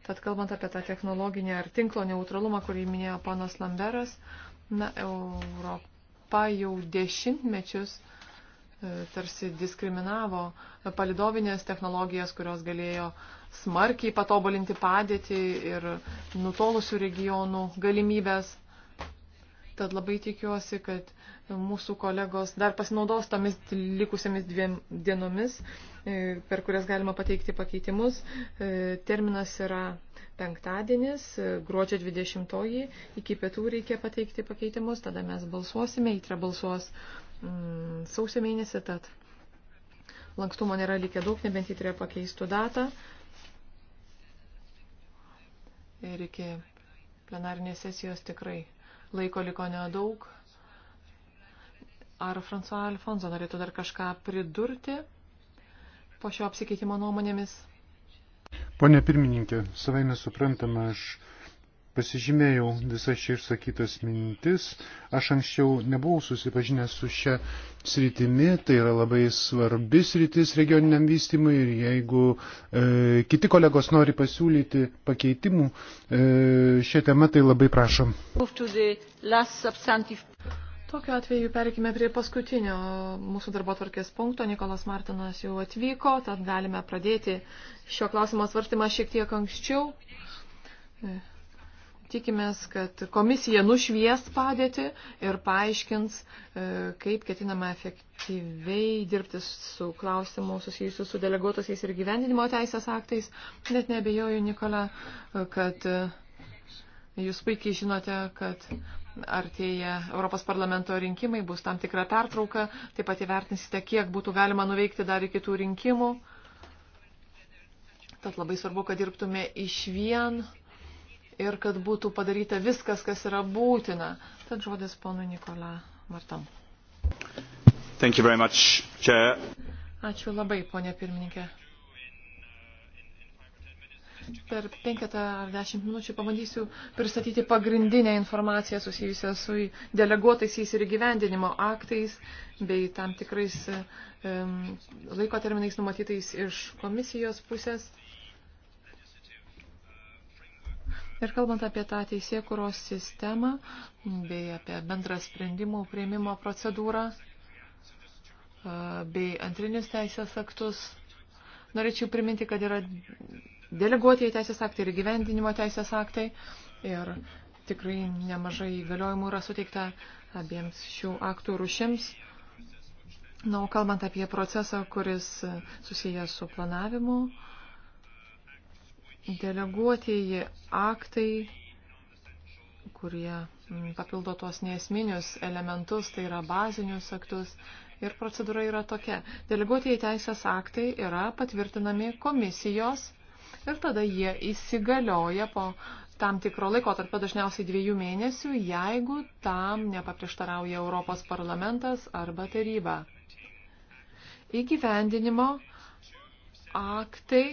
Tad kalbant apie tą technologinę ar tinklo neutralumą, kurį minėjo panas Lamberas, na, Europa jau dešimtmečius E, tarsi diskriminavo palidovinės technologijas, kurios galėjo smarkiai patobulinti padėtį ir nutolusių regionų galimybės. Tad labai tikiuosi, kad mūsų kolegos dar pasinaudos tomis likusiamis dviem dienomis, e, per kurias galima pateikti pakeitimus. E, terminas yra penktadienis, gruodžio 20 iki pietų reikia pateikti pakeitimus, tada mes balsuosime, įtre balsuos mm, sausio mėnesį, tad lankstumo nėra likę daug, nebent jį turėjo pakeistų datą. Ir iki plenarinės sesijos tikrai laiko liko nedaug. Ar François Alfonso norėtų dar kažką pridurti po šio apsikeitimo nuomonėmis? Pone pirmininkė, savai mes suprantame, aš pasižymėjau visas čia išsakytas mintis. Aš anksčiau nebuvau susipažinęs su šia sritimi, tai yra labai svarbi sritis regioniniam vystymui ir jeigu e, kiti kolegos nori pasiūlyti pakeitimų e, šią temą, tai labai prašom. Tokiu atveju perikime prie paskutinio mūsų darbo tvarkės punkto. Nikolas Martinas jau atvyko, tad galime pradėti šio klausimo svarstymą šiek tiek anksčiau. E. Tikimės, kad komisija nušvies padėti ir paaiškins, e, kaip ketinama efektyviai dirbti su klausimu susijusiu su deleguotusiais ir gyvendinimo teisės aktais. Net nebejoju, Nikola, e, kad e, jūs puikiai žinote, kad artėja Europos parlamento rinkimai, bus tam tikra pertrauka, taip pat įvertinsite, kiek būtų galima nuveikti dar iki tų rinkimų. Tad labai svarbu, kad dirbtume iš vien ir kad būtų padaryta viskas, kas yra būtina. Tad žodis ponui Nikola Martam. Much, Chair. Ačiū labai, ponė pirmininkė. Per penketą ar dešimt minučių pabandysiu pristatyti pagrindinę informaciją susijusią su deleguotaisiais ir įgyvendinimo aktais bei tam tikrais um, laiko terminais numatytais iš komisijos pusės. Ir kalbant apie tą teisėkuros sistemą bei apie bendrą sprendimų prieimimo procedūrą bei antrinius teisės aktus, norėčiau priminti, kad yra deleguotieji teisės aktai ir gyvendinimo teisės aktai. Ir tikrai nemažai įgaliojimų yra suteikta abiems šių aktų rušims. Na, o kalbant apie procesą, kuris susijęs su planavimu, uh, Deleguotieji aktai, kurie mm, papildo tuos neesminius elementus, tai yra bazinius aktus. Ir procedūra yra tokia. Deleguotieji teisės aktai yra patvirtinami komisijos ir tada jie įsigalioja po tam tikro laiko tarp dažniausiai dviejų mėnesių, jeigu tam nepaprieštarauja Europos parlamentas arba taryba. Įgyvendinimo aktai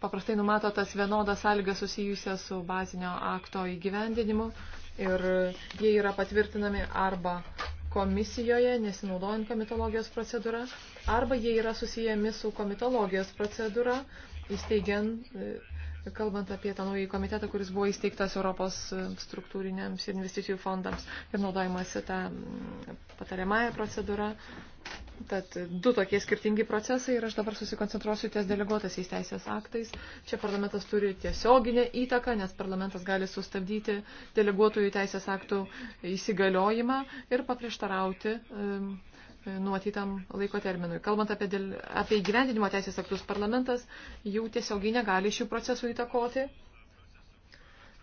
paprastai numato tas vienodas sąlygas susijusias su bazinio akto įgyvendinimu ir jie yra patvirtinami arba komisijoje, nesinaudojant komitologijos procedūrą, arba jie yra susijęmi su komitologijos procedūra, įsteigiant, e, kalbant apie tą naują komitetą, kuris buvo įsteigtas Europos e, struktūriniams ir investicijų fondams ir naudojamasi tą patariamąją procedūrą. Tad du tokie skirtingi procesai ir aš dabar susikoncentruosiu ties deleguotasiais teisės aktais. Čia parlamentas turi tiesioginę įtaką, nes parlamentas gali sustabdyti deleguotojų teisės aktų įsigaliojimą ir paprieštarauti um, nuotytam laiko terminui. Kalbant apie, dėl, apie įgyvendinimo teisės aktus, parlamentas jau tiesiogiai negali šių procesų įtakoti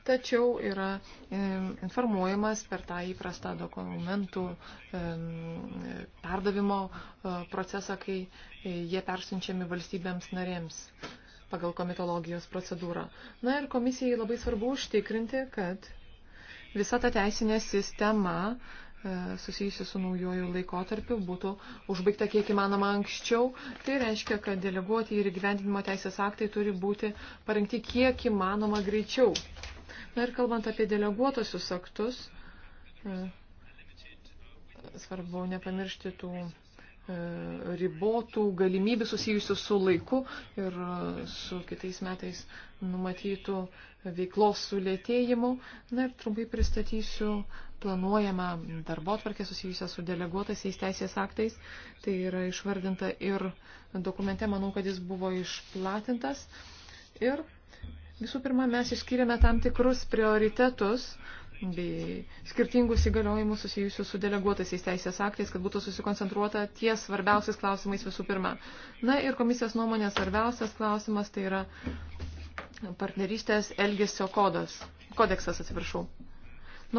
tačiau yra e, informuojamas per tą įprastą dokumentų e, perdavimo e, procesą, kai jie persunčiami valstybėms narėms pagal komitologijos procedūrą. Na ir komisijai labai svarbu užtikrinti, kad visa ta teisinė sistema susijusi su naujoju laikotarpiu būtų užbaigta kiek įmanoma anksčiau. Tai reiškia, kad deleguoti ir gyvendinimo teisės aktai turi būti parengti kiek įmanoma greičiau. Na ir kalbant apie deleguotosius aktus, e, svarbu nepamiršti tų e, ribotų galimybių susijusių su laiku ir e, su kitais metais numatytų veiklos sulėtėjimu. Na ir trumpai pristatysiu planuojamą darbo atvarkę susijusią su deleguotaisiais teisės aktais. Tai yra išvardinta ir dokumente, manau, kad jis buvo išplatintas. Ir Visų pirma, mes išskyrėme tam tikrus prioritetus bei skirtingus įgaliojimus susijusius su deleguotaisiais teisės aktais, kad būtų susikoncentruota ties svarbiausiais klausimais visų pirma. Na ir komisijos nuomonė svarbiausias klausimas tai yra partnerystės elgesio kodas, kodeksas, atsiprašau.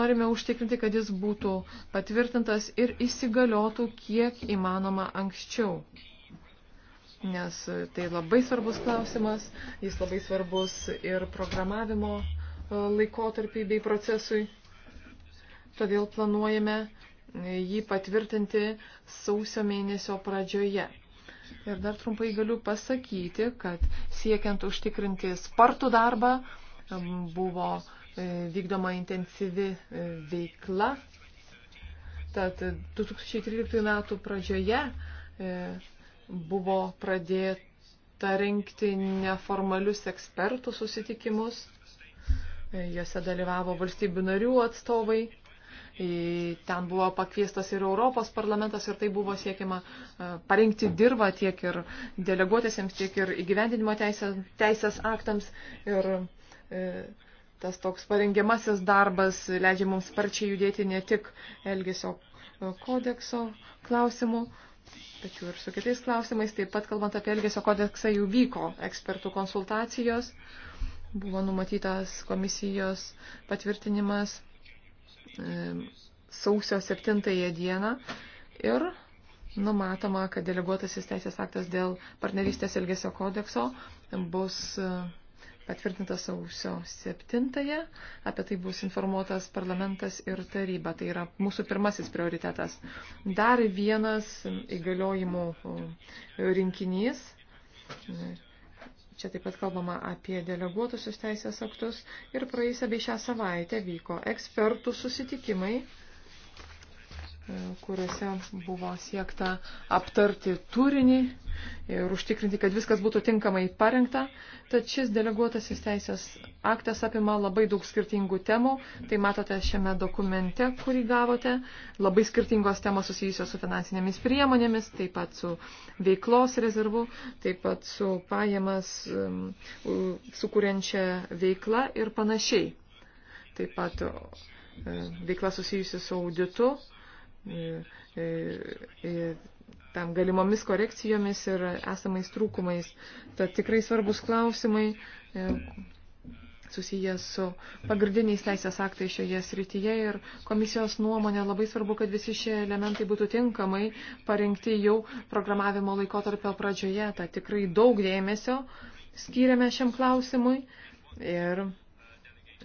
Norime užtikrinti, kad jis būtų patvirtintas ir įsigaliotų kiek įmanoma anksčiau nes tai labai svarbus klausimas, jis labai svarbus ir programavimo e, laikotarpiai bei procesui. Todėl planuojame jį patvirtinti sausio mėnesio pradžioje. Ir dar trumpai galiu pasakyti, kad siekiant užtikrinti spartų darbą buvo e, vykdoma intensyvi e, veikla. Tad 2013 metų pradžioje buvo pradėta rinkti neformalius ekspertų susitikimus. Juose dalyvavo valstybių narių atstovai. Ten buvo pakviestas ir Europos parlamentas ir tai buvo siekiama e, parinkti dirbą tiek ir deleguotėsiams, tiek ir įgyvendinimo teisės, teisės aktams. Ir e, tas toks parengiamasis darbas leidžia mums sparčiai judėti ne tik Elgesio kodekso klausimų, Tačiau ir su kitais klausimais, taip pat kalbant apie Elgesio kodeksą, jau vyko ekspertų konsultacijos, buvo numatytas komisijos patvirtinimas e, sausio 7 dieną ir numatoma, kad deleguotasis teisės aktas dėl partnerystės Elgesio kodekso bus. E, patvirtintas sausio 7-ąją. Apie tai bus informuotas parlamentas ir taryba. Tai yra mūsų pirmasis prioritetas. Dar vienas įgaliojimų rinkinys. Čia taip pat kalbama apie deleguotusius teisės aktus. Ir praeisę bei šią savaitę vyko ekspertų susitikimai kuriuose buvo siekta aptarti turinį ir užtikrinti, kad viskas būtų tinkamai parengta. Tad šis deleguotasis teisės aktas apima labai daug skirtingų temų. Tai matote šiame dokumente, kurį gavote. Labai skirtingos temos susijusios su finansinėmis priemonėmis, taip pat su veiklos rezervu, taip pat su pajamas um, sukūrenčia veikla ir panašiai. Taip pat e, veikla susijusi su auditu tam galimomis korekcijomis ir esamais trūkumais. Tad tikrai svarbus klausimai e, susijęs su pagrindiniais teisės aktais šioje srityje ir komisijos nuomonė labai svarbu, kad visi šie elementai būtų tinkamai parinkti jau programavimo laikotarpio pradžioje. Ta tikrai daug dėmesio skiriame šiam klausimui ir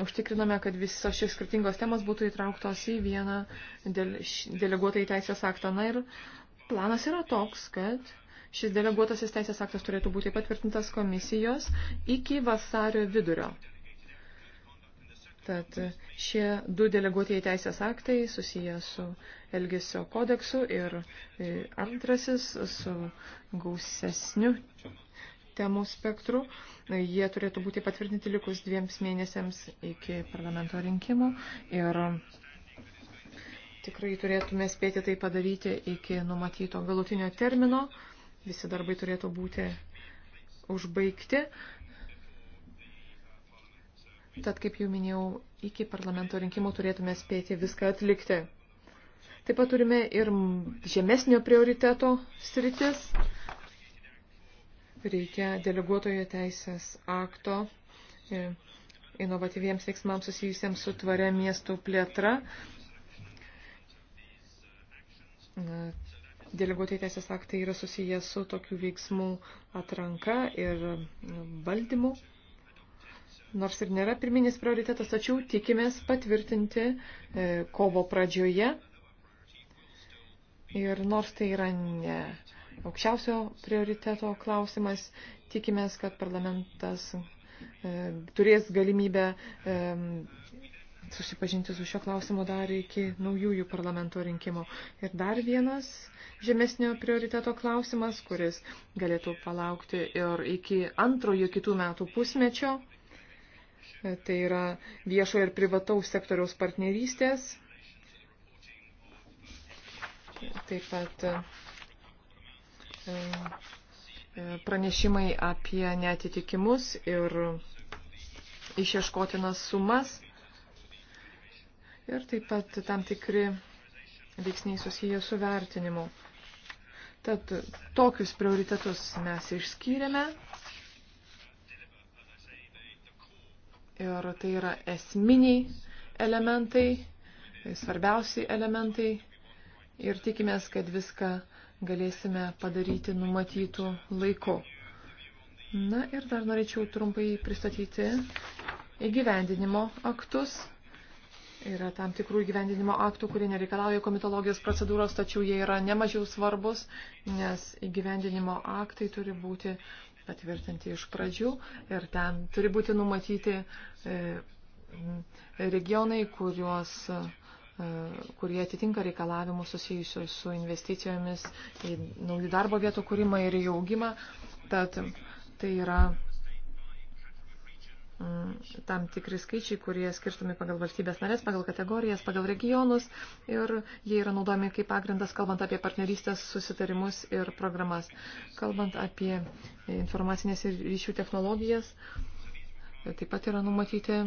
užtikriname, kad visos šios skirtingos temos būtų įtrauktos į vieną deleguotą į teisės aktą. Na ir planas yra toks, kad šis deleguotasis teisės aktas turėtų būti patvirtintas komisijos iki vasario vidurio. Tad šie du deleguotieji teisės aktai susiję su Elgesio kodeksu ir e, antrasis su gausesniu temų spektru. Jie turėtų būti patvirtinti likus dviems mėnesiams iki parlamento rinkimų. Ir tikrai turėtume spėti tai padaryti iki numatyto galutinio termino. Visi darbai turėtų būti užbaigti. Tad, kaip jau minėjau, iki parlamento rinkimų turėtume spėti viską atlikti. Taip pat turime ir žemesnio prioriteto sritis reikia deleguotojo teisės akto e, inovatyviems veiksmams susijusiems su tvaria miestų plėtra. Deleguotai teisės aktai yra susiję su tokių veiksmų atranka ir e, valdymu. Nors ir nėra pirminis prioritetas, tačiau tikimės patvirtinti e, kovo pradžioje. Ir nors tai yra ne aukščiausio prioriteto klausimas. Tikimės, kad parlamentas e, turės galimybę e, susipažinti su šio klausimu dar iki naujųjų parlamento rinkimų. Ir dar vienas žemesnio prioriteto klausimas, kuris galėtų palaukti ir iki antrojo kitų metų pusmečio. E, tai yra viešo ir privataus sektoriaus partnerystės. Taip pat E, pranešimai apie netitikimus ir išieškotinas sumas ir taip pat tam tikri veiksniai susiję su vertinimu. Tad tokius prioritetus mes išskyrėme ir tai yra esminiai elementai, svarbiausiai elementai ir tikimės, kad viską galėsime padaryti numatytų laiku. Na ir dar norėčiau trumpai pristatyti įgyvendinimo aktus. Yra tam tikrų įgyvendinimo aktų, kurie nereikalauja komitologijos procedūros, tačiau jie yra nemažiau svarbus, nes įgyvendinimo aktai turi būti patvirtinti iš pradžių ir ten turi būti numatyti e, regionai, kuriuos E, kurie atitinka reikalavimus susijusius su investicijomis į naujų darbo vietų kūrimą ir į augimą. Tad tai yra mm, tam tikri skaičiai, kurie skirstomi pagal valstybės narės, pagal kategorijas, pagal regionus ir jie yra naudojami kaip pagrindas, kalbant apie partnerystės susitarimus ir programas. Kalbant apie informacinės ir ryšių technologijas, taip pat yra numatyti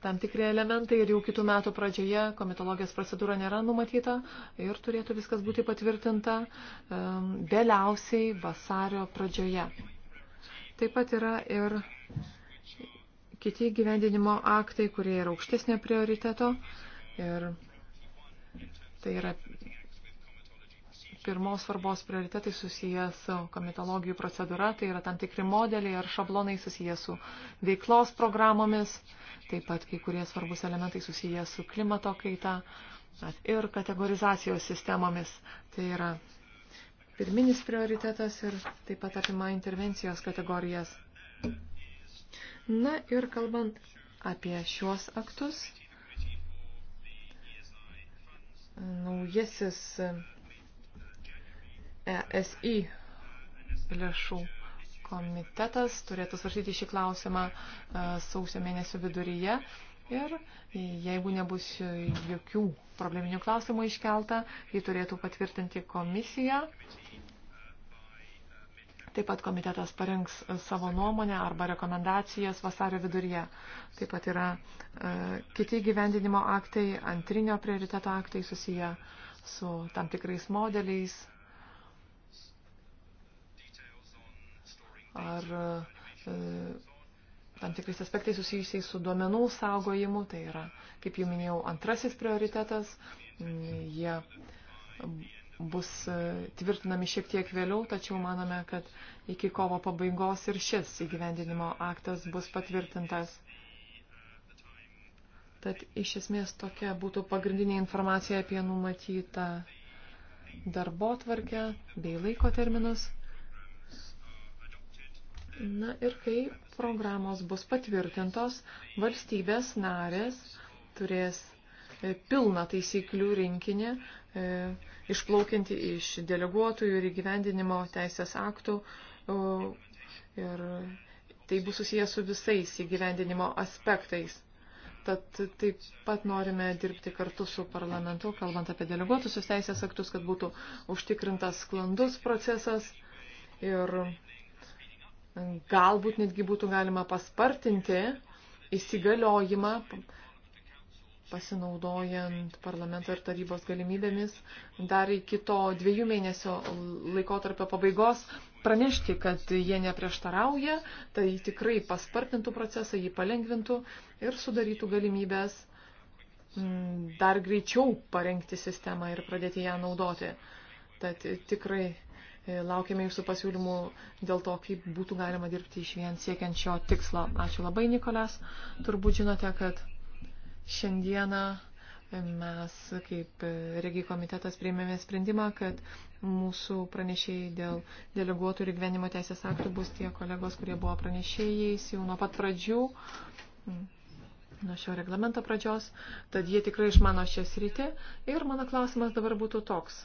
tam tikri elementai ir jau kitų metų pradžioje komitologijos procedūra nėra numatyta ir turėtų viskas būti patvirtinta vėliausiai vasario pradžioje. Taip pat yra ir kiti gyvendinimo aktai, kurie yra aukštesnio prioriteto ir tai yra pirmos svarbos prioritetai susijęs su komitologijų procedūra, tai yra tam tikri modeliai ar šablonai susijęs su veiklos programomis, taip pat kai kurie svarbus elementai susijęs su klimato kaita ir kategorizacijos sistemomis. Tai yra pirminis prioritetas ir taip pat apima intervencijos kategorijas. Na ir kalbant apie šiuos aktus, naujasis ESI lėšų komitetas turėtų svarstyti šį klausimą e, sausio mėnesio viduryje. Ir jeigu nebus jokių probleminių klausimų iškelta, jį turėtų patvirtinti komisija. Taip pat komitetas parengs savo nuomonę arba rekomendacijas vasario viduryje. Taip pat yra e, kiti gyvendinimo aktai, antrinio prioriteto aktai susiję su tam tikrais modeliais, ar e, tam tikrais aspektais susijusiais su duomenų saugojimu. Tai yra, kaip jau minėjau, antrasis prioritetas. Jie bus e, tvirtinami šiek tiek vėliau, tačiau manome, kad iki kovo pabaigos ir šis įgyvendinimo aktas bus patvirtintas. Tad iš esmės tokia būtų pagrindinė informacija apie numatytą darbo tvarkę bei laiko terminus. Na ir kai programos bus patvirtintos, valstybės narės turės e, pilną taisyklių rinkinį, e, išplaukianti iš deleguotojų ir įgyvendinimo teisės aktų. Ir tai bus susijęs su visais įgyvendinimo aspektais. Tad taip pat norime dirbti kartu su parlamentu, kalbant apie deleguotusius teisės aktus, kad būtų užtikrintas sklandus procesas. Ir Galbūt netgi būtų galima paspartinti įsigaliojimą, pasinaudojant parlamento ir tarybos galimybėmis, dar iki to dviejų mėnesio laikotarpio pabaigos pranešti, kad jie neprieštarauja, tai tikrai paspartintų procesą, jį palengvintų ir sudarytų galimybės mm, dar greičiau parengti sistemą ir pradėti ją naudoti. Tad tikrai E, laukiame jūsų pasiūlymų dėl to, kaip būtų galima dirbti iš vien siekiant šio tikslo. Ačiū labai, Nikolas. Turbūt žinote, kad šiandieną mes kaip regijų komitetas priėmėme sprendimą, kad mūsų pranešėjai dėl deleguotų ir gyvenimo teisės aktų bus tie kolegos, kurie buvo pranešėjais jau nuo pat pradžių nuo šio reglamento pradžios, tad jie tikrai išmano šią sritį. Ir mano klausimas dabar būtų toks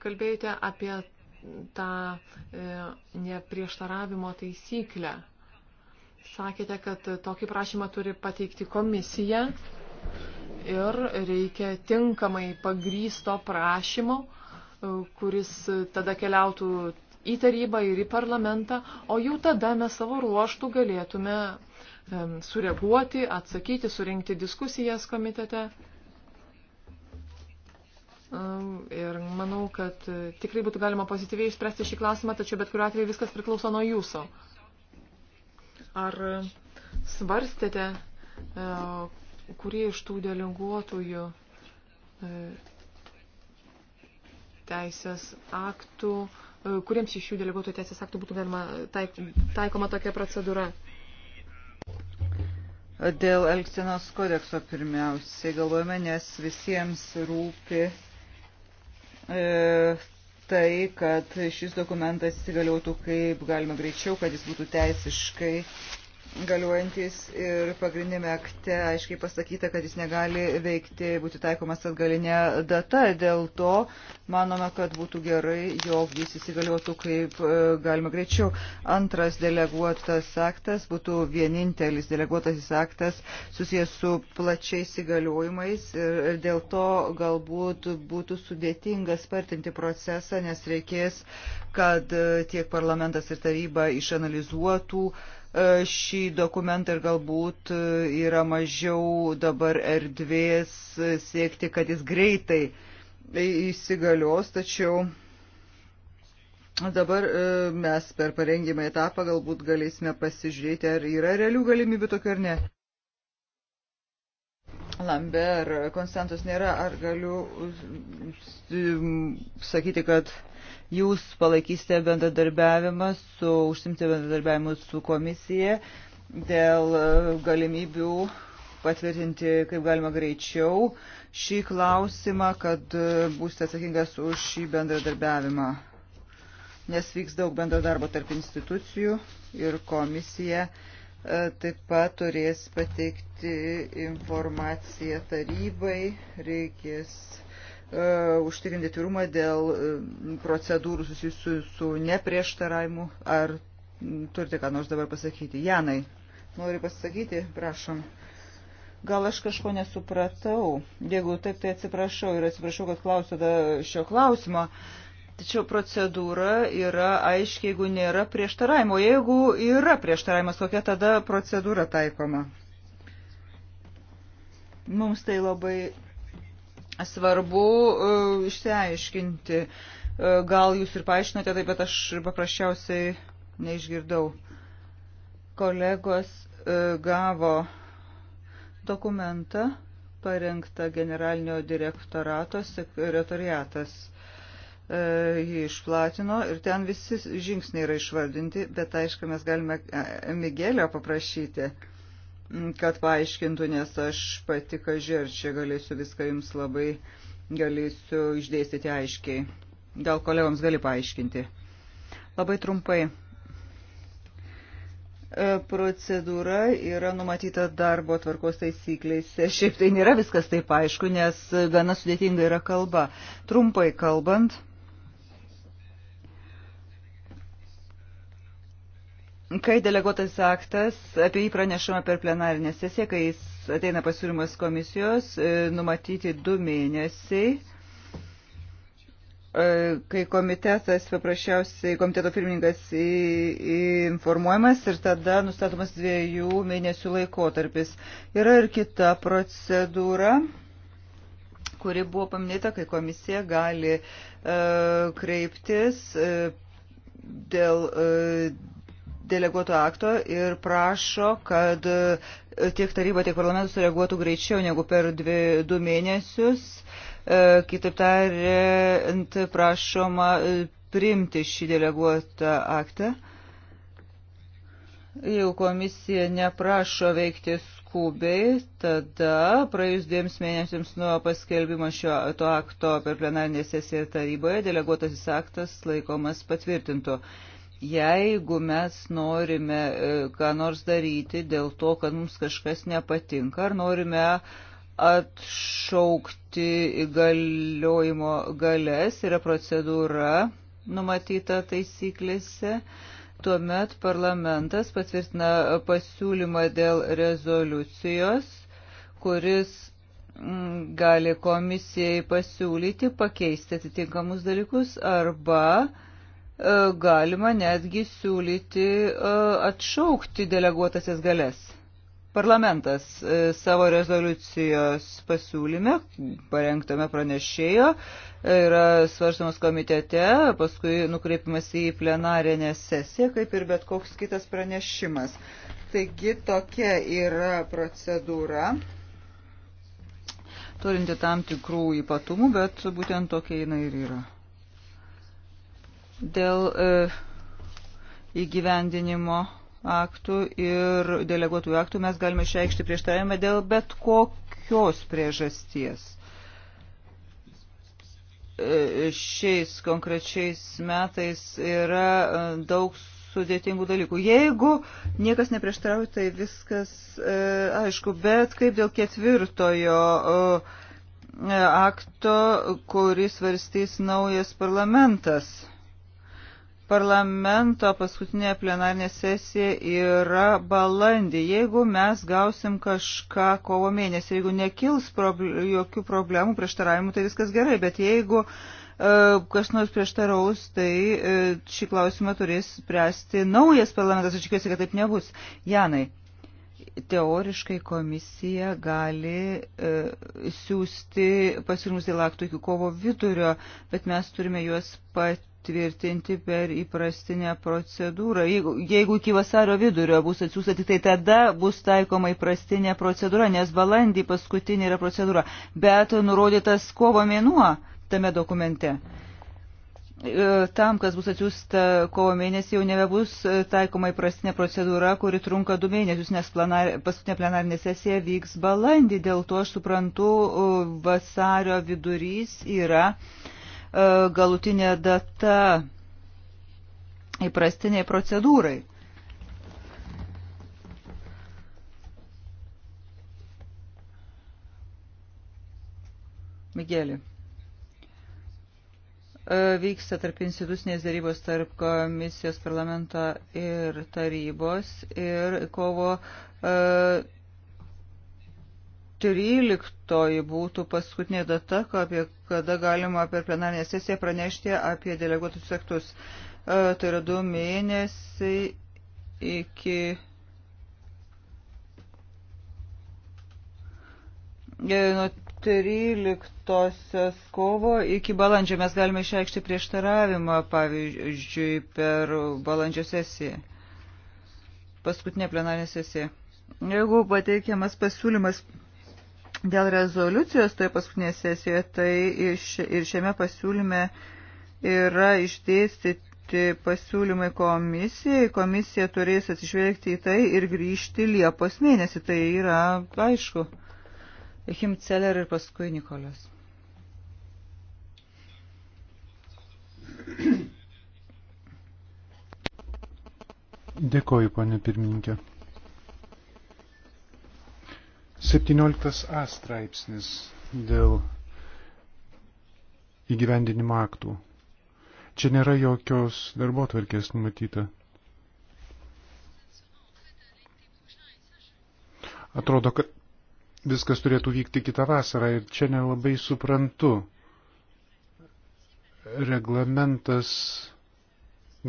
kalbėjote apie tą e, neprieštaravimo taisyklę. Sakėte, kad tokį prašymą turi pateikti komisija ir reikia tinkamai pagrysto prašymo, e, kuris tada keliautų į tarybą ir į parlamentą, o jau tada mes savo ruoštų galėtume sureaguoti, atsakyti, surinkti diskusijas komitete. Ir manau, kad e, tikrai būtų galima pozityviai išspręsti šį klausimą, tačiau bet kuriuo atveju viskas priklauso nuo jūsų. Ar e, svarstėte, e, kurie iš tų deleguotųjų teisės aktų, kuriems iš šių deleguotų teisės aktų būtų galima taik, taikoma tokia procedūra? Dėl Elksinos kodekso pirmiausiai galvojame, nes visiems rūpi E, tai, kad šis dokumentas įsigaliotų kaip galima greičiau, kad jis būtų teisiškai galiuojantis ir pagrindinėme akte aiškiai pasakyta, kad jis negali veikti, būti taikomas atgalinė data. Dėl to manome, kad būtų gerai, jog jis įsigaliotų kaip e, galima greičiau. Antras deleguotas aktas būtų vienintelis deleguotas aktas susijęs su plačiais įgaliojimais ir dėl to galbūt būtų sudėtinga spartinti procesą, nes reikės, kad e, tiek parlamentas ir taryba išanalizuotų, uh, E, šį dokumentą ir galbūt e, yra mažiau dabar erdvės siekti, kad jis greitai įsigalios, tačiau dabar e, mes per parengimą etapą galbūt galėsime pasižiūrėti, ar yra realių galimybių tokių ar ne. Lambert, Konstantos nėra, ar galiu sakyti, kad Jūs palaikysite bendradarbiavimą su, užsimti bendradarbiavimu su komisija dėl e, galimybių patvirtinti kaip galima greičiau šį klausimą, kad e, būsite atsakingas už šį bendradarbiavimą. Nes vyks daug bendro darbo tarp institucijų ir komisija e, taip pat turės pateikti informaciją tarybai, reikės E, užtikrinti tvirumą dėl e, procedūrų susijusių su neprieštaravimu. Ar turite ką nors dabar pasakyti? Janai, nori pasakyti? Prašom. Gal aš kažko nesupratau. Jeigu taip, tai atsiprašau ir atsiprašau, kad klausiu šio klausimo. Tačiau procedūra yra aiškiai, jeigu nėra prieštaravimo. Jeigu yra prieštaravimas, kokia tada procedūra taikoma? Mums tai labai svarbu e, išsiaiškinti. E, gal jūs ir paaiškinote tai, bet aš paprasčiausiai neišgirdau. Kolegos e, gavo dokumentą parengta generalinio direktorato sekretoriatas. Jį išplatino ir ten visi žingsniai yra išvardinti, bet aišku, mes galime Migelio paprašyti kad paaiškintų, nes aš pati kažer čia galėsiu viską jums labai galėsiu išdėstyti aiškiai. Gal kolegoms gali paaiškinti. Labai trumpai. E, procedūra yra numatyta darbo tvarkos taisyklėse. Šiaip tai nėra viskas taip aišku, nes gana sudėtinga yra kalba. Trumpai kalbant, Kai deleguotas aktas, apie jį pranešama per plenarinę sesiją, kai jis ateina pasiūlymas komisijos, e, numatyti du mėnesiai, e, kai komitetas, paprasčiausiai komiteto pirmininkas informuojamas ir tada nustatomas dviejų mėnesių laikotarpis. Yra ir kita procedūra kuri buvo paminėta, kai komisija gali e, kreiptis e, dėl e, deleguoto akto ir prašo, kad e, tiek taryba, tiek parlamentas reaguotų greičiau negu per dvi, du mėnesius. E, kitaip tariant, prašoma e, priimti šį deleguotą aktą. Jau komisija neprašo veikti skubiai, tada praėjus dviems mėnesiams nuo paskelbimo šio to akto per plenarinę sesiją taryboje deleguotasis aktas laikomas patvirtintu. Uh, Jeigu mes norime e, ką nors daryti dėl to, kad mums kažkas nepatinka, ar norime atšaukti įgaliojimo galės, yra procedūra numatyta taisyklėse. Tuomet parlamentas patvirtina pasiūlymą dėl rezoliucijos, kuris mm, gali komisijai pasiūlyti pakeisti atitinkamus dalykus arba uh, E, galima netgi siūlyti e, atšaukti deleguotasias galės. Parlamentas e, savo rezoliucijos pasiūlyme, parengtame pranešėjo, yra svarstamas komitete, paskui nukreipimas į plenarinę sesiją, kaip ir bet koks kitas pranešimas. Taigi tokia yra procedūra, turinti tam tikrų ypatumų, bet būtent tokia jinai ir yra dėl e, įgyvendinimo aktų ir deleguotųjų aktų mes galime išreikšti prieštaravimą dėl bet kokios priežasties e, šiais konkrečiais metais yra e, daug sudėtingų dalykų. Jeigu niekas neprieštarauja, tai viskas e, aišku, bet kaip dėl ketvirtojo e, akto, kurį svarstys naujas parlamentas. Parlamento paskutinė plenarinė sesija yra balandį. Jeigu mes gausim kažką kovo mėnesį, jeigu nekils problem, jokių problemų, prieštaravimų, tai viskas gerai, bet jeigu e, kas nors prieštaraus, tai e, šį klausimą turės spręsti naujas parlamentas. Aš tikiuosi, kad taip nebus. Janai teoriškai komisija gali e, siūsti pasiūlymus dėl aktų iki kovo vidurio, bet mes turime juos patvirtinti per įprastinę procedūrą. Jeigu, jeigu iki vasario vidurio bus atsiūsta, tai tada bus taikoma įprastinė procedūra, nes balandį paskutinė yra procedūra, bet nurodytas kovo mėnuo tame dokumente. E, E, tam, kas bus atsiųsta kovo mėnesį, jau nebebus e, taikoma įprastinė procedūra, kuri trunka du mėnesius, nes planar, paskutinė plenarinė sesija vyks balandį. Dėl to aš suprantu, e, vasario vidurys yra galutinė data įprastiniai procedūrai. Migeli. E, vyksta tarp institucinės darybos tarp komisijos parlamento ir tarybos ir kovo 13 e, būtų paskutinė data, apie kada galima per plenarinę sesiją pranešti apie deleguotus sektus. E, tai yra du mėnesiai iki nuo 13 kovo iki balandžio mes galime išreikšti prieštaravimą, pavyzdžiui, per balandžio sesiją, paskutinę plenarinę sesiją. Jeigu pateikiamas pasiūlymas dėl rezoliucijos toje tai paskutinėje sesijoje, tai ir šiame pasiūlyme yra išdėstyti pateikti pasiūlymai komisijai, komisija turės atsižvelgti į tai ir grįžti Liepos mėnesį, tai yra aišku. Himceler ir paskui Nikolas. Dėkoju, ponė pirmininkė. 17a straipsnis dėl įgyvendinimo aktų. Čia nėra jokios darbo tvarkės numatyta. Atrodo, kad viskas turėtų vykti kitą vasarą ir čia nelabai suprantu. Reglamentas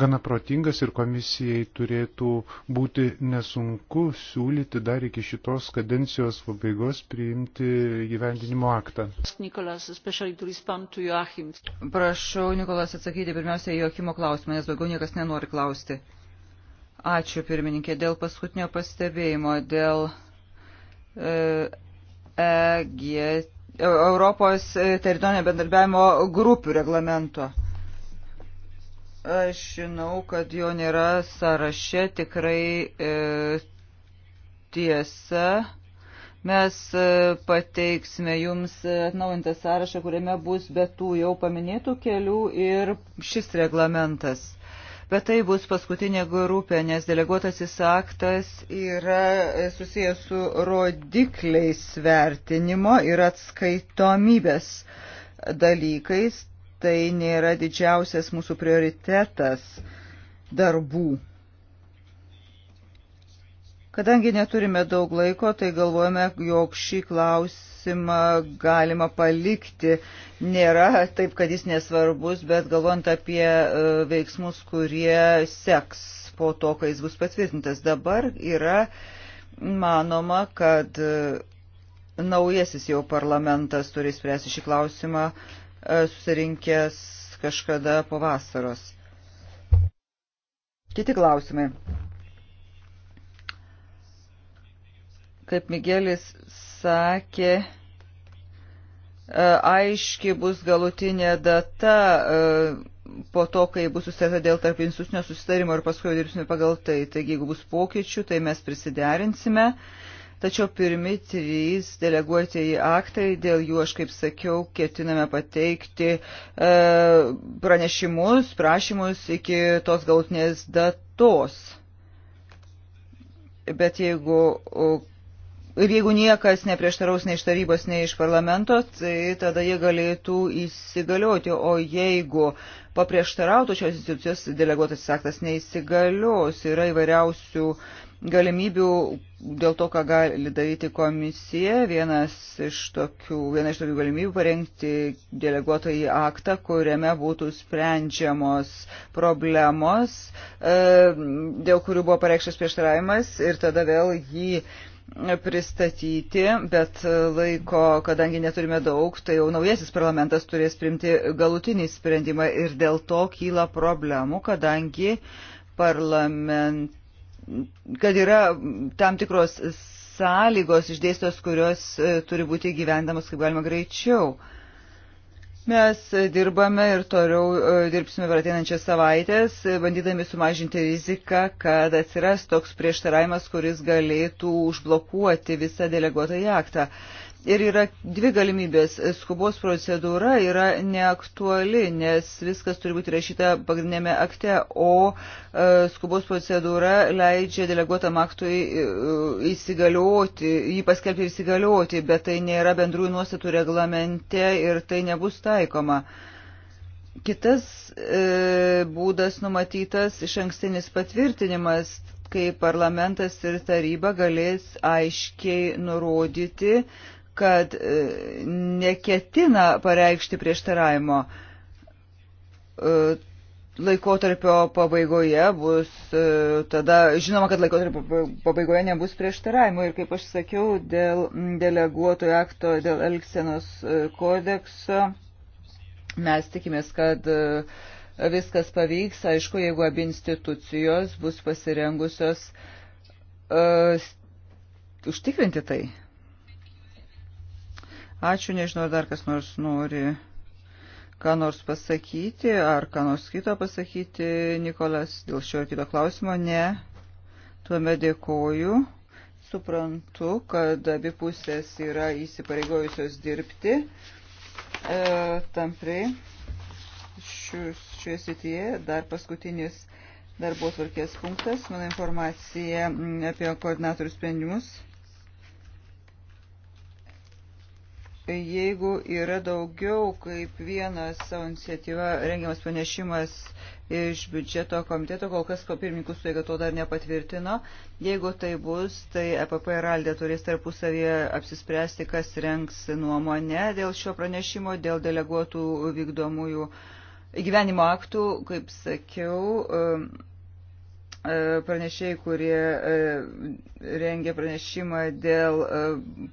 gana protingas ir komisijai turėtų būti nesunku siūlyti dar iki šitos kadencijos pabaigos priimti gyvendinimo aktą. Nikolas, Prašau, Nikolas, atsakyti pirmiausia į Jokimo klausimą, nes daugiau niekas nenori klausti. Ačiū, pirmininkė, dėl paskutinio pastebėjimo, dėl EG, e, Europos teritorinio bendarbiavimo grupių reglamento. Aš žinau, kad jo nėra sąraše, tikrai e, tiesa. Mes e, pateiksime jums atnaujintą sąrašą, kuriame bus be tų jau paminėtų kelių ir šis reglamentas bet tai bus paskutinė grupė, nes deleguotasis aktas yra e, susijęs su rodikliais vertinimo ir atskaitomybės dalykais. Tai nėra didžiausias mūsų prioritetas darbų Kadangi neturime daug laiko, tai galvojame, jog šį klausimą galima palikti. Nėra taip, kad jis nesvarbus, bet galvojant apie e, veiksmus, kurie seks po to, kai jis bus patvirtintas. Dabar yra manoma, kad e, naujasis jau parlamentas turi spręsti šį klausimą, e, susirinkęs kažkada po vasaros. Kiti klausimai. kaip Migelis sakė, e, aiški bus galutinė data e, po to, kai bus susitarta dėl tarp institucinio susitarimo ir paskui dirbsime pagal tai. Taigi, jeigu bus pokyčių, tai mes prisiderinsime. Tačiau pirmi trys deleguotieji aktai, dėl jų, aš kaip sakiau, ketiname pateikti e, pranešimus, prašymus iki tos galutinės datos. Bet jeigu Ir jeigu niekas neprieštaraus nei iš tarybos, nei iš parlamento, tai tada jie galėtų įsigalioti, o jeigu paprieštarautų šios institucijos, deleguotas aktas neįsigalios, yra įvairiausių galimybių dėl to, ką gali daryti komisija. Vienas iš tokių, viena iš tokių galimybių parengti deleguotą į aktą, kuriame būtų sprendžiamos problemos, e, dėl kurių buvo pareikštas prieštaravimas ir tada vėl jį pristatyti, bet laiko, kadangi neturime daug, tai jau naujasis parlamentas turės primti galutinį sprendimą ir dėl to kyla problemų, kadangi parlament, kad yra tam tikros sąlygos išdėstos, kurios e, turi būti gyvendamos kaip galima greičiau. Uh, Mes dirbame ir toliau e, dirbsime per ateinančias savaitės, bandydami sumažinti riziką, kad atsiras toks prieštaravimas, kuris galėtų užblokuoti visą deleguotą aktą. Ir yra dvi galimybės. Skubos procedūra yra neaktuali, nes viskas turi būti rašyta pagrindinėme akte, o e, skubos procedūra leidžia deleguotam aktui e, įsigalioti, jį paskelbti įsigalioti, bet tai nėra bendrųjų nuostatų reglamente ir tai nebus taikoma. Kitas e, būdas numatytas iš ankstinis patvirtinimas, kai parlamentas ir taryba galės aiškiai nurodyti, kad e, neketina pareikšti prieštaravimo. E, laikotarpio pabaigoje bus, e, tada žinoma, kad laikotarpio pabaigoje nebus prieštaravimo ir kaip aš sakiau, dėl deleguotojų akto, dėl Elksenos kodekso mes tikimės, kad viskas pavyks, aišku, jeigu abi institucijos bus pasirengusios uh, užtikrinti tai. Ačiū, nežinau, ar dar kas nors nori ką nors pasakyti, ar ką nors kito pasakyti, Nikolas, dėl šio ar kito klausimo, ne. Tuomet dėkoju. Suprantu, kad abi pusės yra įsipareigojusios dirbti e, tampriai šioje srityje. Dar paskutinis darbo tvarkės punktas, mano informacija apie koordinatorių sprendimus. Jeigu yra daugiau kaip vienas savo iniciatyva rengiamas pranešimas iš biudžeto komiteto, kol kas ko pirmininkų suėga to dar nepatvirtino, jeigu tai bus, tai EPP ir Aldė turės tarpusavėje apsispręsti, kas rengs nuomonę dėl šio pranešimo, dėl deleguotų vykdomųjų gyvenimo aktų, kaip sakiau, um, e, pranešėjai, kurie e, rengia pranešimą dėl e,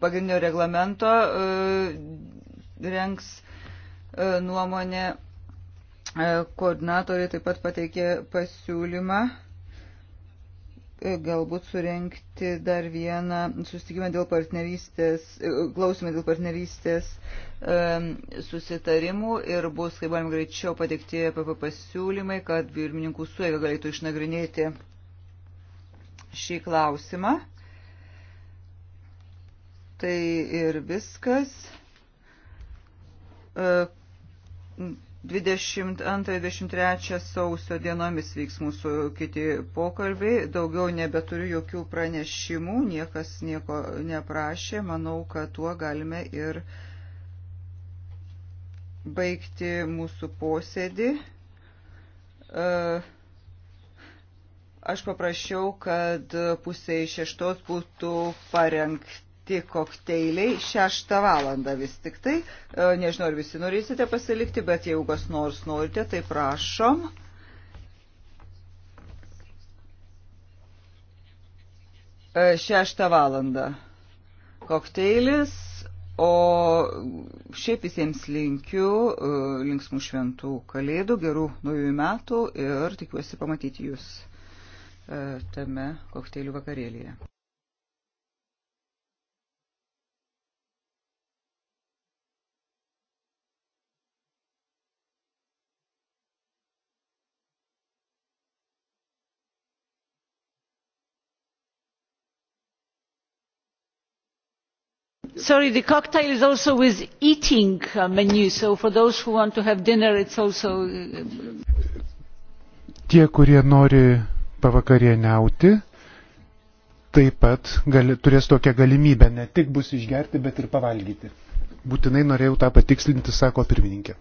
pagrindinio reglamento e, rengs e, nuomonė. E, koordinatoriai taip pat pateikė pasiūlymą galbūt surenkti dar vieną susitikimą dėl partnerystės, klausimą dėl partnerystės susitarimų ir bus, kaip galim greičiau, pateikti PP pasiūlymai, kad pirmininkų suėga galėtų išnagrinėti šį klausimą. Tai ir viskas. 22-23 e, sausio dienomis vyks mūsų kiti pokalbiai. Daugiau nebeturiu jokių pranešimų, niekas nieko neprašė. Manau, kad tuo galime ir baigti mūsų posėdį. E, aš paprašiau, kad pusiai šeštos būtų parengti pateikti kokteiliai 6 valandą vis tik tai. E, nežinau, ar visi norėsite pasilikti, bet jeigu kas nors norite, tai prašom. E, šeštą valandą kokteilis, o šiaip visiems linkiu e, linksmų šventų kalėdų, gerų naujų metų ir tikiuosi pamatyti jūs tame kokteilių vakarėlėje. sorry the cocktail is also with eating uh, menu so for those who want to have dinner it's also uh, tie kurie nori pavakarieniauti taip pat gali, turės tokią galimybę ne tik bus išgerti bet ir pavalgyti būtinai norėjau tą patikslinti sako pirmininkė